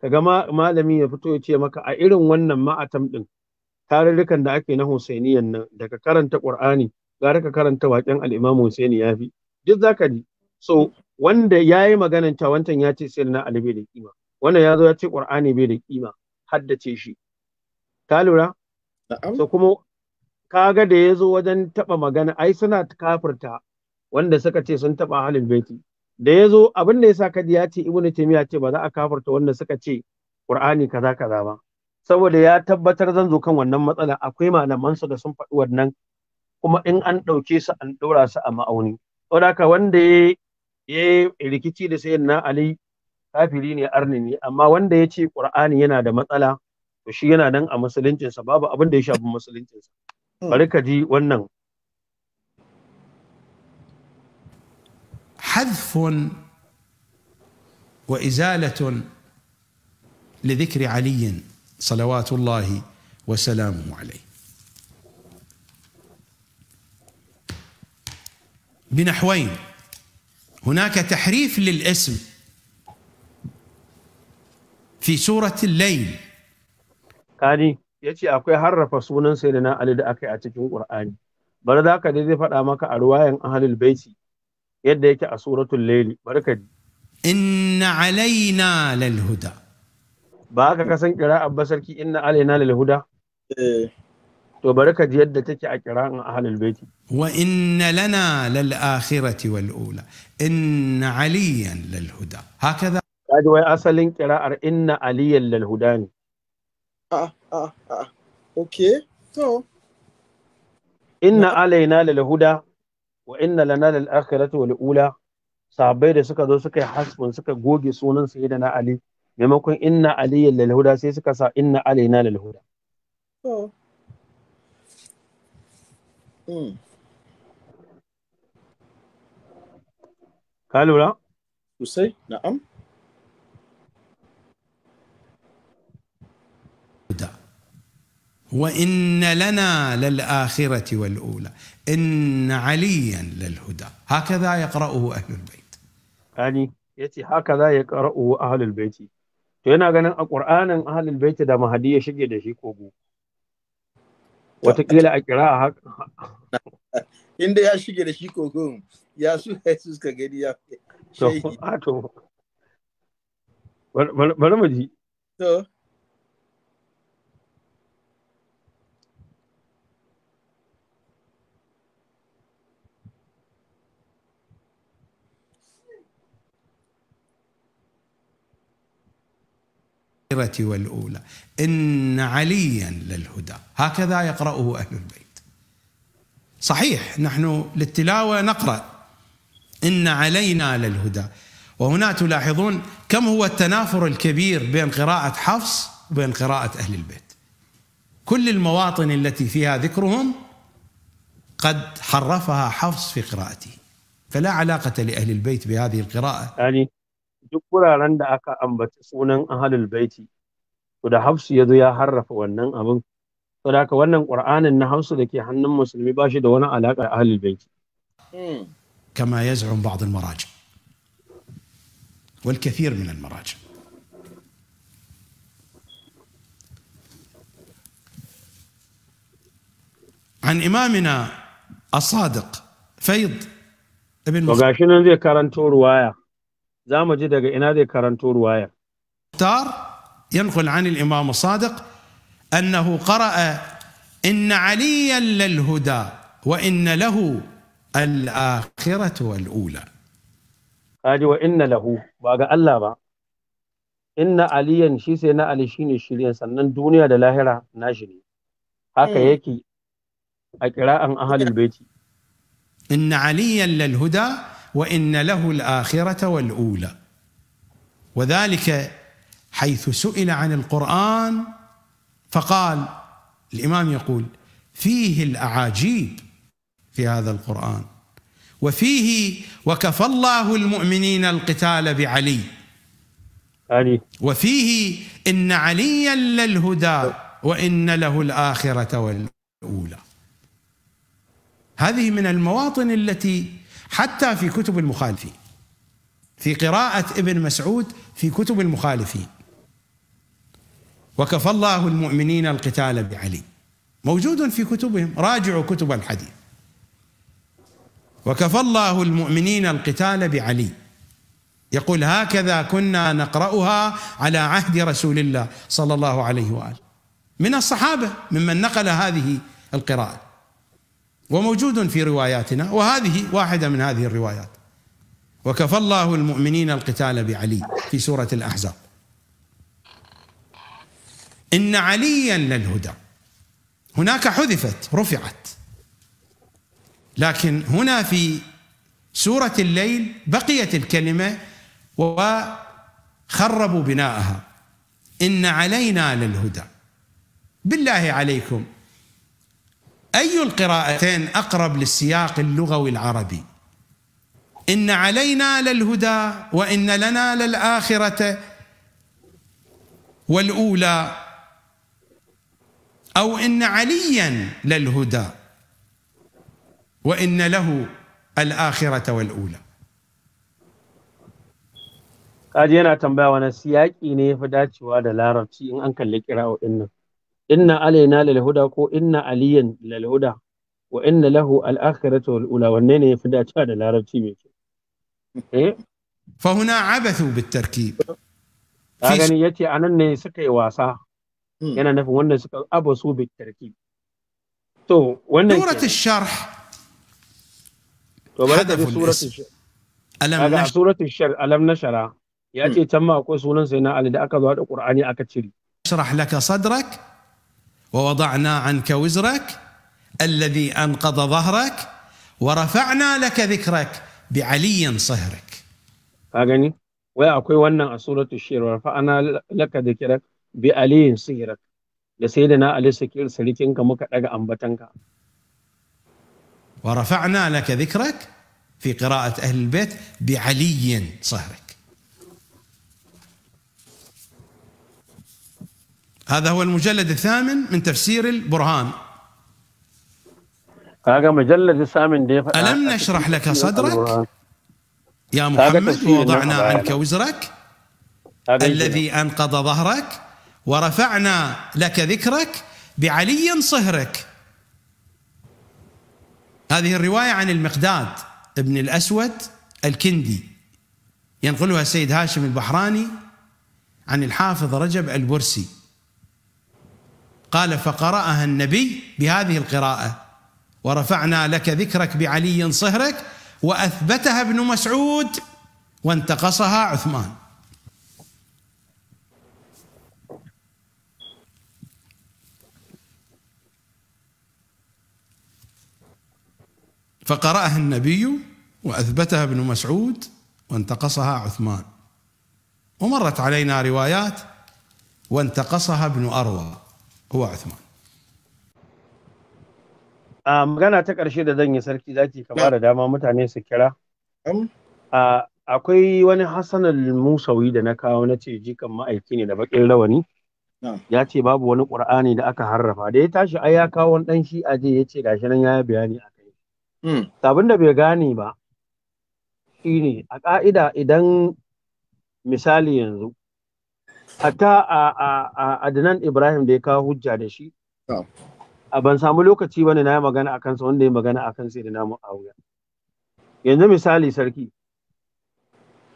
kaga malami ya fito ya ce maka a irin wannan ma'atam din tarurrukan da ake na Husainiyan nan daga karanta Qur'ani gara ka karanta waken al-Imam Husaini yafi duk zaka ji so wanda ya yi maganan ta wancan ya ce sai na ali bai da kima wannan ya zo ya ce qur'ani bai da kima haddace shi ka lura so kuma kaga da ya zo wajen taba magana ai suna kafirta wanda suka ce sun taba halin baiti da ya zo abin da ya sa kadi ya ce Ibn taymiya ce ba za a kafirta wanda suka ce qur'ani kaza kaza ba saboda ya tabbatar zan zo kan wannan matsala akwai malaman malamansu da sun faɗi wannan kuma in an ɗauke su an ɗora su a ma'auni saboda haka wanda ya eh rikici da sayyidina ali kafiri ne arni ne amma wanda ya ce qur'ani yana da matsala to shi yana nan a musuluncinsa babu abin da ya shafi musuluncinsa bari ka ji wannan حذف وإزالة لذكر علي صلوات الله وسلامه عليه بنحوين هناك تحريف للاسم في سورة الليل كاني يجي أكو حرف سونا سيرنا على ذاك أتجمع القرآن برد ذاك الذي فرد أهل البيت يديك سورة الليل بركة إن علينا للهدى باك كسن كرا أبصر كي إن علينا للهدى إيه. to baraka ka ji yadda take a kira'an ahlul baiti wa inna lana lal akhirati wal ula inna aliyan lal huda hakaza kaji wai asalin kira'ar inna aliyan lal huda ne a ah, a ah, ah. okay to inna alaina lal huda wa inna lana lal akhirati wal ula sahabbai da suka zo suka yi hasbun suka goge sunan sayyidina ali maimakon inna aliyan lal huda sai suka sa inna alaina lal huda قالوا لا وسي نعم وإن لنا للآخرة والأولى إن عليا للهدى هكذا يقرأه أهل البيت يعني يتي هكذا يقرأه أهل البيت to yana القرآن أهل البيت ahalul baiti da mahadi ya watakila a kira haka <laughs> inda ya shige da shi kogon ya su suka gani ya to bari mu ji to والأولى إن عليا للهدى هكذا يقرأه أهل البيت صحيح نحن للتلاوة نقرأ إن علينا للهدى وهنا تلاحظون كم هو التنافر الكبير بين قراءة حفص وبين قراءة أهل البيت كل المواطن التي فيها ذكرهم قد حرفها حفص في قراءته فلا علاقة لأهل البيت بهذه القراءة علي duk wuraren da aka ambaci sunan ahalul baiti to da hafsu yazo ya harrafa wannan abin to da wannan qur'anin na hafsu dake hannun musulmi ba shi da wani alaka da ahalul baiti kama yaz'um ba'd al-maraj wal kathir min al-maraj عن إمامنا الصادق فيض ابن وقاشنا ذي كارنتور وايا زامو جدا إنادي كرنتور وايا تار ينقل عن الإمام الصادق أنه قرأ إن عليا للهدى وإن له الآخرة والأولى هذه وإن له باقى الله با إن عليا شي سينا علي شيني شيرين سنن دنيا دلاهرة ناجري هكا يكي أقراء أهل البيت إن عليا للهدى وان له الاخره والاولى وذلك حيث سئل عن القران فقال الامام يقول فيه الاعاجيب في هذا القران وفيه وكفى الله المؤمنين القتال بعلي علي وفيه ان عليا للهدى وان له الاخره والاولى هذه من المواطن التي حتى في كتب المخالفين في قراءة ابن مسعود في كتب المخالفين وكفى الله المؤمنين القتال بعلي موجود في كتبهم راجعوا كتب الحديث وكفى الله المؤمنين القتال بعلي يقول هكذا كنا نقرأها على عهد رسول الله صلى الله عليه وآله من الصحابة ممن نقل هذه القراءة وموجود في رواياتنا وهذه واحده من هذه الروايات وكفى الله المؤمنين القتال بعلي في سوره الاحزاب ان عليا للهدى هناك حذفت رفعت لكن هنا في سوره الليل بقيت الكلمه وخربوا بناءها ان علينا للهدى بالله عليكم أي القراءتين أقرب للسياق اللغوي العربي إن علينا للهدى وإن لنا للآخرة والأولى أو إن عليا للهدى وإن له الآخرة والأولى kaji yana tambaya wani siyaƙi ne ya fi dacewa da larabci in an kalli kira'o'in inna alaina lil huda ko inna aliyan lil huda wa inna lahu al akhiratu wal ula wanne ne yafi dacewa da larabci mai kyau eh fa huna abathu bit tarkib ka gani yace anan ne suka yi wasa yana nufin wannan suka abasu bit tarkib to wannan surat ash-sharh to baraka da surat ash-sharh alam nashra surat ash-sharh alam nashra yace can ma akwai sunan sai na ali da aka zo da qur'ani aka cire ashrah laka sadrak ووضعنا عنك وزرك الذي انقض ظهرك ورفعنا لك ذكرك بعلي صهرك أغني وأكوي وانا اصول الشير ورفعنا لك ذكرك بعلي صهرك لسيدنا علي سكير na Ali امبتنك. ورفعنا لك ذكرك في قراءة أهل البيت بعلي صهرك هذا هو المجلد الثامن من تفسير البرهان هذا مجلد الثامن ألم نشرح لك صدرك يا محمد ووضعنا عنك وزرك الذي أنقض ظهرك ورفعنا لك ذكرك بعلي صهرك هذه الرواية عن المقداد ابن الأسود الكندي ينقلها السيد هاشم البحراني عن الحافظ رجب البرسي قال فقرأها النبي بهذه القراءة ورفعنا لك ذكرك بعلي صهرك وأثبتها ابن مسعود وانتقصها عثمان فقرأها النبي وأثبتها ابن مسعود وانتقصها عثمان ومرت علينا روايات وانتقصها ابن أروى هو عثمان magana ta ƙarshe da zan yi sarki zaki kama da dama mutane su kira akwai wani hassanan musawi da na kawo na ce jikan ma'aiki ne da baƙin rawani ya ce babu wani ƙur'ani da aka harrafa da ya tashi ai ya kawo wani ɗan shi je ya ce gashi nan ya yi bayani a kai hmm. abin da bai gane ba shine a ƙa'ida idan misali yanzu hatta a Adnan Ibrahim da ya kawo hujja da shi a ban samu lokaci bane na yi magana a kansa wanda ya magana a kansa da namun wuya yanzu misali sarki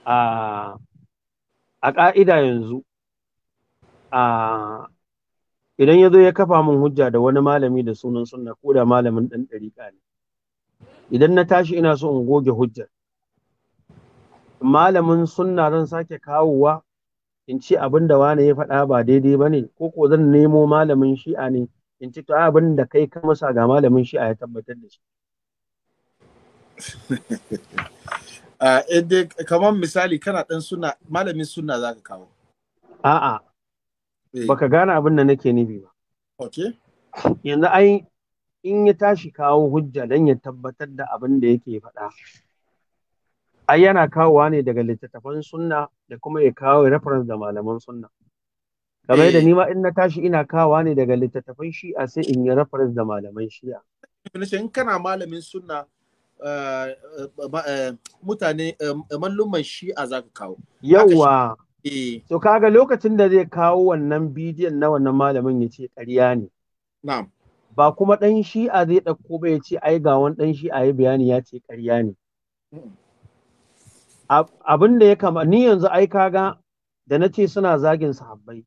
a ƙa'ida yanzu idan ya zo ya kafa min hujja da wani malami da sunan sunna ko da malamin ɗan ɗari ne idan na tashi ina so in goge hujjar malamin sunna zan sake kawowa in ce abin da wane ya faɗa ba daidai ba ne ko ko zan nemo malamin shi'a ne in ce to abin da kai ka masa ga malamin shi'a ya tabbatar da shi a <laughs> ah, eh, kamar misali kana ɗan suna malamin suna za ka kawo a'a eh. baka gane abin da nake nufi ba yanzu ai in ya tashi kawo hujja don ya tabbatar da abin da yake faɗa ai yana kawowa ne daga littattafan sunna da kuma ya kawo reference da malaman sunna kamar yadda eh. ni ma in na tashi ina kawowa ne daga littattafan shi'a sai in yi reference da malaman shi'a in kana malamin sunna eh, eh, mutane malluman shi'a za ka kawo yawa to kaga lokacin da zai kawo wannan bidiyon na wannan malamin ya ce ƙarya ne na'am ba kuma ɗan shi'a zai ɗauko ba ya ce ai ga wani ɗan shi'a ya bayani ya ce ƙarya ne mm. abin da ya kama ni yanzu ai kaga da na ce suna zagin sahabbai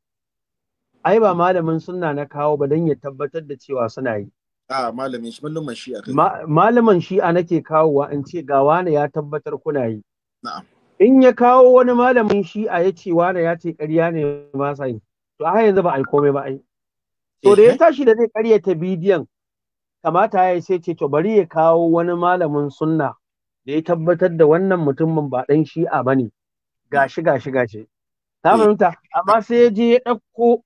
ai ba malamin sunna na kawo ba don ya tabbatar da cewa suna yi a malamin shi malamin shi'a malamin a nake kawowa in ce ga wani ya tabbatar kuna yi na'am in ya kawo wani malamin shi a ya ce wani ya ce ƙarya ne ba sa yi to a yanzu ba a yi komai ba ai to da ya eh. tashi da zai ƙaryata bidiyon kamata ya sai ce to bari ya kawo wani malamin sunna da ya tabbatar da wannan mutumin ba ɗan shi'a ba ne gashi gashi gashi ta eh. fahimta amma sai ya je ya ɗauko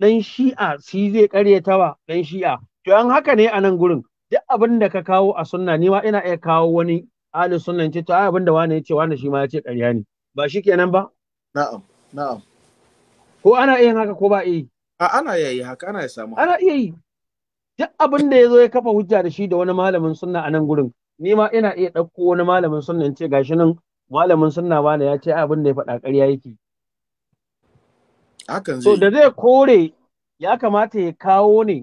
ɗan shi'a shi zai ƙaryata wa ɗan shi'a to an haka ne a nan gurin duk abin da ka kawo a sunna ni ma ina iya kawo wani ahli sunnan ce to ai abin da wani ya ce wani shi ma ya ce ƙarya ne ba shi kenan ba na'am na'am ko ana iya haka ko ba iya a ana iya yi haka ana iya samu ana iya yi duk abin da ya zo ya kafa hujja da shi da wani malamin sunna a nan gurin ni ma ina iya ɗauko wani malamin sunna in ce gashi nan malamin sunna bana ya ce abin da ya faɗa ƙarya yake hakan zai da zai kore ya kamata ya kawo ne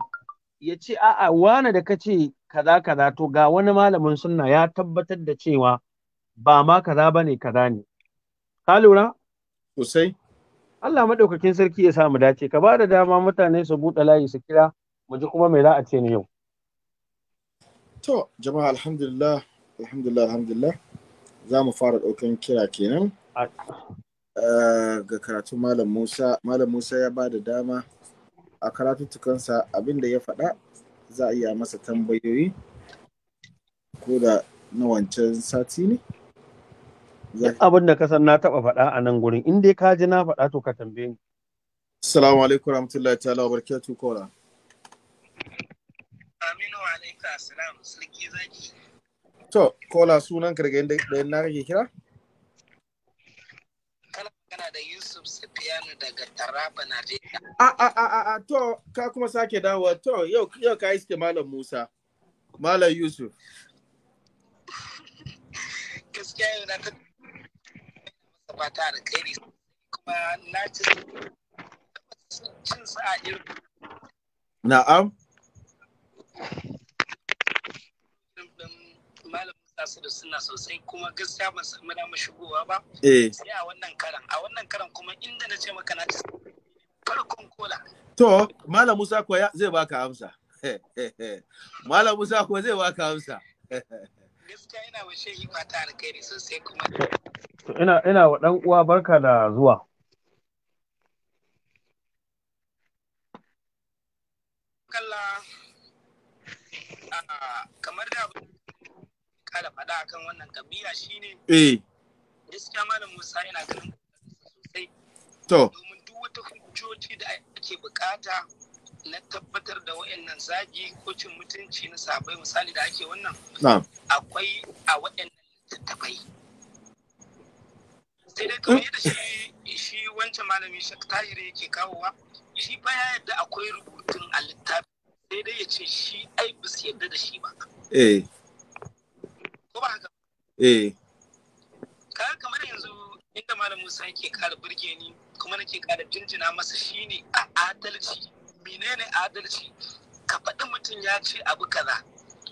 ya ce a'a wane da ka ce kaza kaza to ga wani malamin sunna ya tabbatar da cewa ba ma kaza bane kaza ne ka lura sosai Allah maɗaukakin sarki ya samu dace ka ba da dama mutane su buɗe layi su kira mu ji kuma mai za a ce ni yau To, jama'a alhamdulillah, alhamdulillah, alhamdulillah. Za mu fara ɗaukan kira kenan. Eh, ga karatu Malam Musa, Malam Musa ya ba da dama a abin abinda ya faɗa za a iya masa tambayoyi ko da na wancan sati ne. abin da kasan na taɓa faɗa a nan gurin, in dai ka ji na faɗa to ka tambaye ni. Assalamu alaikum warahmatullahi ta'ala wa barakatuh kola. Aminu salam sarki zaki. To, kola sunan ka daga yadda na kake kira? Kana da Yusuf Safiyanu daga Taraba, na A a a a a to ka kuma sake dawo to yau yau ka iske Malam Musa. Malam Yusuf. Gaskiya yau na ta da kai kuma na ci cin sa'a irin. Na'am. su da suna sosai kuma gaskiya ban samu damar shigowa ba eh. sai a wannan karan a wannan karan kuma inda na ce maka na farkon kola to malam musa ko zai baka amsa <laughs> malam musa ko zai baka amsa <laughs> gaskiya ina wa shehi fata alkhairi sosai kuma ina ina wa dan uwa barka da zuwa kalla kara faɗa akan wannan kabila shine eh gaskiya malam Musa yana ganin sosai to domin duk wata hujjoji da ake bukata na tabbatar da wayannan zagi ko cin mutunci na sabai misali da ake wannan akwai a wayannan littattafai sai dai kamar yadda shi shi wancan malami Sheikh Tahir yake kawowa shi ba ya yadda akwai rubutun a littafi sai dai ya ce shi ai bis yadda da shi ba eh ko ba haka eh ka kamar yanzu inda malam Musa yake ƙara burge ni kuma nake ƙara jinjina masa shine a adalci menene adalci ka faɗi mutum ya ce abu kaza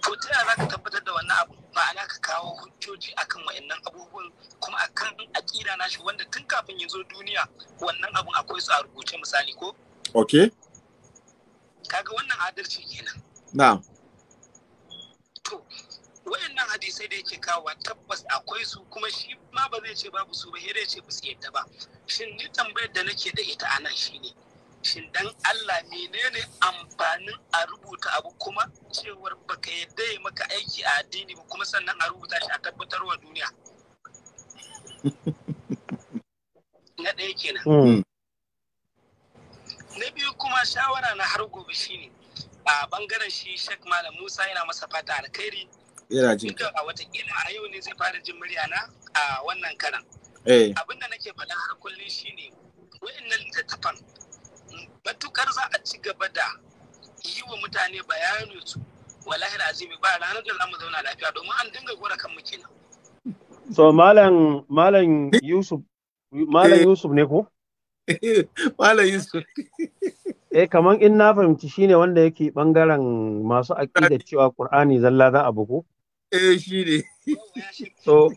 to ta yaya zaka tabbatar da wannan abu ma'ana ka kawo hujjoji akan wa'annan abubuwan kuma akan aƙida nashi wanda tun kafin ya zo duniya wannan abun akwai su a rubuce misali ko okay kaga wannan adalci kenan na'am to wayannan hadisai da yake kawo tabbas akwai su kuma shi ma ba zai ce babu su ba ya ce ba su yadda ba shin ni tambayar da nake da ita anan shine shin dan Allah menene amfanin a rubuta abu kuma cewar baka yadda ya maka aiki a addini ba kuma sannan a rubuta shi a tabbatarwa duniya na ɗaya kenan hmm. na biyu kuma shawara na har gobe shine a bangaren shi shek Malam Musa yana masa fata alkhairi yana jin ka a watakila a yau ne zai fara jin murya na a wannan karan eh. abin da nake faɗa har kullum shine da littattafan matukar za a ci gaba da yi wa mutane bayani su wallahi azimi ba ranar da zamu zauna lafiya domin an dinga gora kan mu kenan so malam malam yusuf malam eh. yusuf ne ko <laughs> malam yusuf <laughs> eh kaman in na fahimci shine wanda yake bangaren masu aqida cewa qur'ani zalla za a buku eh shi ne so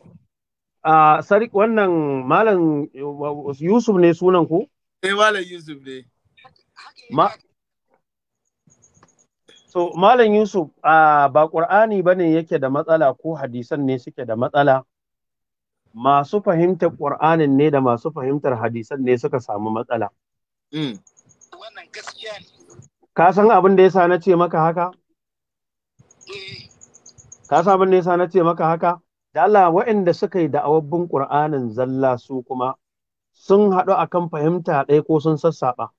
uh, wannan malam yusuf ne sunan ku eh, malam yusuf ne ma uh, ba qur'ani bane yake da matsala ko hadisan ne suke da matsala masu fahimtar qur'anin ne da masu fahimtar hadisan ne suka samu matsala mm. ka san abin da yasa na ce maka haka eh, ka sabon nesa na ce maka haka da Allah waɗanda suka yi da'awabbin ƙur'anin zalla su kuma sun haɗu akan fahimta ɗaya ko sun sassaɓa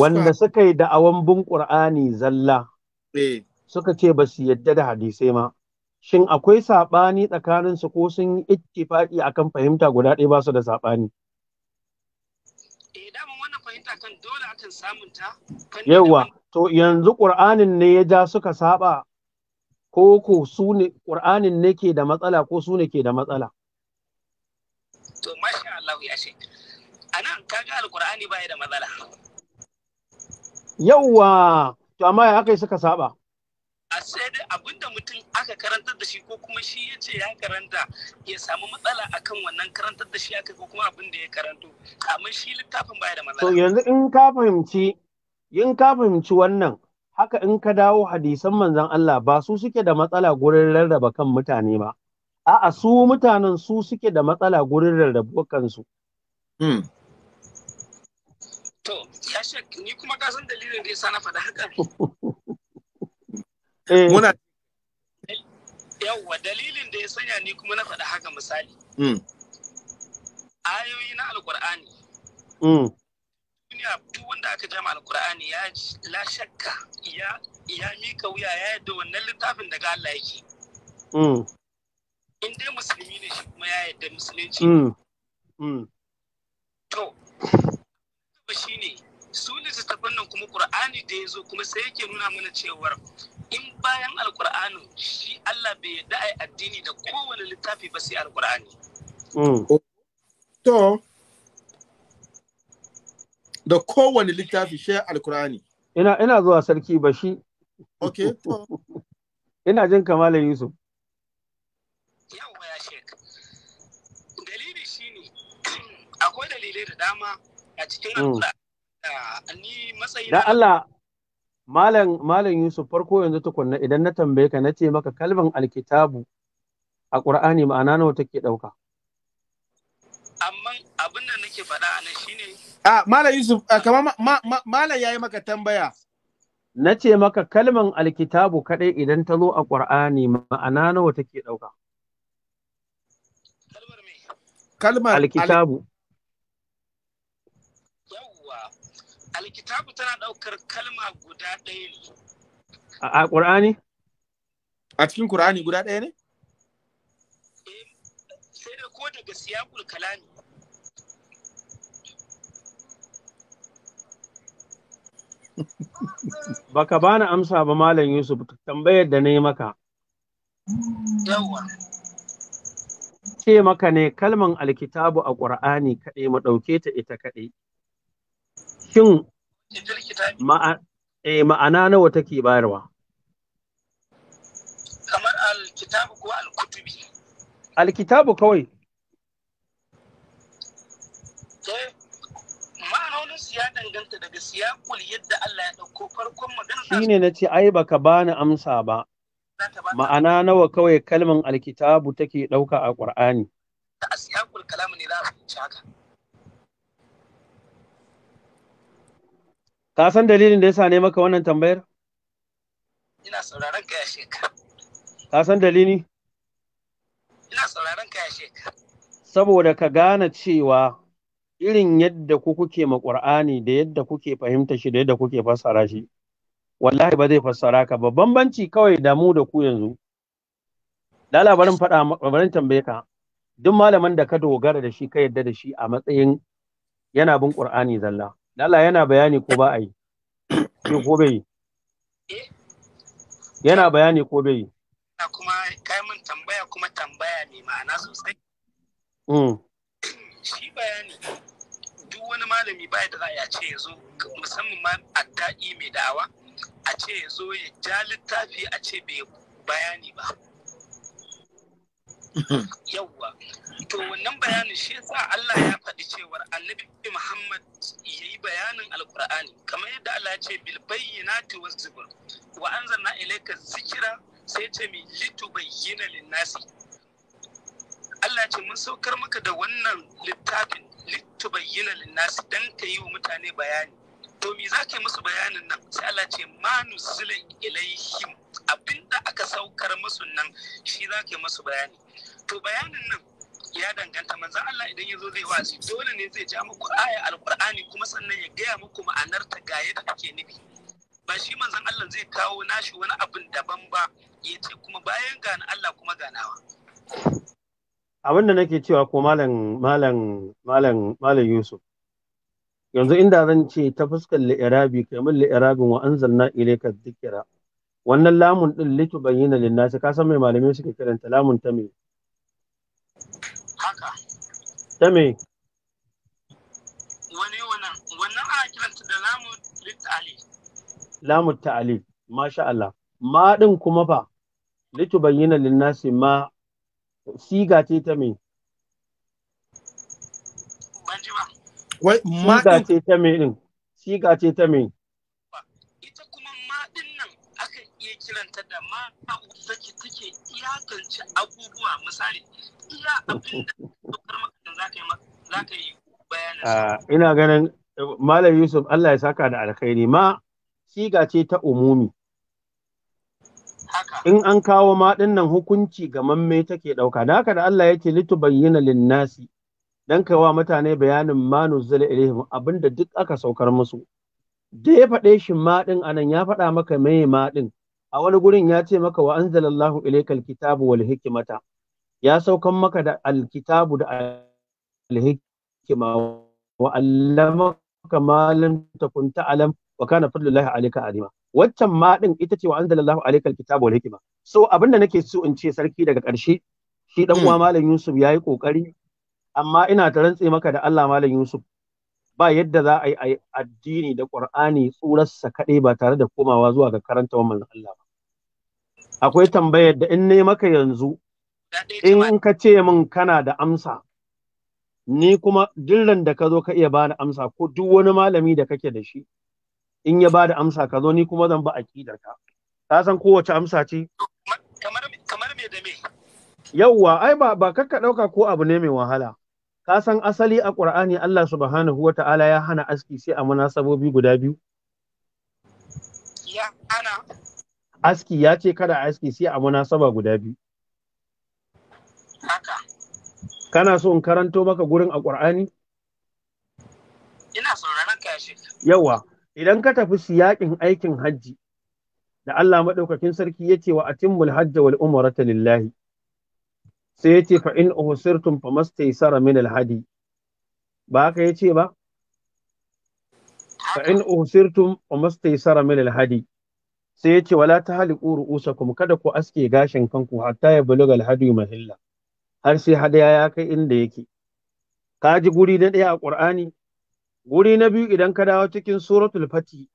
wanda suka yi da'awan bin ƙur'ani zalla eh. suka ce ba su yadda da hadisai ma shin akwai saɓani tsakanin su ko sun yi ittifaƙi akan fahimta guda ɗaya ba su da saɓani eh, yawa to yanzu ƙur'anin ne ya ja suka saba ko ko su ne ƙur'anin ne ke da matsala ko su ne ke da matsala to masha Allah ya ce anan kaga alƙur'ani baya da matsala yawa to amma ya aka yi suka saba a sai dai abinda mutum aka karantar da shi ko kuma shi ya ce ya karanta ya samu matsala akan wannan karantar da shi aka ko kuma abinda ya karanto amma shi littafin baya da matsala to yanzu in ka fahimci in ka fahimci wannan haka in ka dawo hadisan manzon Allah ba su suke da matsala gurin rarraba kan mutane ba a'a su mutanen su suke da matsala gurin rarraba kansu hmm. to ya ni kuma ka san dalilin da yasa na faɗa haka <laughs> eh. muna yawa dalilin da ya sanya ni kuma na faɗa haka misali hmm. ayoyi na hmm. duniya duk wanda aka jama alkur'ani ya la shakka ya ya mika wuya ya yadda wannan littafin daga Allah yake hmm. in dai musulmi ne shi kuma ya yadda musulunci hmm. Hmm. to shi ne su ne littattafan nan kuma qur'ani da ya zo kuma sai yake nuna mana cewar in bayan alkur'ani shi Allah bai yadda ai addini da kowane littafi ba sai alkur'ani to da kowane littafi shi alkur'ani ina ina zuwa sarki shi okay to <laughs> ina jin kamalan yusuf shek dalili shine <clears throat> akwai dalilai da dama a cikin mm. ni da Allah Malam Malam Yusuf farko yanzu tukunna idan na tambaye ka na ce maka kalban alkitabu a Qur'ani ma'ana nawa take dauka amma abin da nake faɗa Ah, Mala Yusuf, ah, kamar Malam ya yi maka tambaya. Na ce maka kalman alkitabu kaɗai idan ta zo a ƙwar'ani ma'ana nawa take ɗauka. Kalmar alkitabu. Yawwa, alkitabu tana ɗaukar kalma guda ɗaya ne. A ƙwar'ani? A cikin ƙwar'ani guda ɗaya ne? Eh, sai da ko daga siyakul kalami. <laughs> Baka bani amsa ba Malam Yusuf tambayar da na yi maka. Ce maka ne kalman alkitabu a ƙur'ani kaɗai mu ɗauke ta ita kaɗai. Shin eh, ma'ana nawa take bayarwa? Kamar alkitabu ko alkutubi. Alkitabu kawai. siyaqul yadda Allah ya dauko farkon ne shine nace ai baka bani amsa ba ma'ana nawa kawai kalman alkitabu take dauka a qur'ani da siyaqul kalam ne za a fahimci haka ka san dalilin da yasa ne maka wannan tambayar ina sauraron ka ya sheka ka san dalili ina sauraron ka ya sheka saboda ka gane cewa irin yadda ku kuke ma Qur'ani da yadda kuke fahimta shi da yadda kuke fassara shi wallahi ba zai fassara ka ba bambanci kawai da mu da ku yanzu da labarin faɗa barin tambaye ka duk malamin da ka dogara da shi ka yadda da shi a matsayin yana bin Qur'ani zalla Allah yana bayani ko ba a yi ko bai yana bayani ko bai kuma kai mun tambaya kuma tambaya ne ma'ana sosai mm. malami baya da za a ce ya zo musamman ma adda'i mai da'awa a ce ya zo ya ja littafi a ce bai bayani ba <laughs> yawwa to wannan bayanin shi yasa Allah ya faɗi cewar annabi Muhammad ya yi bayanin alkur'ani kamar yadda Allah ya ce bil bayyinati was zubur wa anzalna ilayka zikira sai ce mi litubayyana lin-nasi Allah ce mun saukar maka da wannan littafin litubayyana linnasi dan ka yi wa mutane bayani to me za ka yi musu bayanin nan sai Allah ce manu zila ilaihim abinda aka saukar musu nan shi za ka yi musu bayani to bayanin nan ya danganta manzan Allah idan ya zo zai wazi dole ne zai ja muku aya alkur'ani kuma sannan ya gaya muku ma'anar ta ga yadda take nufi ba shi manzan Allah zai kawo nashi wani abin daban ba ya ce kuma bayan gane Allah kuma ganawa abin da nake cewa ko malam malam malam malam Yusuf yanzu inda zan ce ta fuskar li'irabi kai min li'irabin wa anzalna ilayka dhikra wannan lamun din litu bayyana linnasi ka san mai malamai suke kiranta lamun ta me haka ta me wani wannan wannan ana kiranta da lamun litta'ali lamun ta'ali masha Allah ma din kuma fa litu bayyana linnasi ma siga ce ta me wai siga ce ta me din siga ce ta me ita kuma ma din nan akan iya kiranta da ma ta take take iyakance abubuwa misali iya abin da <laughs> dokar za ka yi za ka yi bayanin ah, ina ganin Malam Yusuf Allah ya saka da alkhairi ma siga ce ta umumi in an kawo ma nan hukunci ga mamme take ɗauka da haka da Allah ya ce litu bayyana linnasi dan kaiwa mutane bayanin ma nuzila ilaihim abinda duk aka saukar musu da ya faɗe shi ma din anan ya faɗa maka mai ma ɗin a wani gurin ya ce maka wa anzalallahu ilaikal kitabu wal hikmata ya saukan maka da alkitabu da hikma wa allama kamalan takunta alam wa kana fadlullahi alika alima waccan ma din ita ce wa anzalallahu alayka kitabu wal hikma so da nake so in ce sarki daga ƙarshe shi dan uwa hmm. malam Yusuf yayi kokari amma ina ta rantse maka da Allah malam Yusuf ba yadda za a yi addini da Qur'ani tsurarsa kaɗai ba tare da komawa zuwa ga karanta wa manzon Allah ba akwai tambayar da in ne maka yanzu in ka ce min kana da amsa ni kuma dillan da ka zo ka iya bani amsa ko duk wani malami da kake da shi in ya bada amsa ka zo ni kuma zan ba aqidar ka ka san kowace amsa ce kamar kamar me da me yawwa ai ba ba kakka dauka ko abu ne mai wahala ka san asali a qur'ani Allah subhanahu wata'ala ya hana aski sai a munasabobi guda biyu ya hana aski ya ce kada aski sai a munasaba guda biyu haka kana so in karanto maka gurin a qur'ani ina sauraron ka shi yawa idan ka tafi siyaƙin aikin hajji da Allah maɗaukakin sarki ya ce wa atimmul hajja wal umrata lillahi sai ya ce fa in uhsirtum famastaysara min al hadi ba haka ya ce ba fa in uhsirtum famastaysara min al hadi sai ya ce wala tahliqu ru'usakum kada ku aske gashin kanku hatta ya buluga al hadi mahilla har sai hadaya ya kai inda yake ka ji guri na ɗaya a ƙur'ani guri na biyu idan ka dawo cikin suratul fati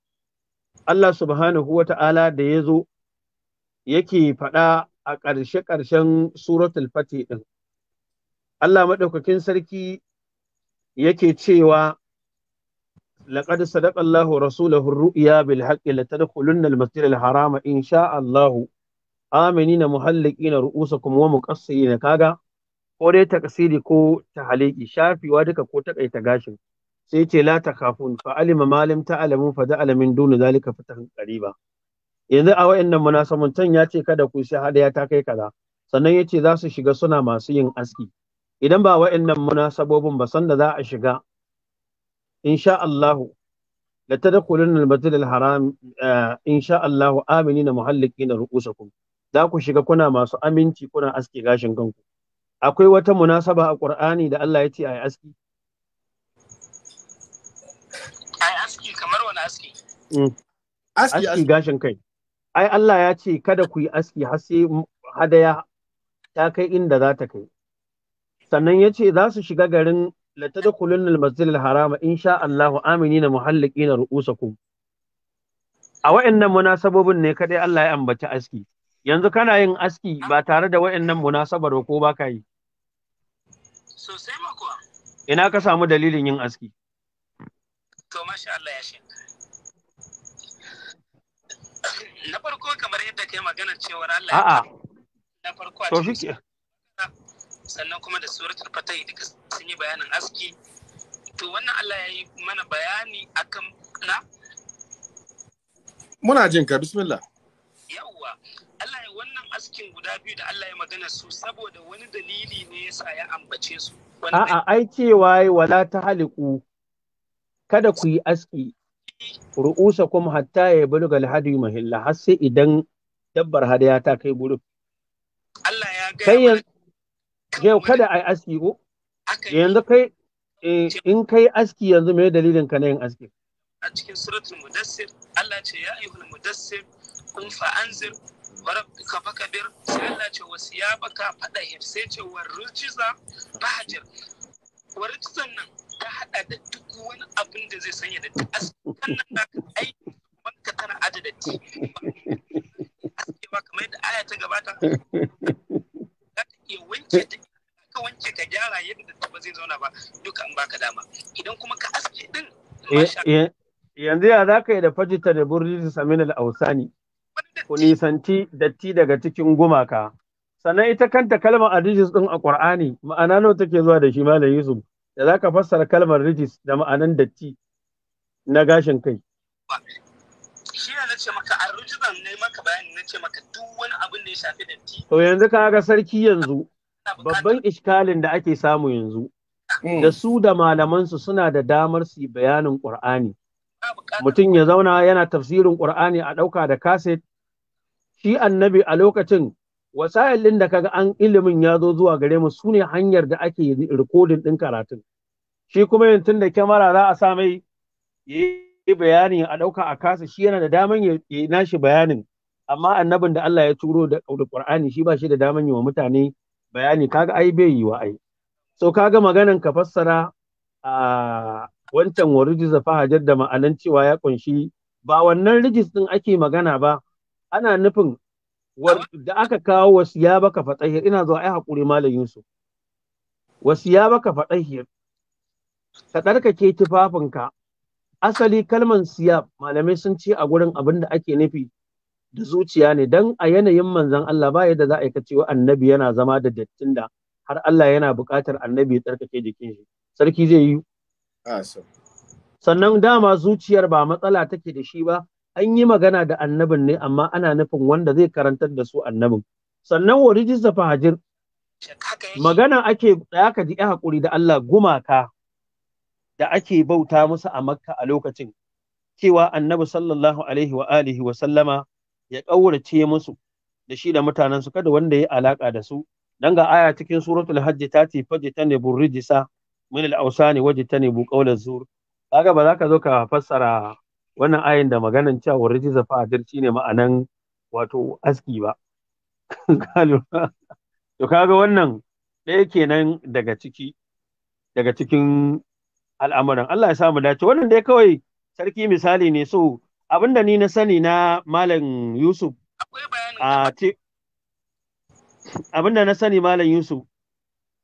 Allah subhanahu wa ta'ala da ya zo yake faɗa a ƙarshe-ƙarshen suratul fati ɗin. Allah maɗaukakin sarki yake cewa لقد صدق الله رسوله الرؤيا harama." لتدخلن المسجد الحرام إن شاء الله آمنين ru'usakum wa muqassirin kaga. ko dai takasiri ko tahaliki shafi wa duka ko takaita gashin sai ce la takafun fa alima malim ta alamu fa ja'ala min duni zalika fatahan ba." yanzu a waannan munasabantan ya ce kada ku sai hadaya ta kai kaza sannan ya ce za su shiga suna masu yin aski idan ba wayannan munasabobin ba sanda za a shiga insha Allahu la tadkhulun al-masjid al-haram eh, insha Allahu aminina muhallikina ru'usakum za ku shiga kuna masu aminci kuna aski gashin kanku akwai wata munasaba a Qur'ani da Allah ya ce yi aski Mm. aski aski gashin kai ai Allah ya ce kada ku yi aski har sai hadaya ta kai inda za ta kai sannan ya ce za su shiga garin latadkhulun al-masjid al-harama insha Allah na muhalliqina ru'usakum a wa'annan munasabobin ne kadai Allah ya ambaci aski yanzu kana yin aski ba tare da wa'annan munasabar ko ba ka yi sosai ma kuwa ina ka samu dalilin yin aski to masha Allah ya shi kai magana cewar Allah ya na farko a cikin sannan kuma da suratul fatahi duka sun yi bayanin aski to wannan Allah ya yi mana bayani akan na muna jin ka bismillah yawwa Allah ya wannan askin guda biyu da Allah ya magana su saboda wani dalili ne yasa ya ambace su a'a ai cewa wala ta haliku kada ku yi aski ru'usa kuma hatta ya bulga alhadi mahilla har sai idan dabbar hadaya ta kai gurin Allah ya ga kai yau kada ai aski ko eh, yanzu kai eh, in kai aski yanzu me dalilin ka na yin aski a cikin suratul mudassir Allah ce ya ayyuhal mudassir kun fa anzir wa rabbika fakabir sai Allah ce baka fada sai ce warrujiza bahajir warjizan nan ta hada da duk wani abin da zai sanya da ta aski kan nan ka aiki wanka tana adadati ta gabata <laughs> za ta ta ka ka eh, yanzu ya za ka yi da fajita da burjiji samin al'ausani ku nisanci datti daga cikin gumaka sannan ita kanta kalmar 'rijis' din a ƙur'ani ma'ana nawa take zuwa da shi malam yusuf da za ka fassara kalmar rijis da ma'anan datti na gashin kai shi To yanzu ka ga sarki yanzu babban iskalin da ake samu yanzu hmm. da su da malamansu suna da damar su yi bayanin Qur'ani. Mutum ya zauna yana tafsirin Qur'ani a ɗauka da kaset shi annabi a lokacin wasa'ilin da kaga an ilimin ya zo zuwa gare mu sune hanyar da ake rikodin ɗin karatun. Shi kuma yanzu da kyamara za a sa mai yi yi bayani a ɗauka a kasa shi yana da daman ya nashi bayanin amma annabin da Allah ya turo da Qur'ani shi ba shi da daman yi wa mutane bayani kaga ai bai yi wa ai so kaga maganan ka fassara a wancan wa rijiza hajar da ma'anan cewa ya kunshi ba wannan rijis din ake magana ba ana nufin da aka kawo wasu ya baka fatahir ina zuwa ai hakuri malamin Yusuf wasu ya baka fatahir ka tsarkake tufafinka asali kalman siyab malamai sun ce a gurin abin da ake nufi da zuciya ne dan a yanayin manzon Allah ba yadda za a yi cewa annabi yana zama da dattin da har Allah yana buƙatar annabi ya tsarkake jikin shi sarki zai yi ah, sannan dama zuciyar ba matsala take da shi ba an yi magana da annabin ne amma ana nufin wanda zai karantar da su annabin sannan wa rijista fahajir magana ake tsaya ka ji hakuri da Allah gumaka da ake bauta musu a makka a lokacin cewa annabi sallallahu alaihi wa alihi wa sallama ya ƙaurace musu da shi da mutanensu kada wanda ya alaka da su dan ga aya cikin suratul hajj ta ce fajtani burrijisa min al-awsani wajtani bu az zur kaga ba za ka zo ka fassara wannan ayin da maganan cewa rijisa fa adirci ne ma'anan wato aski ba <laughs> to kaga wannan ɗaya kenan daga ciki daga cikin al'amuran Allah ya samu dace wannan dai kawai sarki misali ne so abinda ni na sani na malam Yusuf a ce abinda na sani malam Yusuf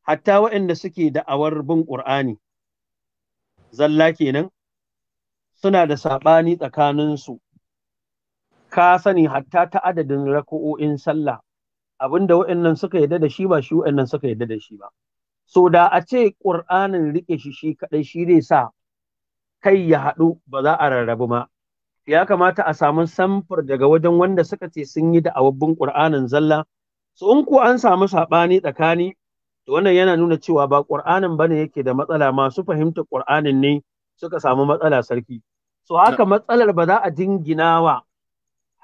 hatta waɗanda suke da'awar bin Ƙur'ani, zalla kenan suna da saɓani tsakaninsu ka sani hatta ta adadin rako'o'in sallah abinda waɗannan suka yadda da shi ba shi waɗannan suka yadda da shi ba so da a ce ƙur'anin riƙe shi shi kaɗai shi zai sa kai ya haɗu ba za a rarrabu ma ya kamata a samu samfur daga wajen wanda suka ce sun yi da'awabbin ƙur'anin zalla Su in ku an samu saɓani tsakani to wannan yana nuna cewa ba ƙur'anin ne yake da matsala masu fahimtar ƙur'anin ne suka samu matsala sarki so haka matsalar ba za a jingina wa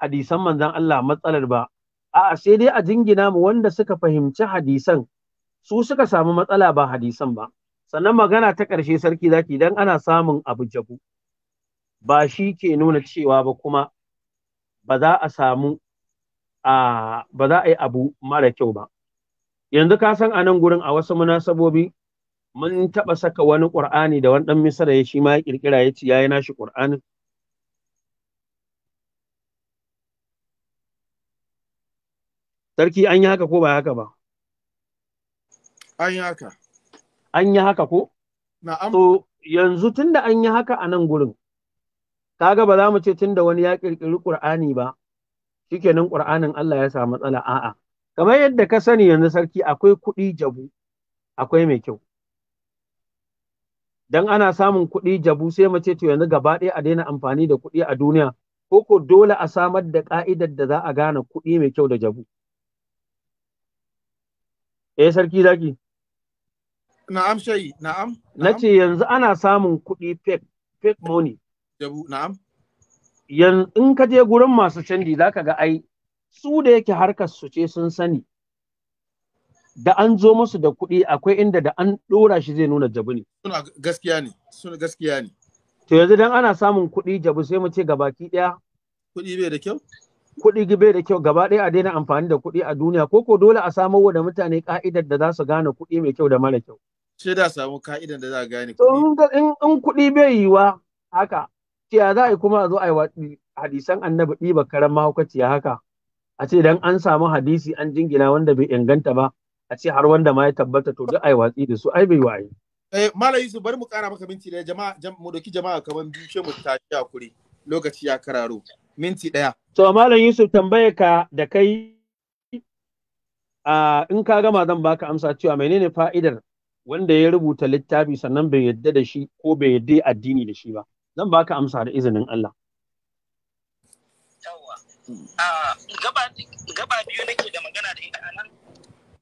hadisan manzon Allah matsalar ba a'a sai dai a jingina mu wanda suka fahimci hadisan su suka samu matsala ba hadisan ba sannan magana ta ƙarshe sarki zaki idan ana samun abu jabu ba shi ke nuna cewa ba kuma ba za a samu a ba za a yi abu mara kyau ba yanzu ka san a nan gurin a wasu munasabobi mun taɓa saka wani ƙur'ani da wani ɗan misira ya shi ma ya ƙirƙira ya ce ya yi nashi ƙur'anin sarki an yi haka ko ba haka ba An yi haka. An haka ko? Na'am. So yanzu tunda an yi haka a nan gurin, kaga ba za mu ce tunda wani ya ƙirƙiri Ƙur'ani ba, shikenan Ƙur'anin Allah ya samu matsala a'a. Kamar yadda ka sani yanzu sarki akwai kuɗi jabu, akwai mai kyau. Dan ana samun kuɗi jabu sai mu ce to yanzu gaba ɗaya a daina amfani da kuɗi a duniya, ko ko dole a samar da ƙa'idar da za a gane kuɗi mai kyau da jabu. Eh sarki zaki. Na'am shayi, na'am. Na ce yanzu ana samun kuɗi fake, fake money. Jabu, na'am. Yanzu in ka je gurin masu canji za ka ga ai su da yake harkar su ce sun sani. Da an zo musu da kuɗi akwai inda da an ɗora shi zai nuna jabu ne. Suna gaskiya ne, suna gaskiya ne. To yanzu dan ana samun kuɗi jabu sai mu ce gabaki ɗaya. Kuɗi bai da kyau? kuɗi gibe da kyau gaba ɗaya a daina amfani da kuɗi a duniya ko ko dole a samo wa da mutane ka'idar da za su gane kuɗi mai kyau da mara kyau. sai da samu ka'idan da za a gane kuɗi. In kuɗi bai yi wa haka, ya za a yi kuma a zo a yi hadisan annabi ɗiba karan mahaukaciya haka. A ce dan an samu hadisi an jingina wanda bai inganta ba, a ce har wanda ma ya tabbata to duk a yi watsi da su ai bai waye. Eh, Malam Yusuf bari mu ƙara maka minti ɗaya jama'a mu doki jama'a kamar biyu sai mu tashi a kuri lokaci ya kararo minti ɗaya. To Malam Yusuf tambaye ka da kai in ka gama zan baka amsa cewa menene fa'idar wanda ya rubuta littafi sannan bai yadda da shi ko bai yadda addini da shi ba zan baka amsa da izinin Allah ah, gaba biyu nake da magana da ita anan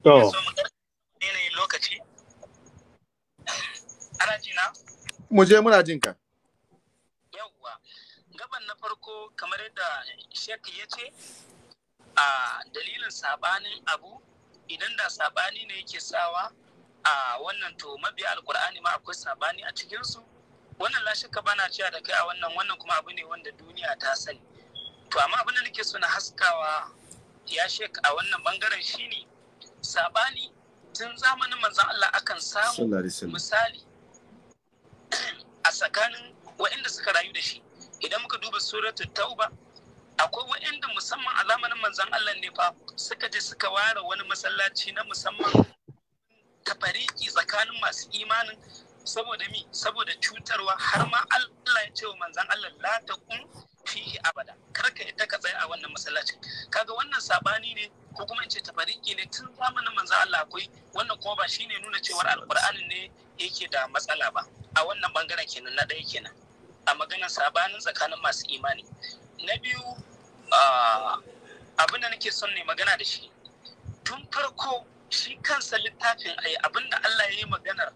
to yanayin lokaci ana jina mu je muna jin ka yawwa gaban na farko kamar yadda shek ya ce a ah, dalilin sabanin abu idan da sabani ne yake sawa a wannan to mabiya alkur'ani ma akwai sabani a cikinsu wannan lashika bana cewa da kai a wannan wannan kuma abu ne wanda duniya ta sani to amma abin da nake so na haskawa ya shek a wannan bangaren shine sabani tun zamanin manzon Allah akan samu misali <clears throat> a tsakanin waɗanda suka rayu da shi idan muka duba suratu tauba akwai waɗanda musamman a zamanin manzon Allah ne fa suka je suka ware wani masallaci na musamman tafariki tsakanin masu imanin saboda mi saboda cutarwa har ma Allah ya ce wa manzan Allah la kun fihi abada karka ita ka tsaya a wannan masallacin kaga wannan sabani ne ko kuma in ce tafariki ne tun zamanin manzan Allah akwai wannan kuma ba shine nuna cewar alqur'anin ne yake da matsala ba a wannan bangaren kenan na ɗaya kenan a maganar sabanin tsakanin masu imani na biyu ah, abin da nake son ne magana da shi tun farko shi kansa littafin ai abinda Allah ya yi maganar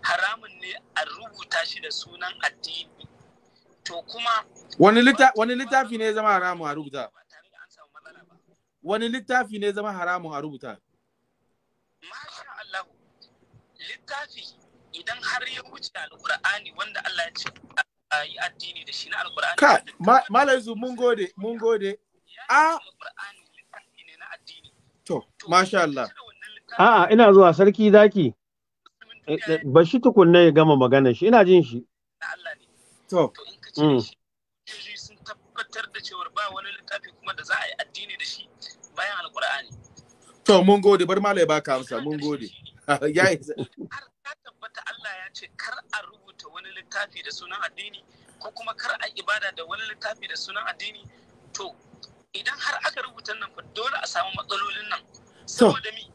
haramun ne a rubuta shi da sunan addini to kuma wani littafi ne zama haramun a rubuta wani littafi ne zama haramun a rubuta masha Allah littafi idan har ya wuce alqur'ani wanda Allah ya ce a yi addini da shi na alqur'ani ka malai zu mun gode mun gode a ah! to masha Allah A'a ina zuwa sarki zaki. Eh, eh, ba shi tukunna ya gama magana shi ina jin shi. To. Mm. sun tabbatar da cewar ba wani littafi kuma da za a yi addini da shi bayan To mun gode bar malai baka amsa mun gode. <laughs> Ya tabbata Allah ya ce kar a rubuta wani littafi da sunan addini ko kuma kar a ibada da wani littafi da sunan addini to idan har aka rubuta nan fa dole a samu matsalolin nan. Saboda mi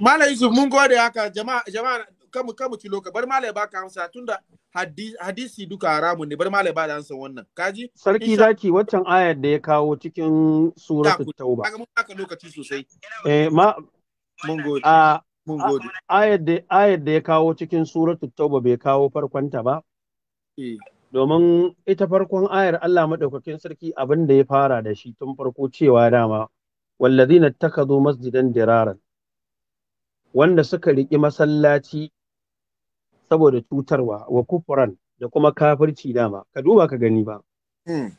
Mala Yusuf mun gode haka jama'a jama'a kamu kamu kilo ka bar malai baka amsa tunda hadisi duka haramun ne bar malai ba da amsa wannan kaji sarki zaki waccan ayar da ya kawo cikin suratul tauba kaga mun haka lokaci sosai eh ma mun gode a mun gode ayar da ayar da ya kawo cikin suratul tauba bai kawo farkon ta ba eh domin ita farkon ayar Allah madaukakin sarki abin da ya fara da shi tun farko cewa dama wallazina takazu masjidan diraran wanda suka riƙi masallaci saboda cutarwa wa da kuma kafirci dama ka duba ka gani ba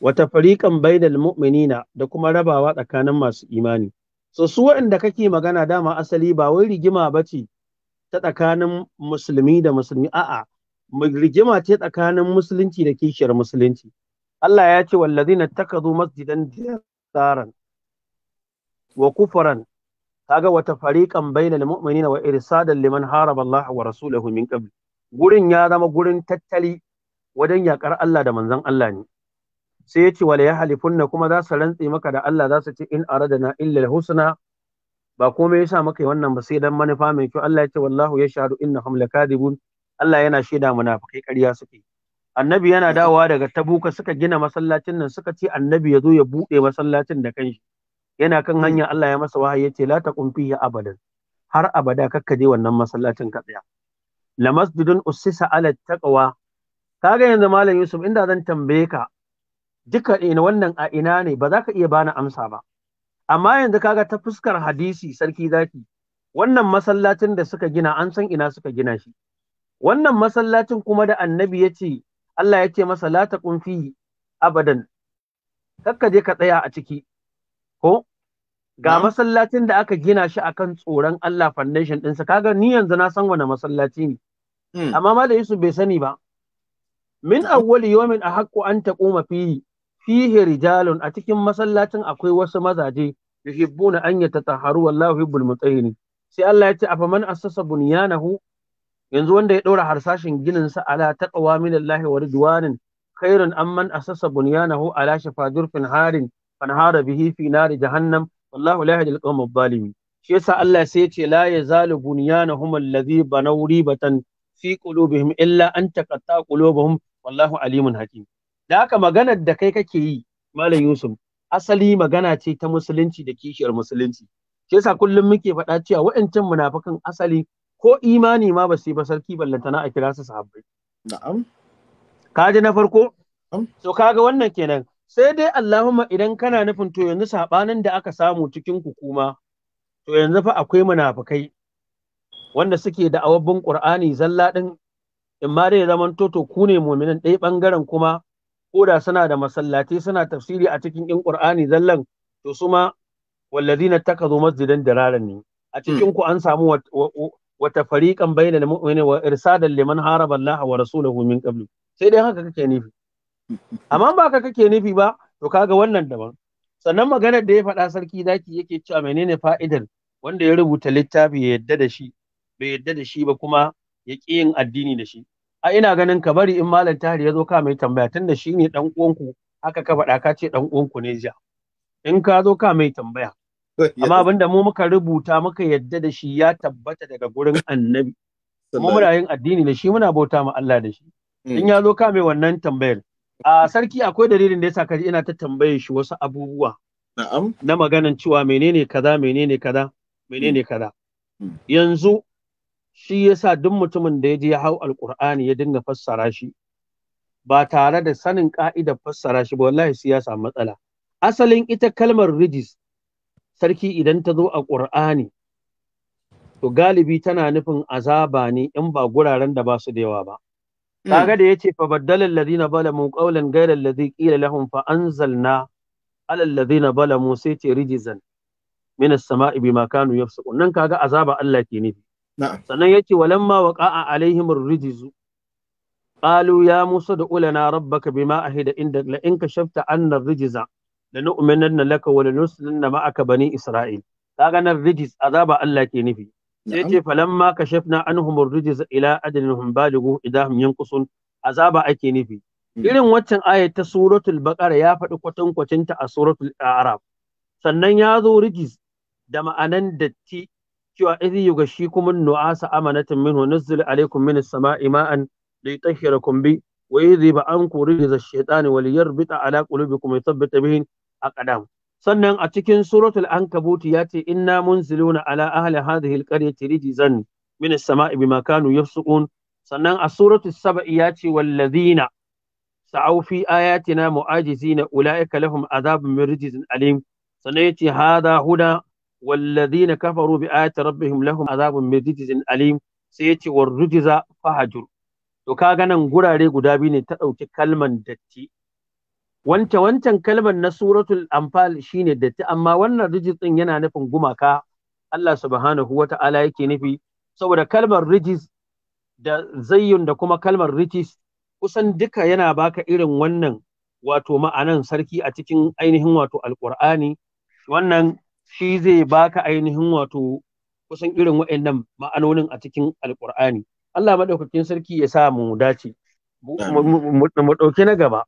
wata fariƙan bainal mu'minina da kuma rabawa tsakanin masu imani so su waɗanda kake magana dama asali ba wai rigima ba ce ta tsakanin musulmi da musulmi a'a rigima ce tsakanin musulunci da kishiyar musulunci Allah ya ce wallazina takazu masjidan diraran wa kufran kaga wata fariqan bainal mu'minina wa irsadan liman haraba Allah wa rasulahu min qabl gurin ya zama gurin tattali wajen yakar Allah da manzon Allah ne sai yace wala halifunna kuma za su rantse maka da Allah za su ce in aradana illa husna ba komai yasa maka wannan ba sai dan manufa mai kyau Allah yace wallahu yashhadu innahum lakadibun Allah yana shaida munafikai ƙarya suke annabi yana dawowa daga tabuka suka gina masallacin nan suka ce annabi ya zo ya buɗe masallacin da kanshi yana kan hanya hmm. Allah ya masa wahayi yace la taqum fihi abadan har abada kakka je wannan masallacin ka tsaya la masjidun ussisa ala taqwa kaga yanzu malam Yusuf inda zan tambaye ka duka ina wannan a ina ne ba za ka iya bani amsa ba amma yanzu kaga ta fuskar hadisi sarki zaki wannan masallacin da suka gina an san ina suka gina shi wannan masallacin kuma da annabi ya ce Allah ya ce masa la taqum fihi abadan kakka je ka tsaya a ciki ko ga masallacin da aka gina shi akan tsoron Allah foundation ɗinsa kaga ni yanzu na san wani masallaci ne hmm. amma ma da yusu bai sani ba min awwali yawmin ahaqqu an taquma fihi fihi rijalun a cikin masallacin akwai wasu mazaje yuhibbuna an yatatahharu wallahu yuhibbul mutahhirin sai Allah ya ce afaman assasa bunyanahu yanzu wanda ya ɗora harsashin ginin sa ala taqwa minallahi wa ridwanin khairun amman assasa bunyanahu ala shafa harin fanhara bihi fi nari jahannam wallahu la yahdi al-qawm adh-dhalimin shi yasa Allah sai ya ce la yazalu bunyanuhum alladhi banaw ribatan fi qulubihim illa an taqatta qulubuhum wallahu alimun hakim da haka maganar da kai kake yi malam Yusuf asali magana ce ta musulunci da kishiyar musulunci shi yasa kullum muke faɗa cewa wa'ancan munafikan asali ko imani ma ba su yi ba sarki ballantana a kira su sahabbai na'am kaji na farko to kaga wannan kenan sai dai Allahumma idan kana nufin to yanzu sabanin da aka samu cikin hukuma to yanzu fa akwai munafukai wanda suke da awabbin Qur'ani zalla din in ma dai zaman toto ku ne mu'minin ɗaya bangaren kuma ko da suna da masallatai suna tafsiri a cikin in Qur'ani zallan to su ma walladina takazu masjidan dararan ne a hmm. cikin ku an samu wata fariqan bainal mu'mini wa irsadan liman haraba Allah wa rasulahu min qablu sai dai haka kake nufi amma ba ka kake nufi ba to kaga wannan daban sannan maganar da ya faɗa sarki zaki yake cewa menene fa'idar wanda ya rubuta littafi ya yadda da shi bai yadda da shi ba kuma ya ƙi yin addini da shi a ina ganin ka bari in malam tahir ya zo ka mai tambaya tunda shi ne dan uwanku haka ka faɗa ka ce dan uwanku ne jiya in ka zo ka mai tambaya amma abinda mu muka rubuta muka yadda da shi ya tabbata daga gurin annabi kuma muna yin addini da shi muna bauta ma Allah da shi in ya zo ka mai wannan tambayar A sarki akwai dalilin da yasa kaji ina ta tambaye shi wasu abubuwa. Na maganan cewa menene kaza menene kaza menene mm. kaza. Mm. Yanzu shi yasa duk mutumin da ya je ya hau alkur'ani ya dinga fassara shi ba tare da sanin ka'ida fassara shi ba wallahi sai ya samu matsala. Asalin ita kalmar rijis sarki idan ta zo a ƙur'ani to galibi tana nufin azaba ne in ba guraren da ba su da yawa ba. kaga mm. da yace fa baddalal ladina balamu qawlan ghayra alladhi qila lahum fa anzalna ala bala balamu sai ce rijizan min as-sama'i bima kanu yafsukun nan kaga azaba Allah ke nufi sannan yace walamma waqa'a alaihim ar-rijizu qalu ya musa da ulana rabbaka bima ahida inda la in kashafta anna ar-rijiza lanu'minanna laka wa lanuslinna ma'aka bani isra'il kaga nan rijiz azaba Allah ke nufi sai ce falamma kashafna anhum ar-rijza ila adnihim kusur idahum yanqusun azaba ake nufi hmm. irin waccan ayat ta suratul baqara ya faɗi kwatankwacinta a suratul araf sannan ya zo rijis da ma'anan datti cewa idhi kuma an-nu'asa amanatan minhu nazzil alaykum min as-sama'i ma'an liyutahhirakum bi wa yudhiba ankum rijza ash-shaytani wa liyarbita ala qulubikum yuthabbita bihi aqdam sannan a cikin suratul ankabut ya ce inna munziluna ala ahli hadhihi alqaryati rijzan min as-sama'i bima kanu yafsuqun sannan a suratul sab'i ya ce wallazina sa'u fi ayatina mu'ajizina ulaika lahum adhabun min rijzin alim sannan ya ce hadha huda wallazina kafaru bi ayati rabbihim lahum adhabun min rijzin alim sai ya ce war rijza fahajur to kaga nan gurare guda biyu ne ta ɗauki kalman datti wance wancan kalmar na suratul anfal shine datti amma wannan rijis din yana nufin gumaka Allah subhanahu wata'ala yake nufi saboda kalmar rijis da zayyun da kuma kalmar rijis kusan duka yana baka irin wannan wato ma'anan sarki a cikin ainihin wato alqur'ani wannan shi zai baka ainihin wato kusan irin waɗannan ma'anonin a cikin alqur'ani Allah maɗaukakin sarki ya sa mu dace mu ɗauki na gaba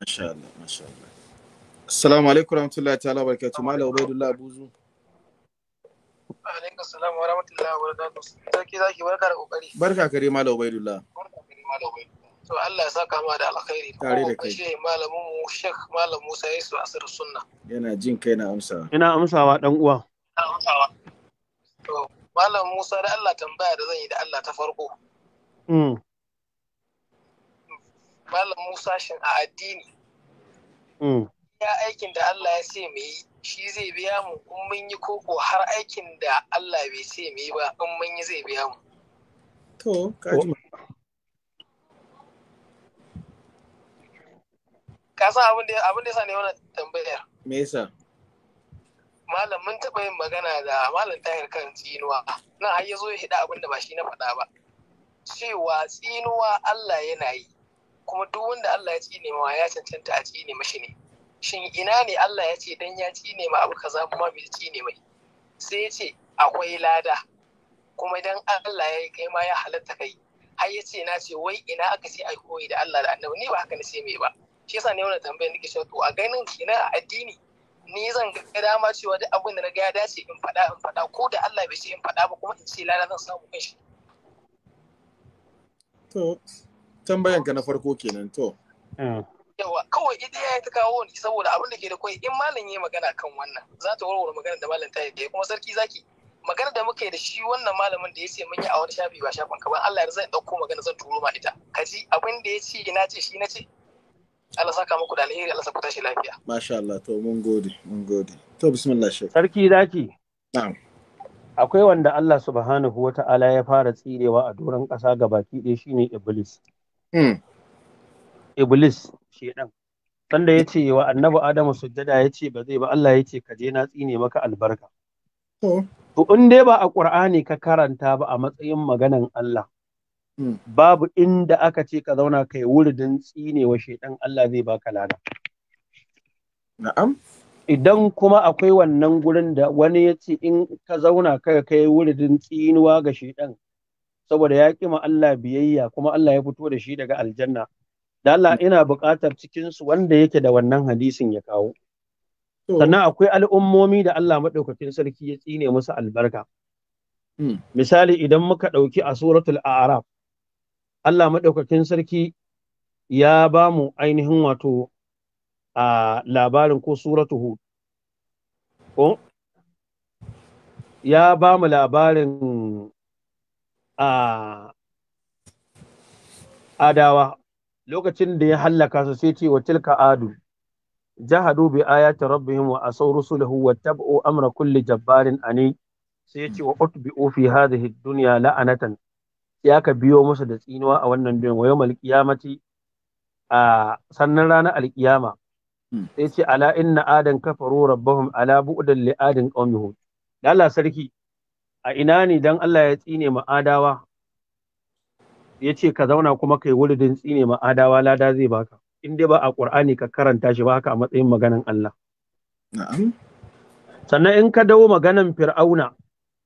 Masha Allah, masha Allah. Assalamu alaikum warahmatullahi ta'ala barakatuh. Malam Ubaidullah Abuzu. Alaikum salam wa rahmatullahi wa barakatuh. Sarki zaki barka da kokari. Barka kare Malam Ubaidullah. To Allah ya saka mu da alkhairi. Tare da kai. Shi malamin mu Sheikh Malam Musa Yesu Asir Sunna. Yana jin kai na amsa. Ina amsawa dan uwa. Ina amsawa. To Malam Musa da Allah tambaya da zan yi da Allah ta farko. malam Musa shin a addini mm. ya aikin da Allah ya sai mu yi shi zai biya mu in mun yi koko har aikin da Allah bai sai mu yi ba in mun yi zai biya mu to ka san abin da abin da yasa ne wannan tambayar me yasa malam mun taɓa yin magana da malam tahir kan tsinuwa nan har ya zo ya hida abin da ba shi na faɗa ba cewa tsinuwa Allah yana yi kuma duk wanda Allah ya tsine ma ya cancanta a ne mashi ne shin ina ne Allah ya ce dan ya ne ma abu kaza kuma bai ne mai sai ya ce akwai lada kuma dan Allah ya kai ma ya halatta kai har ya ce na ce wai ina aka ce ai koyi da Allah da annabi ni ba haka na ce mai ba shi yasa ne wannan tambayar nake cewa to a ganin kina a addini ni zan ga dama cewa duk abin da na ga ya dace in faɗa in faɗa ko da Allah bai ce in faɗa ba kuma in ce lada zan samu kanshi to tambayan ka na farko kenan to yawa kawai ita ya ta kawo ni saboda abin da ke da kwai in malam ya magana kan wannan za ta warware magana da malam ta yi kuma sarki zaki magana da muka yi da shi wannan malamin da ya ce mun yi a wani shafi ba shafin ka ba Allah ya zai dauko magana zan turo ma ita ka ji abin da ya ce ina ce shi na ce Allah saka muku da alheri Allah saka tashi lafiya masha Allah to mun gode mun gode to bismillah shek sarki zaki na'am akwai wanda Allah subhanahu wata'ala ya fara tsirewa a doron ƙasa ga baki ɗaya shine iblis Hmm. Iblis shedan. Sanda ya ce wa annabi Adamu sujjada ya ce ba zai ba Allah ya ka je na tsine maka albarka. To in dai ba a Ƙur'ani ka karanta ba a matsayin maganan Allah. Hmm. Babu inda aka ce ka zauna kai wuridin tsinewa shedan Allah zai baka lada. Na'am. idan kuma akwai wannan gurin da wani ya ce in ka zauna kai kai wuridin tsinuwa ga shaidan saboda ya ƙi Allah biyayya kuma Allah ya fito da shi daga aljanna da Allah ina buƙatar cikin su wanda yake da wannan hadisin ya kawo sannan akwai al'ummomi da Allah maɗaukakin sarki ya tsine musu albarka hmm. misali idan muka ɗauki a suratul a'raf Allah maɗaukakin sarki ya ba mu ainihin wato a labarin ko suratu hud ko ya ba mu labarin a adawa lokacin da ya hallaka su sai ce wa tilka adu jahadu bi ayati rabbihim wa asaw rusulahu wa tab'u amra kulli jabbarin ani sai ya ce wa utbi fi hadhihi dunya la'anatan ya ka biyo musu da tsinuwa a wannan duniya wa yawmal qiyamati a sannan ranar alkiyama hmm. sai ce ala inna adan kafaru rabbahum ala bu'dan li adin qawmihi Allah sarki a ina ne dan Allah ya tsine ma'adawa ya ce ka zauna kuma kai wuridin tsine ma'adawa lada zai baka in dai ba a ƙur'ani ka karanta shi ba haka a matsayin maganan Allah sannan in ka dawo maganan fir'auna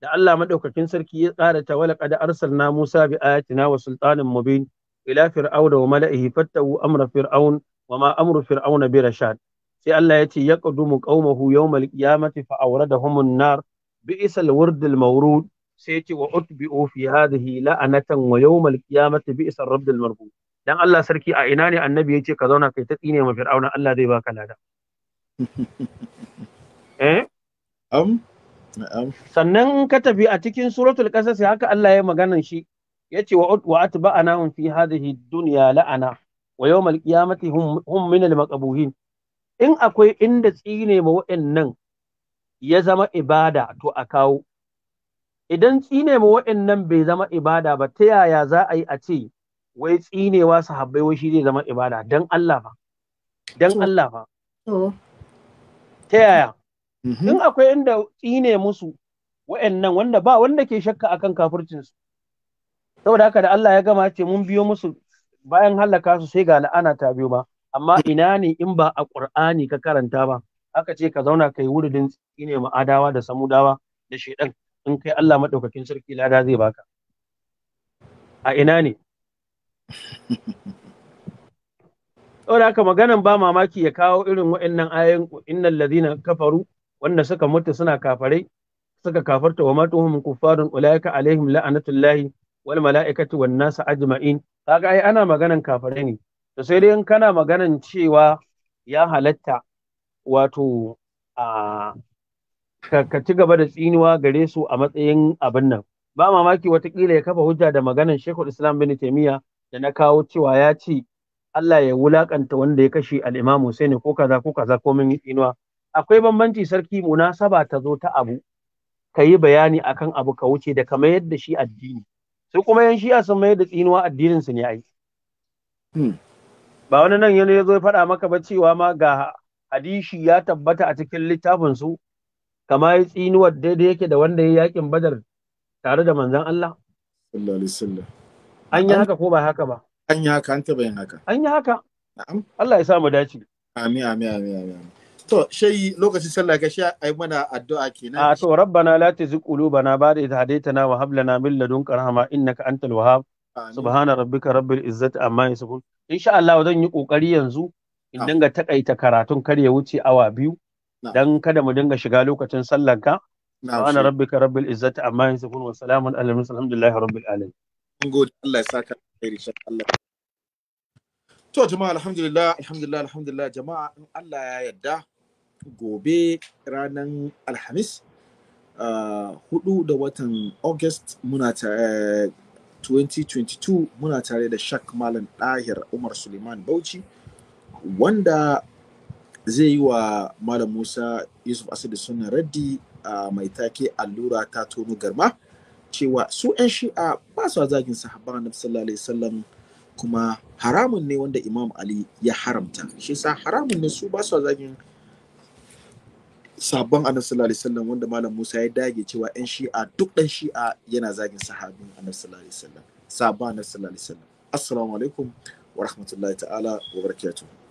da Allah maɗaukakin sarki ya tsara ta wala qad arsalna Musa bi ayatina wa sultanin mubin ila fir'auna wa mala'ihi fattahu amra fir'aun wa ma amru fir'auna bi rashad sai Allah ya ce yaqdumu qaumahu yawmal qiyamati fa awradahum an-nar bi'sa al-wurd al-mawrud sai yace wa utbi'u fi hadhihi la'anatan wa yawm al-qiyamati bi'sa ar-rabb al Allah sarki a ina ne annabi yace ka zauna kai ta tsine ma fir'auna Allah zai baka lada <laughs> eh am sannan ka tafi a cikin suratul sai haka Allah ya maganan shi ya ce wa wa atba'ana fi hadhihi dunya la'ana wa yawm al-qiyamati hum min in akwai inda tsine ma wa'annan ya zama ibada to a kawo idan tsine ma wa'annan bai zama ibada ba ta yaya za a yi a ce wai tsinewa habbai wai shi zai zama ibada Don Allah ba, don Allah ba. ta yaya mm-hmm. in akwai inda tsine musu wa'annan wanda ba wanda ke shakka akan kan kafircinsu. saboda haka da Allah ya gama ce mun biyo musu bayan halaka su sai ga la'ana ta biyo ba amma ina ne in ba a ƙur'ani ka karanta ba aka ce ka zauna kai wuridin tsine ma adawa da samudawa da shedan in kai Allah madaukakin sarki lada zai baka a ina ne <laughs> saboda haka maganan ba mamaki ya kawo irin wa'annan ayoyin innal ladina kafaru wanda suka mutu suna kafarai suka kafarta wa matuhum kuffarun ulaika alaihim la'anatullahi wal mala'ikati wan nasu ajma'in kaga ai ana maganan kafarai ne to sai dai in kana maganan cewa ya halatta wato a ka ci gaba da tsiniwa gare su a matsayin abin nan ba mamaki watakila ya kafa hujja da maganan Sheikhul Islam bin Taimiyya da na kawo cewa ya ce Allah ya wulakanta wanda ya kashe al-Imam Hussein ko kaza ko kaza ko min tsiniwa. akwai bambanci sarki munasaba ta zo ta abu ka yi bayani akan abu ka wuce da kamar yadda shi addini sai kuma yan shi'a sun mayar da tsiniwa addinin su ne ai hmm. ba wani nan yana ya zo ya faɗa maka ba cewa ma ga hadishi ya tabbata a cikin littafin su kamar ya tsinuwar daidai yake da wanda ya yakin badar tare da manzan Allah? An yi haka ko ba haka ba? An yi haka, an taɓa yin haka. An yi haka. Allah ya sa mu dace. Amin, amin, amin, amin. To, shayi lokacin sallah ka sha ai mana addu'a kenan. A to rabbana la tuzigh qulubana ba'da idh hadaytana wa hab lana min ladunka rahma innaka antal wahhab. Subhana rabbika rabbil izzati amma yasifun. Insha Allah zan yi kokari yanzu in dinga takaita karatun kar ya wuce awa biyu dan kada mu dinga shiga lokacin sallar ka ana rabbika rabbil izzati amma yanzu kun wa salamun alamin mursalin alhamdulillahi rabbil alamin mun gode Allah ya saka alheri Allah to jama'a alhamdulillah alhamdulillah alhamdulillah jama'a in Allah ya yarda gobe ranan alhamis ah, hudu da watan august muna ta 2022 eh, muna tare da shak malam dahir umar suleiman bauchi wanda zai yi wa malam musa yusuf da suna raddi a mai take allura ta tono garma cewa su 'yan shi'a ba su zagin sahabban annabi sallallahu alaihi kuma haramun ne wanda imam ali ya haramta shi sa haramun ne su ba su zagin sabon annabi sallallahu alaihi wasallam wanda malam Musa ya dage cewa ɗan shi'a duk ɗan shi'a yana zagin sahabin annabi sallallahu alaihi wasallam sabon annabi sallallahu alaihi wasallam assalamu alaikum wa rahmatullahi ta'ala wa barakatuh